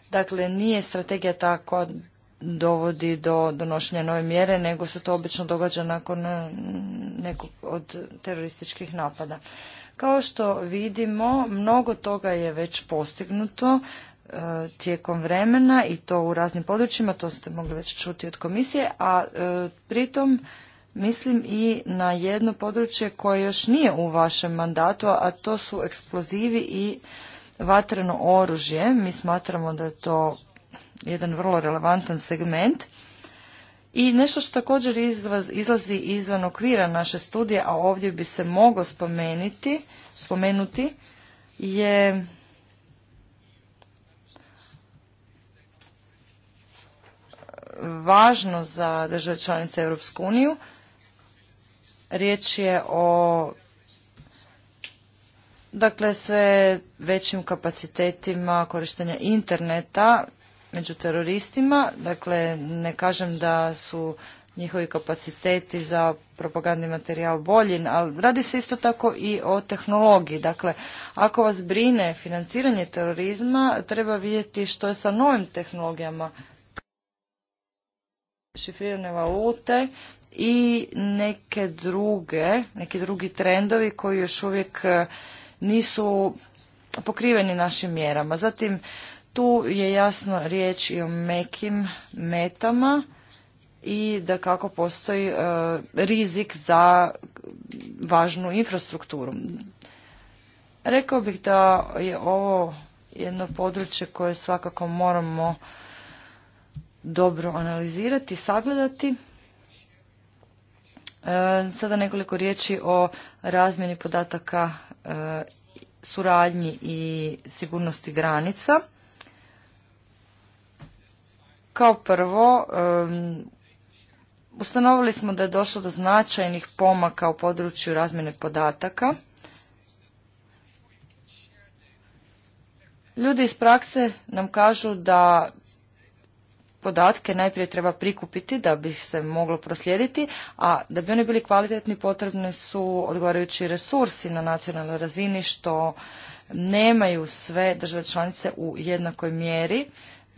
Dakle, nije strategija ta koja dovodi do donošenja nove mjere, nego se to obično događa nakon e, nekog od terorističkih napada. Kao što vidimo, mnogo toga je već postignuto tijekom vremena i to u raznim područjima, to ste mogli već čuti od komisije, a e, pritom mislim i na jedno područje koje još nije u vašem mandatu, a to su eksplozivi i vatreno oružje. Mi smatramo da je to jedan vrlo relevantan segment. I nešto što također izlazi izvan okvira naše studije, a ovdje bi se moglo spomenuti, spomenuti je važno za države članice Europsku uniju. Riječ je o dakle sve većim kapacitetima korištenja interneta među teroristima. Dakle, ne kažem da su njihovi kapaciteti za propagandni materijal bolji, ali radi se isto tako i o tehnologiji. Dakle, ako vas brine financiranje terorizma, treba vidjeti što je sa novim tehnologijama šifrirane valute i neke druge, neki drugi trendovi koji još uvijek e, nisu pokriveni našim mjerama. Zatim tu je jasno riječ i o mekim metama i da kako postoji e, rizik za važnu infrastrukturu. Rekao bih da je ovo jedno područje koje svakako moramo dobro analizirati, sagledati. E, sada nekoliko riječi o razmjeni podataka e, suradnji i sigurnosti granica. Kao prvo, e, ustanovili smo da je došlo do značajnih pomaka u području razmjene podataka. Ljudi iz prakse nam kažu da podatke najprije treba prikupiti da bi se moglo proslijediti, a da bi oni bili kvalitetni potrebni su odgovarajući resursi na nacionalnoj razini što nemaju sve države članice u jednakoj mjeri,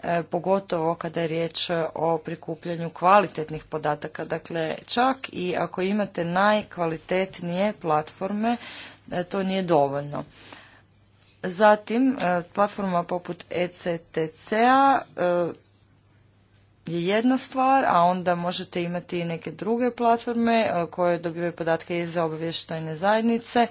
e, pogotovo kada je riječ o prikupljanju kvalitetnih podataka. Dakle, čak i ako imate najkvalitetnije platforme, e, to nije dovoljno. Zatim, e, platforma poput ECTC-a je jedna stvar, a onda možete imati i neke druge platforme e, koje dobivaju podatke iz obavještajne zajednice. E,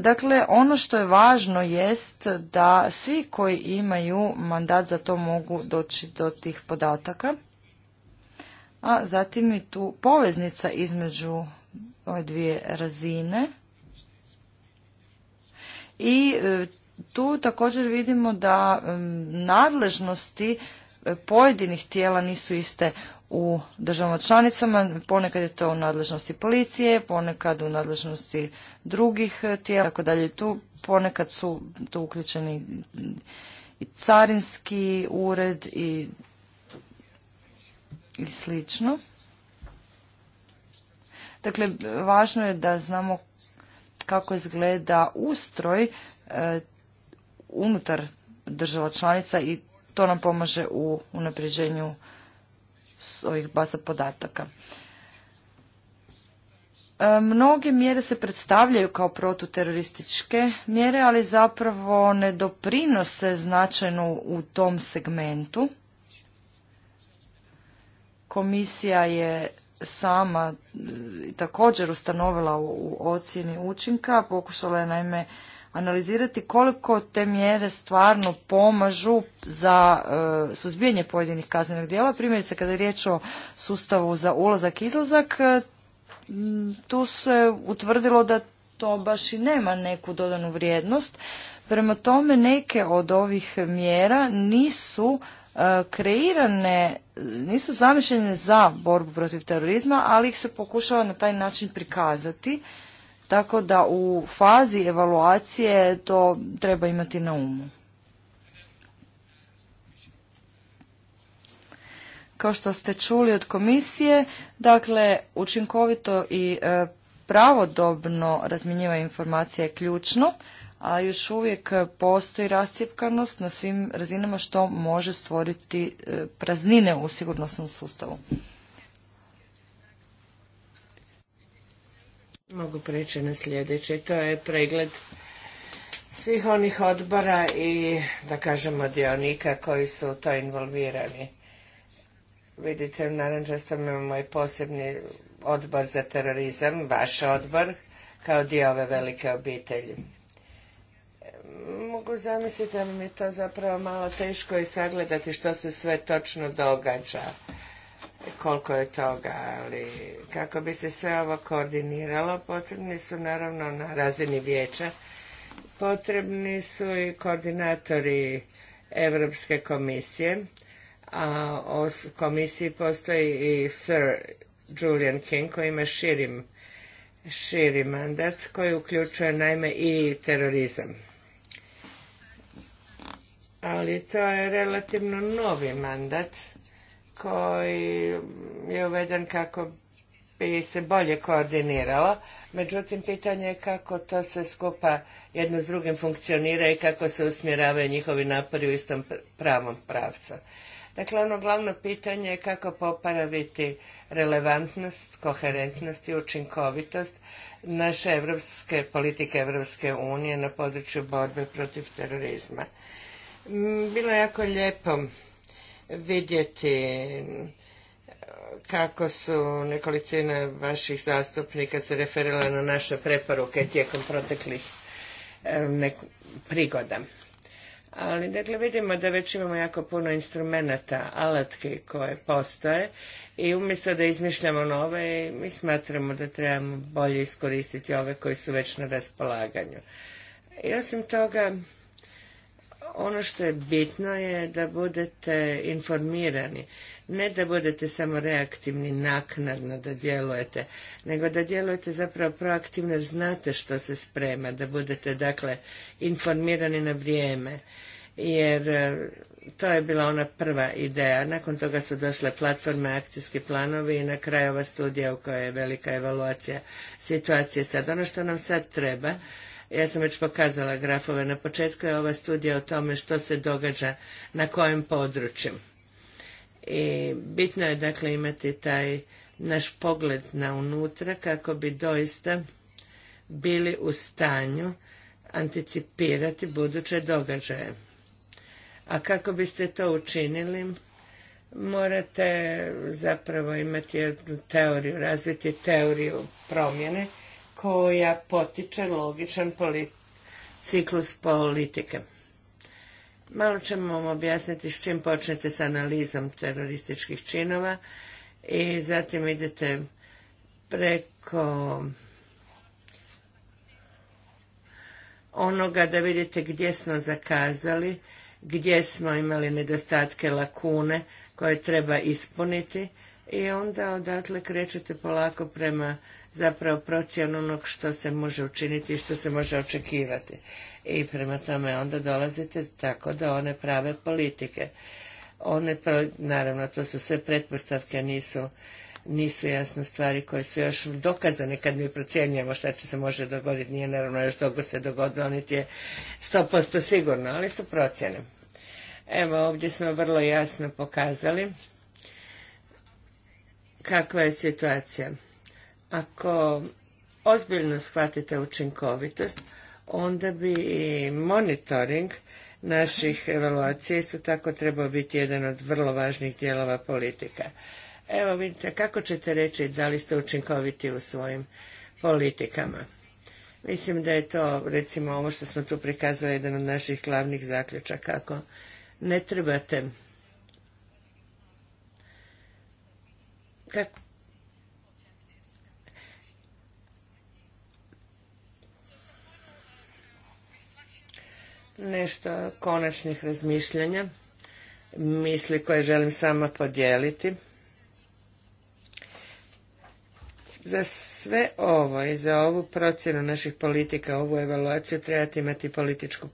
dakle, ono što je važno jest da svi koji imaju mandat za to mogu doći do tih podataka. A zatim i tu poveznica između ove dvije razine. I e, tu također vidimo da nadležnosti pojedinih tijela nisu iste u državama članicama, ponekad je to u nadležnosti policije, ponekad u nadležnosti drugih e, tijela, tako dalje. Tu ponekad su tu uključeni i carinski ured i, i slično. Dakle, važno je da znamo kako izgleda ustroj e, unutar država članica i to nam pomaže u unapređenju ovih baza podataka. E, mnoge mjere se predstavljaju kao protuterorističke mjere, ali zapravo ne doprinose značajno u tom segmentu. Komisija je sama e, također ustanovila u ocjeni učinka, pokušala je naime analizirati koliko te mjere stvarno pomažu za e, suzbijanje pojedinih kaznenih djela. Primjerice kada je riječ o sustavu za ulazak i izlazak, e, tu se utvrdilo da to baš i nema neku dodanu vrijednost. Prema tome neke od ovih mjera nisu e, kreirane, nisu zamišljene za borbu protiv terorizma, ali ih se pokušava na taj način prikazati tako da u fazi evaluacije to treba imati na umu. Kao što ste čuli od komisije, dakle učinkovito i e, pravodobno razmjenjivanje informacija je ključno, a još uvijek postoji rascjepkanost na svim razinama što može stvoriti e, praznine u sigurnosnom sustavu. Mogu preći na sljedeće. To je pregled svih onih odbora i, da kažemo, dionika koji su to involvirani. Vidite, da sam imamo moj posebni odbor za terorizam, vaš odbor, kao dio ove velike obitelji. Mogu zamisliti da mi je to zapravo malo teško i sagledati što se sve točno događa koliko je toga, ali kako bi se sve ovo koordiniralo, potrebni su naravno na razini vijeća, potrebni su i koordinatori Europske komisije, a o komisiji postoji i Sir Julian King koji ima širim, širi mandat koji uključuje naime i terorizam. Ali to je relativno novi mandat koji je uveden kako bi se bolje koordiniralo. Međutim, pitanje je kako to sve skupa jedno s drugim funkcionira i kako se usmjeravaju njihovi napori u istom pravom pravcu. Dakle, ono glavno pitanje je kako popraviti relevantnost, koherentnost i učinkovitost naše evropske, politike Evropske unije na području borbe protiv terorizma. Mm, bilo je jako lijepo vidjeti kako su nekolicina vaših zastupnika se referila na naše preporuke tijekom proteklih e, prigoda. Ali, dakle, vidimo da već imamo jako puno instrumenta, alatke koje postoje i umjesto da izmišljamo nove, mi smatramo da trebamo bolje iskoristiti ove koji su već na raspolaganju. I osim toga, ono što je bitno je da budete informirani, ne da budete samo reaktivni naknadno da djelujete, nego da djelujete zapravo proaktivno jer znate što se sprema, da budete dakle informirani na vrijeme. Jer e, to je bila ona prva ideja. Nakon toga su došle platforme, akcijski planovi i na kraju ova studija u kojoj je velika evaluacija situacije sad. Ono što nam sad treba ja sam već pokazala grafove na početku, je ova studija o tome što se događa na kojem području. I bitno je dakle imati taj naš pogled na unutra kako bi doista bili u stanju anticipirati buduće događaje. A kako biste to učinili, morate zapravo imati jednu teoriju, razviti teoriju promjene koja potiče logičan ciklus politike. Malo ćemo vam objasniti s čim počnete s analizom terorističkih činova i zatim idete preko onoga da vidite gdje smo zakazali, gdje smo imali nedostatke lakune koje treba ispuniti i onda odatle krećete polako prema zapravo procjenu onog što se može učiniti i što se može očekivati. I prema tome onda dolazite tako da one prave politike. One, naravno, to su sve pretpostavke, nisu, nisu jasne stvari koje su još dokazane kad mi procjenjujemo šta će se može dogoditi. Nije naravno još dugo se dogodilo, niti je 100% sigurno, ali su procjene. Evo, ovdje smo vrlo jasno pokazali kakva je situacija. Ako ozbiljno shvatite učinkovitost, onda bi i monitoring naših evaluacija isto tako trebao biti jedan od vrlo važnih dijelova politika. Evo vidite, kako ćete reći da li ste učinkoviti u svojim politikama? Mislim da je to, recimo, ovo što smo tu prikazali, jedan od naših glavnih zaključaka. Ako ne trebate, kako, nešto konačnih razmišljanja, misli koje želim sama podijeliti. Za sve ovo i za ovu procjenu naših politika, ovu evaluaciju trebate imati političku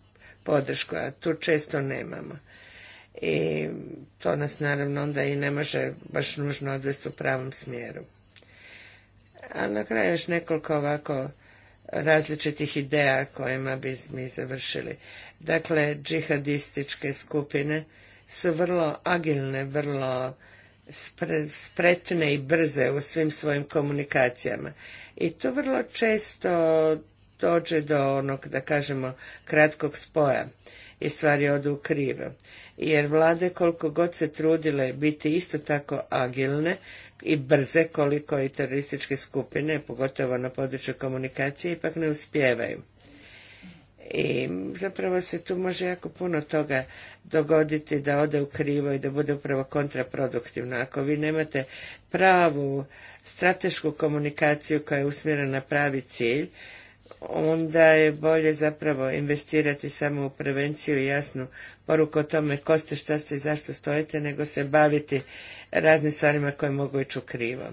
podršku, a tu često nemamo. I to nas naravno onda i ne može baš nužno odvesti u pravom smjeru. A na kraju još nekoliko ovako različitih ideja kojima bi mi završili. Dakle, džihadističke skupine su vrlo agilne, vrlo spretne i brze u svim svojim komunikacijama. I to vrlo često dođe do onog, da kažemo, kratkog spoja i stvari odu krivo. Jer vlade koliko god se trudile biti isto tako agilne, i brze koliko i terorističke skupine, pogotovo na području komunikacije, ipak ne uspijevaju. I zapravo se tu može jako puno toga dogoditi da ode u krivo i da bude upravo kontraproduktivno. Ako vi nemate pravu stratešku komunikaciju koja je usmjerena na pravi cilj, onda je bolje zapravo investirati samo u prevenciju i jasnu poruku o tome ko ste, šta ste i zašto stojite, nego se baviti raznim stvarima koje mogu ići u krivo.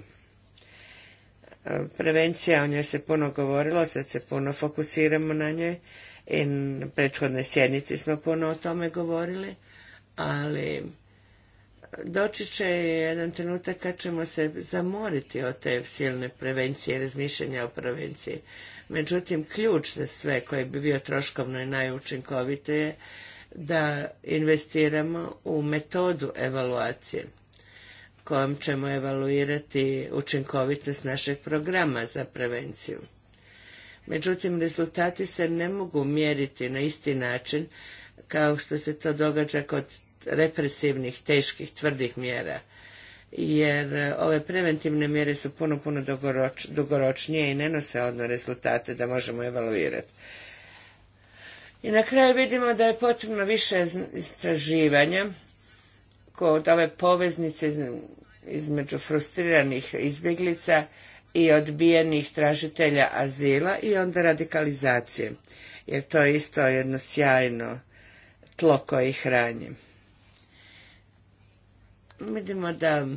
E, prevencija, o njoj se puno govorilo, sad se puno fokusiramo na njoj i na prethodnoj sjednici smo puno o tome govorili, ali doći će jedan trenutak kad ćemo se zamoriti od te silne prevencije, razmišljanja o prevenciji. Međutim, ključ za sve koji bi bio troškovno i najučinkovite je da investiramo u metodu evaluacije kojom ćemo evaluirati učinkovitost našeg programa za prevenciju. Međutim, rezultati se ne mogu mjeriti na isti način kao što se to događa kod represivnih, teških, tvrdih mjera. Jer e, ove preventivne mjere su puno, puno dugoročnije i ne nose odno rezultate da možemo evaluirati. I na kraju vidimo da je potrebno više istraživanja kod ove poveznice između frustriranih izbjeglica i odbijenih tražitelja azila i onda radikalizacije, jer to je isto jedno sjajno tlo koje ih hrani. Vidimo da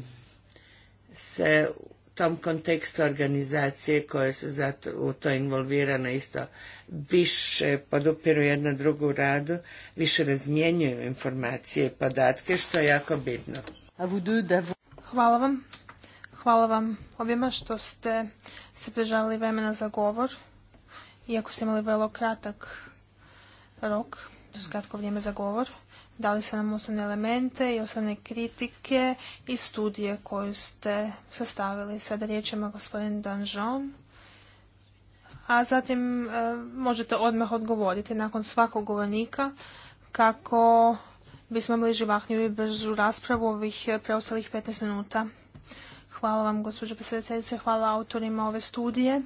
se tom kontekstu organizacije koje su zato u to involvirane isto više podupiru jedna drugu radu, više razmjenjuju informacije i podatke, što je jako bitno. Hvala vam. Hvala vam objema što ste se prežali vremena za govor, iako ste imali vrlo kratak rok, to kratko vrijeme za govor dali ste nam osnovne elemente i osnovne kritike i studije koju ste sastavili. Sada riječima gospodin Danžon. A zatim e, možete odmah odgovoriti nakon svakog govornika kako bismo imali živahniju i bržu raspravu ovih preostalih 15 minuta. Hvala vam, gospođo predsjedateljice, hvala autorima ove studije.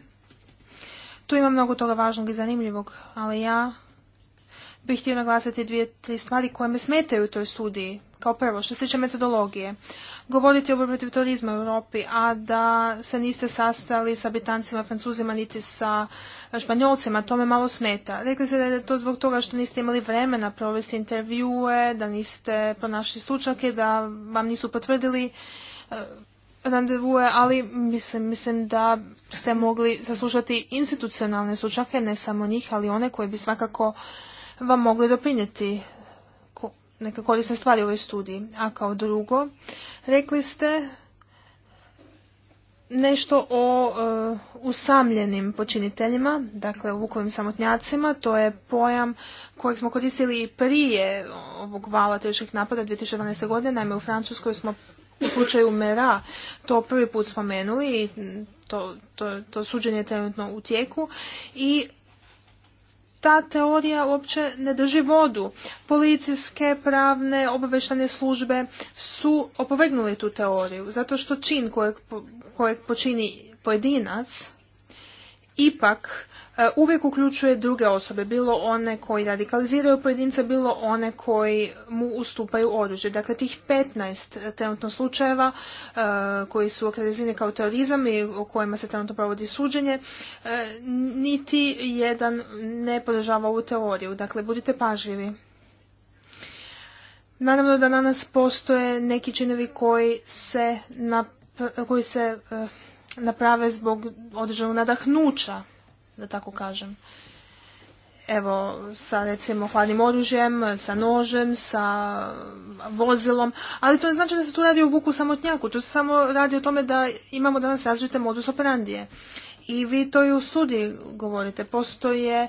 Tu ima mnogo toga važnog i zanimljivog, ali ja bih htio naglasiti dvije, tri stvari koje me smetaju u toj studiji. Kao prvo, što se tiče metodologije. Govoriti o protiv u Europi, a da se niste sastali sa Britancima, Francuzima, niti sa Španjolcima, to me malo smeta. Rekli ste da je to zbog toga što niste imali vremena provesti intervjue, da niste pronašli slučake, da vam nisu potvrdili e, randevue, ali mislim, mislim da ste mogli saslušati institucionalne slučake, ne samo njih, ali one koje bi svakako vam mogli doprinijeti neke korisne stvari u ovoj studiji. A kao drugo, rekli ste nešto o e, usamljenim počiniteljima, dakle o vukovim samotnjacima. To je pojam kojeg smo koristili i prije ovog vala teških napada 2012. godine. Naime, u Francuskoj smo u slučaju Mera to prvi put spomenuli i to, to, to suđenje je trenutno u tijeku i ta teorija uopće ne drži vodu. Policijske, pravne, obaveštane službe su opovegnuli tu teoriju, zato što čin kojeg, kojeg počini pojedinac ipak e, uvijek uključuje druge osobe, bilo one koji radikaliziraju pojedinca, bilo one koji mu ustupaju oružje. Dakle, tih 15 trenutno slučajeva e, koji su okarizirani kao terorizam i o kojima se trenutno provodi suđenje, e, niti jedan ne podržava ovu teoriju. Dakle, budite pažljivi. Naravno da danas postoje neki činovi koji se na koji se naprave zbog određenog nadahnuća, da tako kažem. Evo, sa recimo hladnim oružjem, sa nožem, sa vozilom, ali to ne znači da se tu radi o vuku samotnjaku, to se samo radi o tome da imamo danas različite modus operandije. I vi to i u studiji govorite, postoje e,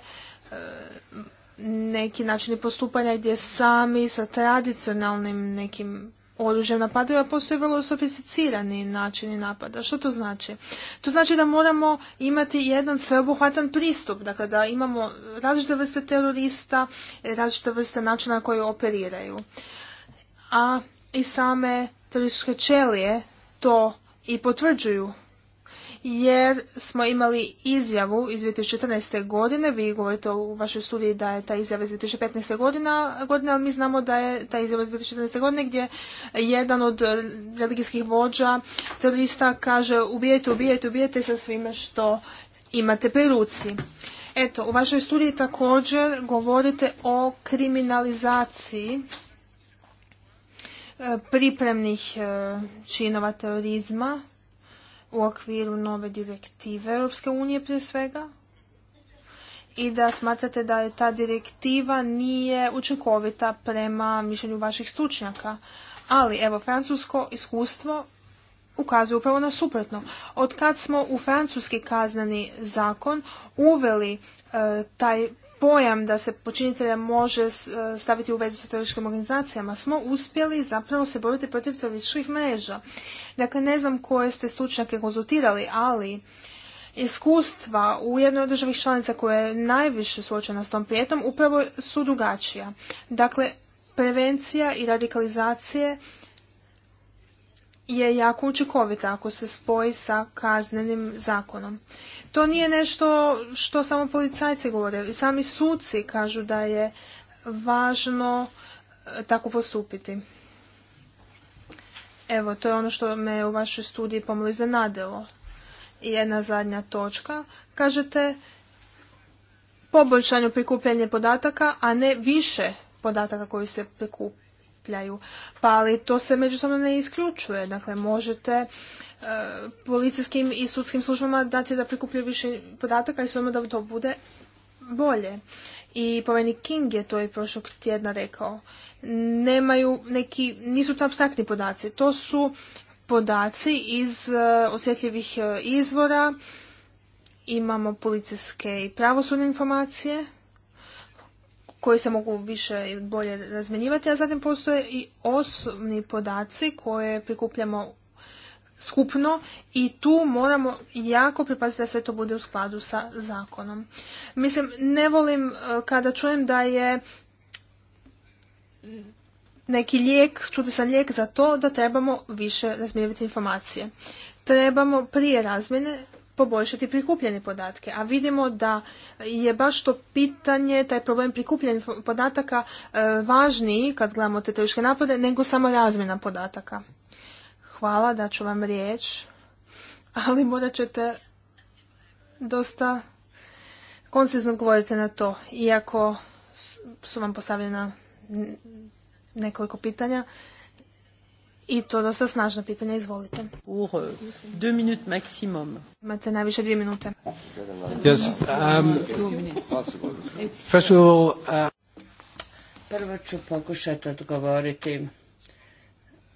neki načini postupanja gdje sami sa tradicionalnim nekim oružjem napadaju, a postoje vrlo sofisticirani načini napada. Što to znači? To znači da moramo imati jedan sveobuhvatan pristup, dakle da imamo različite vrste terorista, različite vrste načina na koje operiraju. A i same terorističke čelije to i potvrđuju jer smo imali izjavu iz 2014. godine, vi govorite u vašoj studiji da je ta izjava iz 2015. godina, godine, ali mi znamo da je ta izjava iz 2014. godine gdje jedan od religijskih vođa terorista kaže ubijajte, ubijajte, ubijajte sa svime što imate pri ruci. Eto, u vašoj studiji također govorite o kriminalizaciji e, pripremnih e, činova terorizma u okviru nove direktive Europske unije prije svega i da smatrate da je ta direktiva nije učinkovita prema mišljenju vaših stručnjaka. Ali evo, francusko iskustvo ukazuje upravo na suprotno. Od kad smo u francuski kazneni zakon uveli e, taj pojam da se počinitelja može e, staviti u vezu sa terorističkim organizacijama, smo uspjeli zapravo se boriti protiv terorističkih mreža. Dakle, ne znam koje ste stručnjake konzultirali, ali iskustva u jednoj od državih članica koja je najviše suočena s tom prijetnom upravo su drugačija. Dakle, prevencija i radikalizacije je jako učinkovita ako se spoji sa kaznenim zakonom. To nije nešto što samo policajci govore. I sami suci kažu da je važno eh, tako postupiti. Evo, to je ono što me u vašoj studiji pomalo iznenadilo. I jedna zadnja točka. Kažete poboljšanju prikupljanja podataka, a ne više podataka koji se prikupljaju. Pa ali to se međusobno ne isključuje. Dakle, možete e, policijskim i sudskim službama dati da prikupljaju više podataka i samo da to bude bolje. I meni King je to i prošlog tjedna rekao. Nemaju neki, nisu to abstraktni podaci. To su podaci iz e, osjetljivih e, izvora. Imamo policijske i pravosudne informacije koje se mogu više i bolje razmenjivati, a zatim postoje i osobni podaci koje prikupljamo skupno i tu moramo jako pripaziti da sve to bude u skladu sa zakonom. Mislim, ne volim e, kada čujem da je neki lijek, sam lijek za to da trebamo više razmjenjivati informacije. Trebamo prije razmjene poboljšati prikupljene podatke, a vidimo da je baš to pitanje, taj problem prikupljenih podataka e, važniji kad gledamo te teoriške napade nego samo razmjena podataka. Hvala, da ću vam riječ, ali morat ćete dosta koncizno odgovoriti na to. Iako su vam postavljena nekoliko pitanja, i to dosta snažna pitanja, izvolite. Pour euh, Imate najviše dvije minute. Um, uh, Prvo ću pokušati odgovoriti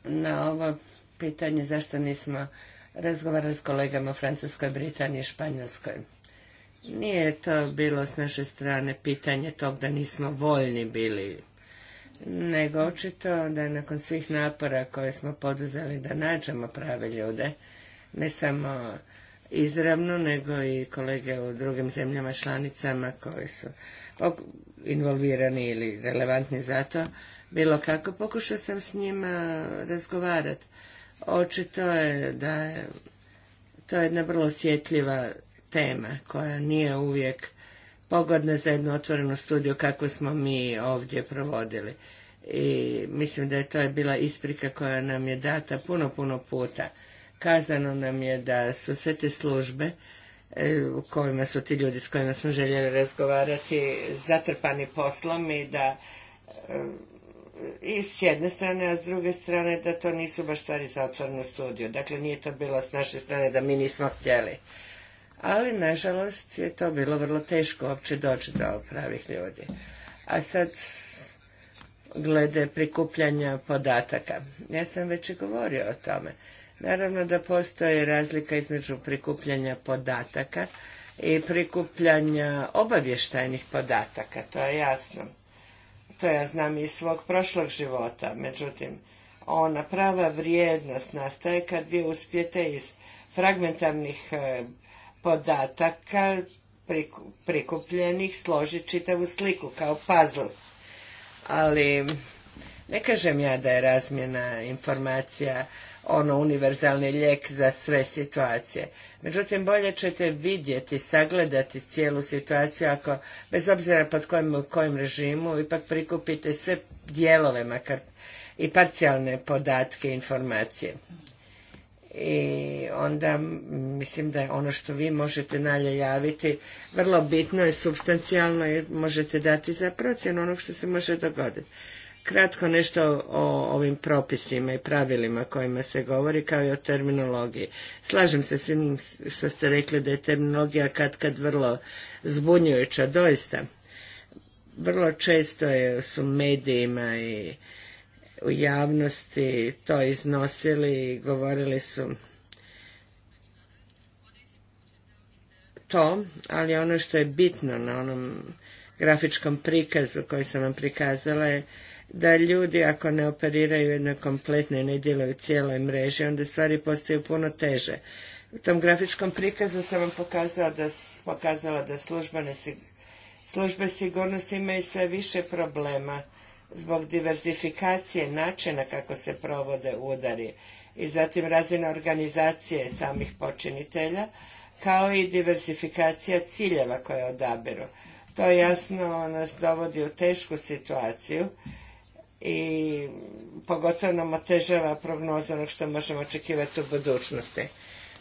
na ovo pitanje zašto nismo razgovarali s kolegama u Francuskoj, Britaniji i Španjolskoj. Nije to bilo s naše strane pitanje tog da nismo voljni bili, nego očito da nakon svih napora koje smo poduzeli da nađemo prave ljude, ne samo izravno, nego i kolege u drugim zemljama članicama koji su involvirani ili relevantni za to, bilo kako, pokušao sam s njima razgovarati Očito je da je to jedna vrlo osjetljiva tema koja nije uvijek pogodna za jednu otvorenu studiju kako smo mi ovdje provodili. I mislim da je to bila isprika koja nam je data puno, puno puta. Kazano nam je da su sve te službe e, u kojima su ti ljudi s kojima smo željeli razgovarati zatrpani poslom i da e, i s jedne strane, a s druge strane da to nisu baš stvari za otvornu studiju. Dakle, nije to bilo s naše strane da mi nismo htjeli. Ali, nažalost, je to bilo vrlo teško uopće doći do pravih ljudi. A sad, glede prikupljanja podataka. Ja sam već i govorio o tome. Naravno da postoji razlika između prikupljanja podataka i prikupljanja obavještajnih podataka, to je jasno. To ja znam iz svog prošlog života. Međutim, ona prava vrijednost nastaje kad vi uspijete iz fragmentarnih e, podataka prikupljenih složiti čitavu sliku kao puzzle. Ali ne kažem ja da je razmjena informacija ono univerzalni lijek za sve situacije. Međutim, bolje ćete vidjeti, sagledati cijelu situaciju ako, bez obzira pod kojim, kojim režimu, ipak prikupite sve dijelove makar i parcijalne podatke, informacije. I onda mislim da je ono što vi možete nalje javiti vrlo bitno i substancijalno i možete dati za procjenu onog što se može dogoditi kratko nešto o ovim propisima i pravilima kojima se govori, kao i o terminologiji. Slažem se s svim što ste rekli da je terminologija kad kad vrlo zbunjujuća, doista. Vrlo često je, su medijima i u javnosti to iznosili i govorili su to, ali ono što je bitno na onom grafičkom prikazu koji sam vam prikazala je da ljudi ako ne operiraju jedno kompletno i ne djeluju cijeloj mreži, onda stvari postaju puno teže. U tom grafičkom prikazu sam vam pokazala da, pokazala da službene, službe sigurnosti imaju sve više problema zbog diversifikacije načina kako se provode udari i zatim razina organizacije samih počinitelja, kao i diversifikacija ciljeva koje odabiru. To jasno nas dovodi u tešku situaciju i pogotovo nam otežava prognoza onog što možemo očekivati u budućnosti.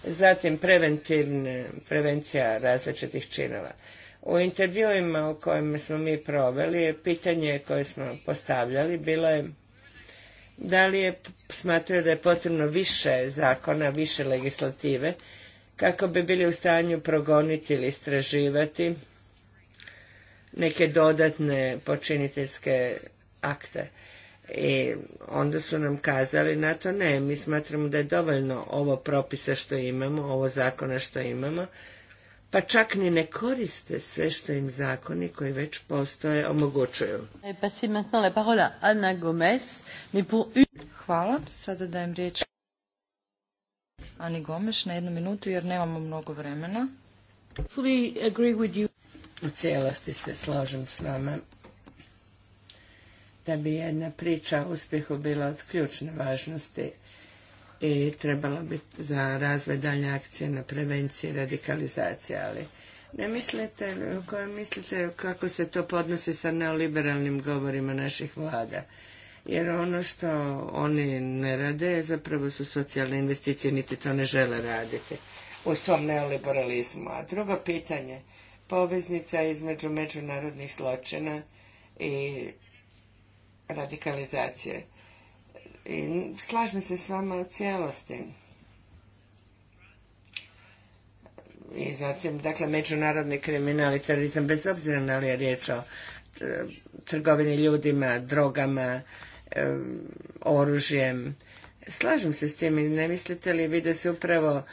Zatim prevencija različitih činova. U intervjuima u kojima smo mi proveli, pitanje koje smo postavljali bilo je da li je smatrao da je potrebno više zakona, više legislative, kako bi bili u stanju progoniti ili istraživati neke dodatne počiniteljske akte. I onda su nam kazali na to ne, mi smatramo da je dovoljno ovo propisa što imamo, ovo zakona što imamo, pa čak ni ne koriste sve što im zakoni koji već postoje omogućuju. Hvala, sada dajem riječ Ani Gomes na jednu minutu jer nemamo mnogo vremena. U cijelosti se slažem s vama da bi jedna priča o uspjehu bila od ključne važnosti i trebala bi za razvoj dalje akcije na prevenciji i radikalizaciji, ali ne mislite, koje mislite kako se to podnosi sa neoliberalnim govorima naših vlada? Jer ono što oni ne rade zapravo su socijalne investicije, niti to ne žele raditi u svom neoliberalizmu. A drugo pitanje, poveznica između međunarodnih zločina i radikalizacije. I slažem se s vama u cijelosti. I zatim, dakle, međunarodni kriminal i terorizam, bez obzira na li je riječ o e, trgovini ljudima, drogama, e, oružjem. Slažem se s tim i ne mislite li vi da se upravo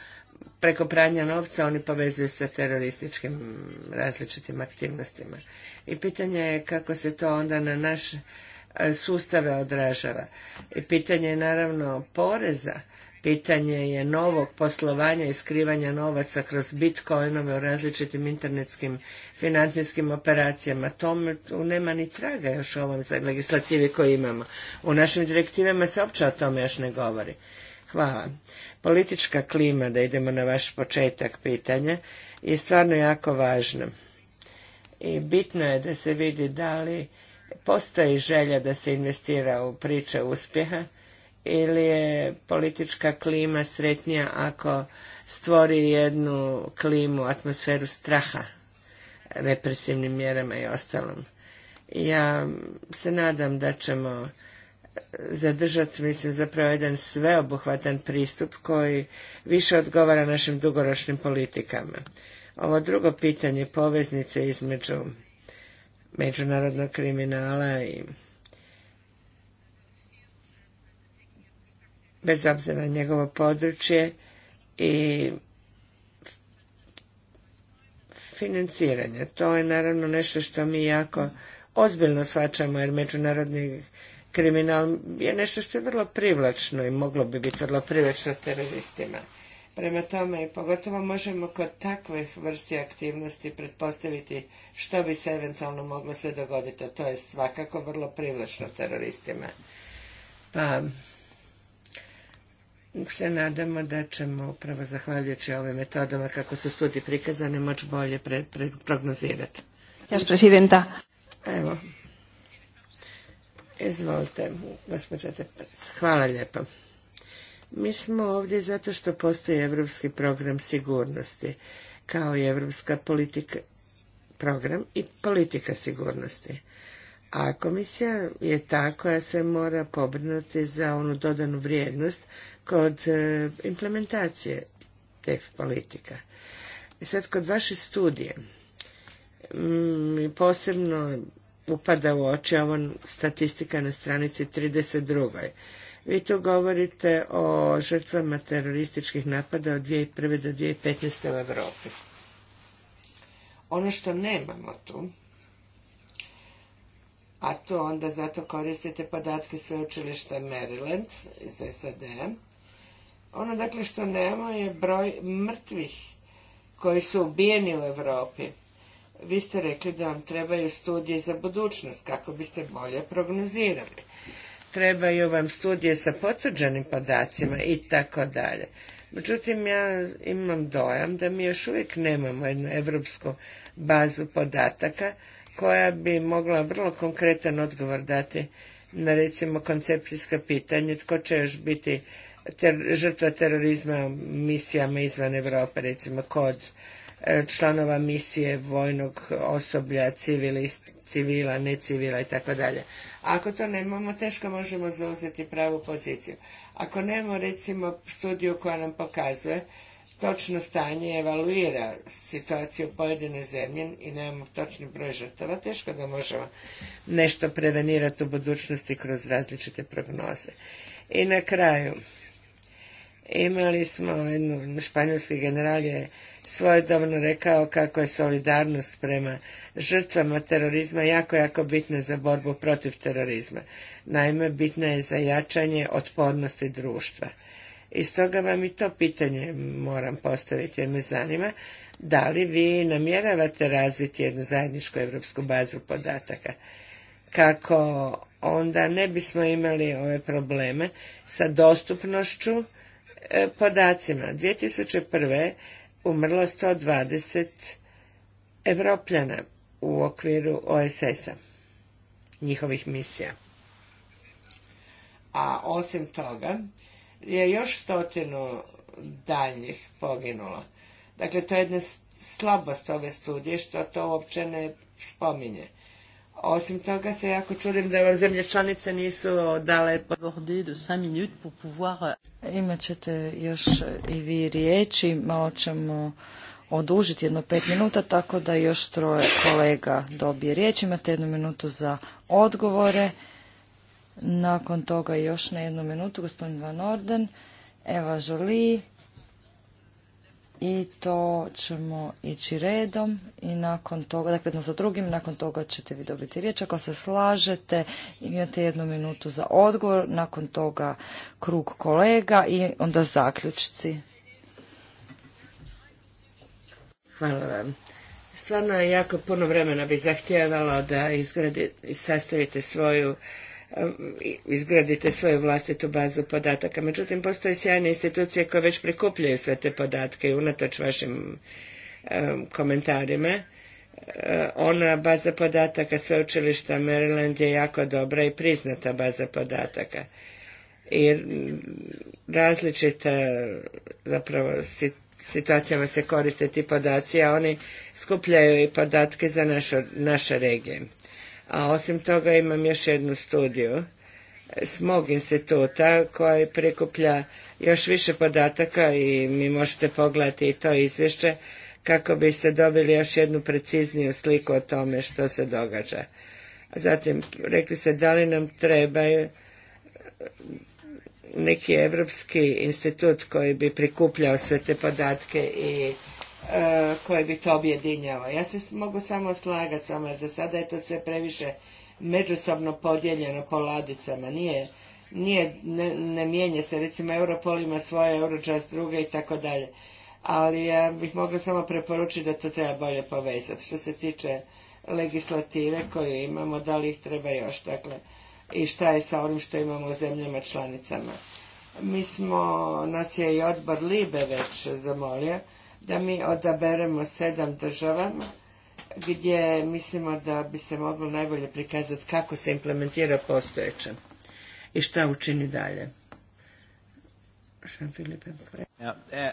preko pranja novca oni povezuju sa terorističkim različitim aktivnostima. I pitanje je kako se to onda na naš sustave odražava. pitanje je naravno poreza, pitanje je novog poslovanja i skrivanja novaca kroz bitcoinove u različitim internetskim financijskim operacijama. Tom nema ni traga još u ovom legislativi koju imamo. U našim direktivama se uopće o tome još ne govori. Hvala. Politička klima, da idemo na vaš početak pitanja, je stvarno jako važna. I bitno je da se vidi da li postoji želja da se investira u priče uspjeha ili je politička klima sretnija ako stvori jednu klimu, atmosferu straha represivnim mjerama i ostalom. Ja se nadam da ćemo zadržati, mislim, zapravo jedan sveobuhvatan pristup koji više odgovara našim dugoročnim politikama. Ovo drugo pitanje poveznice između međunarodnog kriminala i bez obzira na njegovo područje i financiranje. To je naravno nešto što mi jako ozbiljno shvaćamo jer međunarodni kriminal je nešto što je vrlo privlačno i moglo bi biti vrlo privlačno teroristima. Prema tome, pogotovo možemo kod takvih vrsti aktivnosti pretpostaviti što bi se eventualno moglo sve dogoditi, a to je svakako vrlo privlačno teroristima. Pa se nadamo da ćemo upravo zahvaljujući ovim metodama kako su studije prikazane moći bolje pre, pre, prognozirati. Evo. Izvolite, Hvala lijepo. Mi smo ovdje zato što postoji Europski program sigurnosti, kao i Europska politika, program i politika sigurnosti. A komisija je ta koja se mora pobrinuti za onu dodanu vrijednost kod e, implementacije teh politika. I sad kod vaše studije mm, posebno upada u oči ovo statistika na stranici 32. Vi tu govorite o žrtvama terorističkih napada od 2001. do 2015. u Europi. Ono što nemamo tu, a to onda zato koristite podatke sveučilišta Maryland iz sad ono dakle što nemamo je broj mrtvih koji su ubijeni u Europi. Vi ste rekli da vam trebaju studije za budućnost kako biste bolje prognozirali trebaju vam studije sa potvrđenim podacima i tako dalje. Međutim, ja imam dojam da mi još uvijek nemamo jednu evropsku bazu podataka koja bi mogla vrlo konkretan odgovor dati na recimo koncepcijska pitanja tko će još biti žrtva terorizma misijama izvan Europe, recimo kod E, članova misije, vojnog osoblja, civilist, civila, necivila i tako dalje. Ako to nemamo, teško možemo zauzeti pravu poziciju. Ako nemamo, recimo, studiju koja nam pokazuje točno stanje, evaluira situaciju pojedine zemlje i nemamo točni broj žrtava, teško da možemo nešto prevenirati u budućnosti kroz različite prognoze. I na kraju, imali smo španjolski general je svojedobno rekao kako je solidarnost prema žrtvama terorizma jako, jako bitna za borbu protiv terorizma. Naime, bitna je za jačanje otpornosti društva. I stoga vam i to pitanje moram postaviti jer me zanima da li vi namjeravate razviti jednu zajedničku europsku bazu podataka kako onda ne bismo imali ove probleme sa dostupnošću e, podacima. 2001 umrlo 120 evropljana u okviru OSS-a, njihovih misija. A osim toga je još stotinu daljnjih poginulo. Dakle, to je jedna slabost ove studije što to uopće ne spominje. Osim toga se jako čudim da vam zemlje članice nisu dale... Euh, Imaćete još eh, i vi riječi, malo ćemo odužiti jedno pet minuta, tako da još troje kolega dobije riječ. Imate jednu minutu za odgovore. Nakon toga još na jednu minutu gospodin Van Orden, Eva Jolie, i to ćemo ići redom i nakon toga, dakle jedno za drugim, nakon toga ćete vi dobiti riječ. Ako se slažete, imate jednu minutu za odgovor, nakon toga krug kolega i onda zaključci. Hvala vam. Stvarno jako puno vremena bi zahtijevalo da izgradi, sastavite svoju E, izgradite svoju vlastitu bazu podataka. Međutim, postoje sjajne institucije koje već prikupljaju sve te podatke i unatoč vašim e, komentarima e, ona baza podataka sveučilišta Maryland je jako dobra i priznata baza podataka. I različita zapravo situacijama se koriste ti podaci, a oni skupljaju i podatke za naše regije. A osim toga imam još jednu studiju s mog instituta koji prikuplja još više podataka i mi možete pogledati i to izvješće kako biste dobili još jednu precizniju sliku o tome što se događa. Zatim, rekli se da li nam trebaju neki evropski institut koji bi prikupljao sve te podatke i Eh, koje bi to objedinjava. Ja se mogu samo slagati s vama, za sada je to sve previše međusobno podijeljeno po ladicama, nije, nije ne, ne mijenja se, recimo Europol ima svoje, Eurojust druge i tako dalje. Ali ja bih mogla samo preporučiti da to treba bolje povezati. Što se tiče legislative koju imamo, da li ih treba još, dakle, i šta je sa onim što imamo u zemljama članicama. Mi smo, nas je i odbor Libe već zamolio, da mi odaberemo sedam država gdje mislimo da bi se moglo najbolje prikazati kako se implementira postojeće i šta učini dalje. Eh,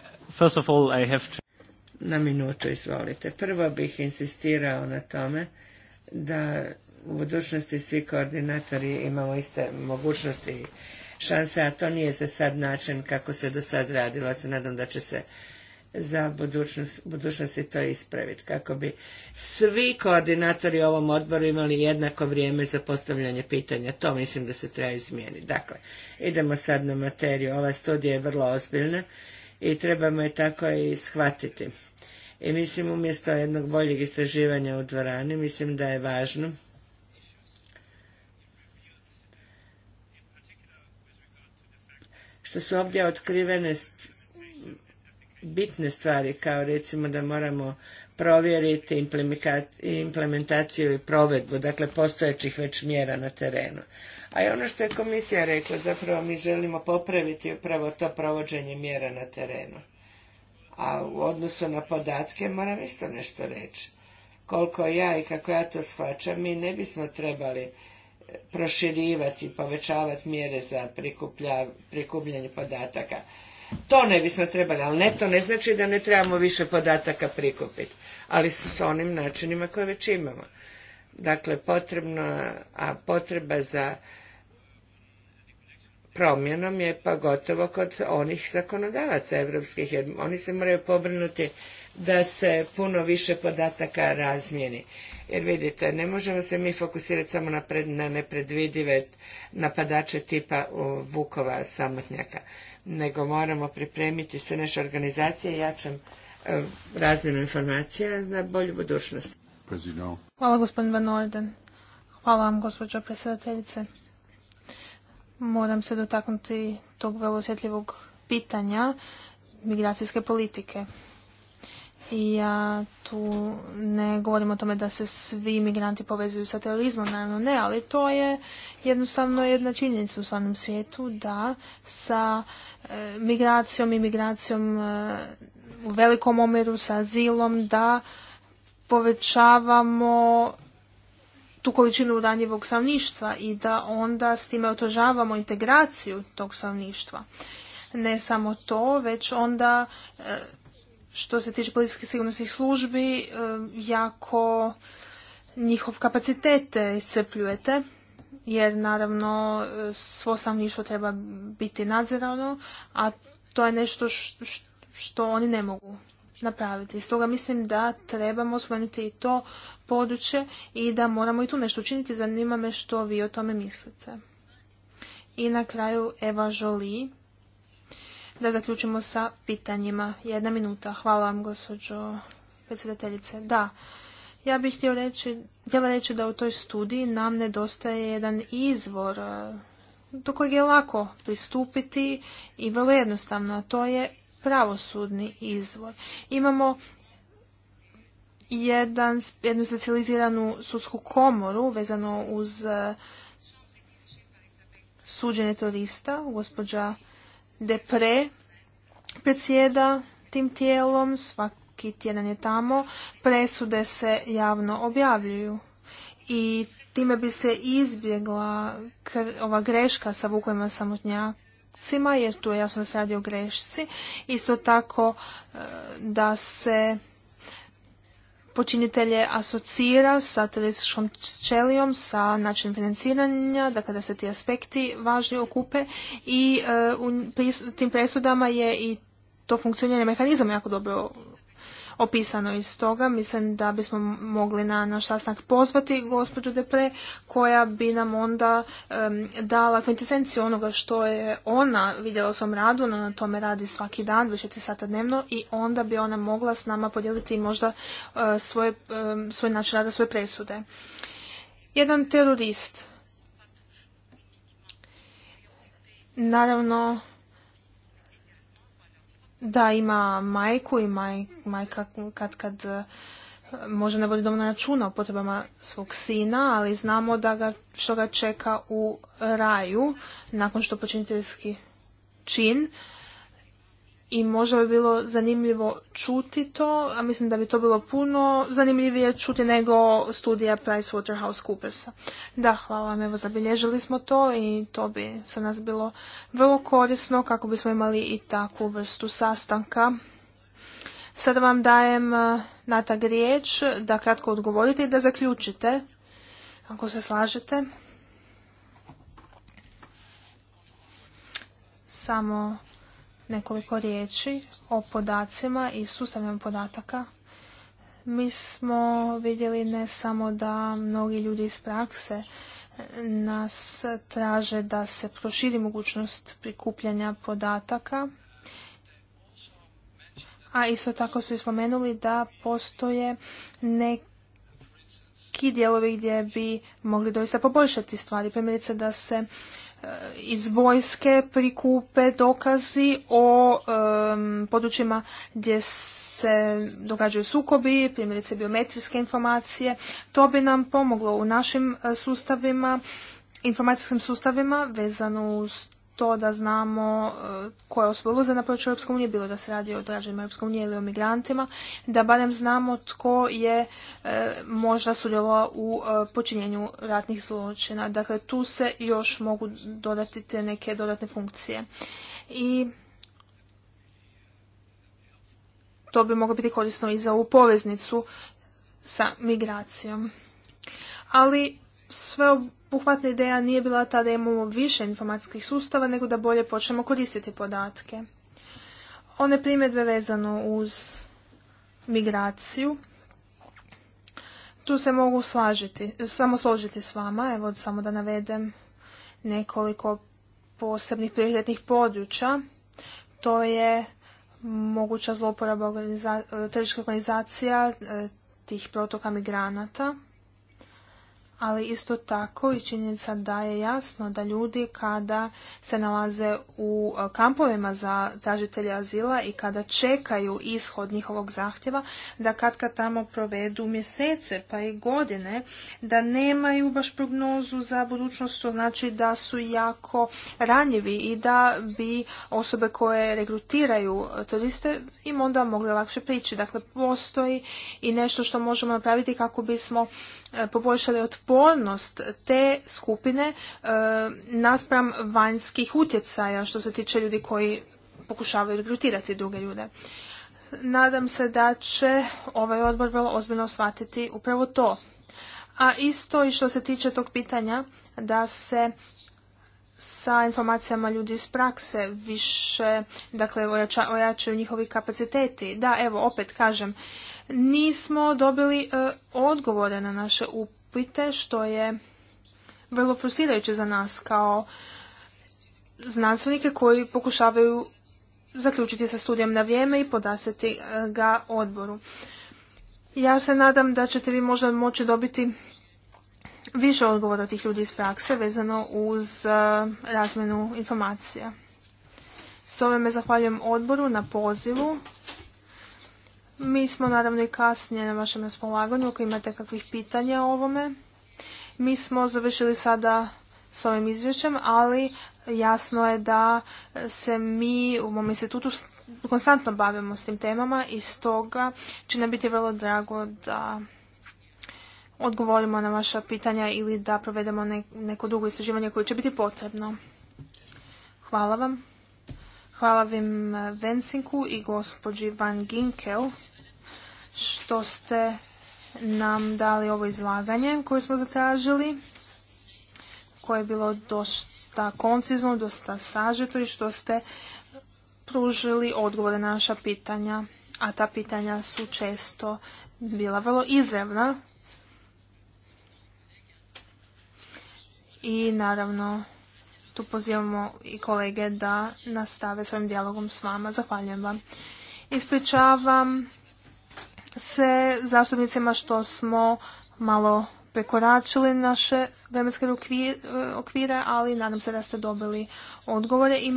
na minutu, izvolite. Prvo bih insistirao na tome da u budućnosti svi koordinatori imamo iste mogućnosti i šanse, a to nije za sad način kako se do sad radilo. se nadam da će se za budućnost, i to ispraviti, kako bi svi koordinatori u ovom odboru imali jednako vrijeme za postavljanje pitanja. To mislim da se treba izmijeniti. Dakle, idemo sad na materiju. Ova studija je vrlo ozbiljna i trebamo je tako i shvatiti. I mislim, umjesto jednog boljeg istraživanja u dvorani, mislim da je važno što su ovdje otkrivene bitne stvari kao recimo da moramo provjeriti implementaciju i provedbu, dakle postojećih već mjera na terenu. A i ono što je komisija rekla, zapravo mi želimo popraviti upravo to provođenje mjera na terenu. A u odnosu na podatke moram isto nešto reći. Koliko ja i kako ja to shvaćam, mi ne bismo trebali e, proširivati, povećavati mjere za prikupljanje podataka. To ne bismo trebali, ali ne, to ne znači da ne trebamo više podataka prikupiti, ali s onim načinima koje već imamo. Dakle, potrebno, a potreba za promjenom je pa gotovo kod onih zakonodavaca evropskih, jer oni se moraju pobrinuti da se puno više podataka razmijeni. Jer vidite, ne možemo se mi fokusirati samo na, na nepredvidive napadače tipa Vukova samotnjaka nego moramo pripremiti sve naše organizacije jačem jačem e, razmjenu informacija za bolju budućnost. Hvala gospodin Van Orden. Hvala vam gospođo predsjedateljice. Moram se dotaknuti tog vrlo osjetljivog pitanja migracijske politike. I ja tu ne govorim o tome da se svi migranti povezuju sa terorizmom, naravno ne, ali to je jednostavno jedna činjenica u stvarnom svijetu da sa migracijom i migracijom e, u velikom omjeru sa azilom da povećavamo tu količinu ranjivog stanovništva i da onda s time otožavamo integraciju tog stanovništva. Ne samo to, već onda e, što se tiče policijskih sigurnosnih službi e, jako njihov kapacitet iscrpljujete jer naravno e, svo stanovništvo treba biti nadzirano, a to je nešto što oni ne mogu napraviti. Stoga mislim da trebamo spomenuti i to područje i da moramo i tu nešto učiniti. Zanima me što vi o tome mislite. I na kraju Eva Žoli. Da zaključimo sa pitanjima. Jedna minuta. Hvala vam, gospođo predsjedateljice. Da, ja bih htio reći, htjela reći da u toj studiji nam nedostaje jedan izvor e, do kojeg je lako pristupiti i vrlo jednostavno, a to je pravosudni izvor. Imamo jedan, jednu specializiranu sudsku komoru vezano uz e, suđenje turista, gospođa Depre predsjeda tim tijelom, svak, svaki tjedan je tamo, presude se javno objavljuju. I time bi se izbjegla ova greška sa vukovima samotnjacima, jer tu je jasno da se radi o grešci. Isto tako e, da se počinitelje asocira sa terorističkom čelijom, sa načinom financiranja, dakle da se ti aspekti važni okupe i e, u tim presudama je i to funkcioniranje mehanizama jako dobro opisano. iz toga. mislim da bismo mogli na naš sastanak pozvati gospođu Depre koja bi nam onda dala kvintesenciju onoga što je ona vidjela u svom radu, ona na tome radi svaki dan, više ti sata dnevno i onda bi ona mogla s nama podijeliti možda uh, e, svoje, svoj način rada, svoje presude. Jedan terorist Naravno, da ima majku i maj, majka kad kad e, može ne vodi dovoljno računa o potrebama svog sina, ali znamo da ga, što ga čeka u raju nakon što počiniteljski čin i možda bi bilo zanimljivo čuti to, a mislim da bi to bilo puno zanimljivije čuti nego studija PricewaterhouseCoopersa. Da, hvala vam, evo zabilježili smo to i to bi za nas bilo vrlo korisno kako bismo imali i takvu vrstu sastanka. Sada vam dajem eh, natak riječ da kratko odgovorite i da zaključite, ako se slažete. Samo nekoliko riječi o podacima i sustavima podataka. Mi smo vidjeli ne samo da mnogi ljudi iz prakse nas traže da se proširi mogućnost prikupljanja podataka, a isto tako su ispomenuli da postoje neki dijelovi gdje bi mogli doista poboljšati stvari. Primjerice da se Eh, iz vojske prikupe dokazi o područjima gdje se događaju sukobi, primjerice biometrijske informacije. To bi nam pomoglo u našim eh, sustavima, informacijskim sustavima vezano uz to da znamo e, koje osobe ulaze na području Europske unije, bilo da se radi o građanima Europske unije ili o migrantima, da barem znamo tko je e, možda sudjelovao u e, počinjenju ratnih zločina. Dakle, tu se još mogu dodati te neke dodatne funkcije. I to bi moglo biti korisno i za ovu poveznicu sa migracijom. Ali sve puhvatna ideja nije bila ta da imamo više informacijskih sustava, nego da bolje počnemo koristiti podatke. One primjedbe vezano uz migraciju, tu se mogu slažiti, samo složiti s vama, evo samo da navedem nekoliko posebnih prioritetnih područja. To je moguća zloporaba organiza, eh, organizacija eh, tih protoka migranata ali isto tako i činjenica da je jasno da ljudi kada se nalaze u e, kampovima za tražitelje azila i kada čekaju ishod njihovog zahtjeva, da kad kad tamo provedu mjesece pa i godine, da nemaju baš prognozu za budućnost, što znači da su jako ranjivi i da bi osobe koje regrutiraju turiste im onda mogle lakše prići. Dakle, postoji i nešto što možemo napraviti kako bismo e, poboljšali otpornost otpornost te skupine e, naspram vanjskih utjecaja što se tiče ljudi koji pokušavaju rekrutirati druge ljude. Nadam se da će ovaj odbor vrlo ozbiljno shvatiti upravo to. A isto i što se tiče tog pitanja da se sa informacijama ljudi iz prakse više, dakle, ojačaju njihovi kapaciteti. Da, evo, opet kažem, nismo dobili e, odgovore na naše upravo ispite, što je vrlo frustrirajuće za nas kao znanstvenike koji pokušavaju zaključiti sa studijom na vrijeme i podaseti e, ga odboru. Ja se nadam da ćete vi možda moći dobiti više odgovora od tih ljudi iz prakse vezano uz e, razmjenu informacija. S ovime zahvaljujem odboru na pozivu mi smo naravno i kasnije na vašem raspolaganju ako imate kakvih pitanja o ovome. Mi smo završili sada s ovim izvješćem, ali jasno je da se mi u mom institutu konstantno bavimo s tim temama i stoga će nam biti vrlo drago da odgovorimo na vaša pitanja ili da provedemo neko drugo istraživanje koje će biti potrebno. Hvala vam. Hvala vam eh, Vensinku i gospođi Van Ginkel što ste nam dali ovo izlaganje koje smo zatražili, koje je bilo dosta koncizno, dosta sažeto i što ste pružili odgovore na naša pitanja, a ta pitanja su često bila vrlo izravna. I naravno, tu pozivamo i kolege da nastave svojim dijalogom s vama. Zahvaljujem vam. Ispričavam se zastupnicima što smo malo prekoračili naše vremenske eh, okvire, ali nadam se da ste dobili odgovore i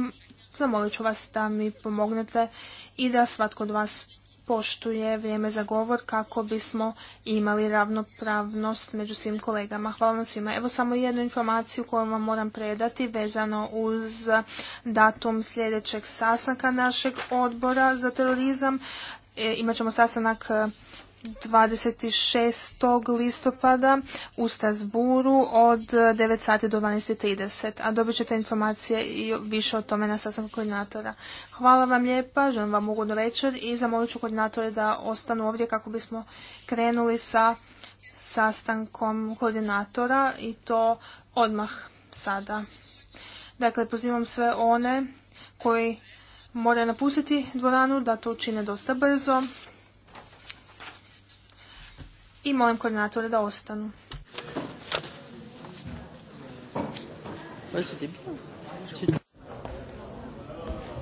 zamolit ću vas da mi pomognete i da svatko od vas poštuje vrijeme za govor kako bismo imali ravnopravnost među svim kolegama. Hvala vam svima. Evo samo jednu informaciju koju vam moram predati vezano uz datum sljedećeg sastanka našeg odbora za terorizam. E, imat ćemo sastanak 26. E, listopada u Stasburu od 9 e, sati do 12.30, a dobit ćete informacije i više o tome na sastanku koordinatora. Hvala vam lijepa, želim vam mogu večer i zamolit ću koordinatore da ostanu ovdje kako bismo krenuli sa sastankom koordinatora i to odmah sada. Dakle, pozivam sve one koji moraju napustiti dvoranu, da to učine dosta brzo. I molim koordinatore da ostanu. Hvala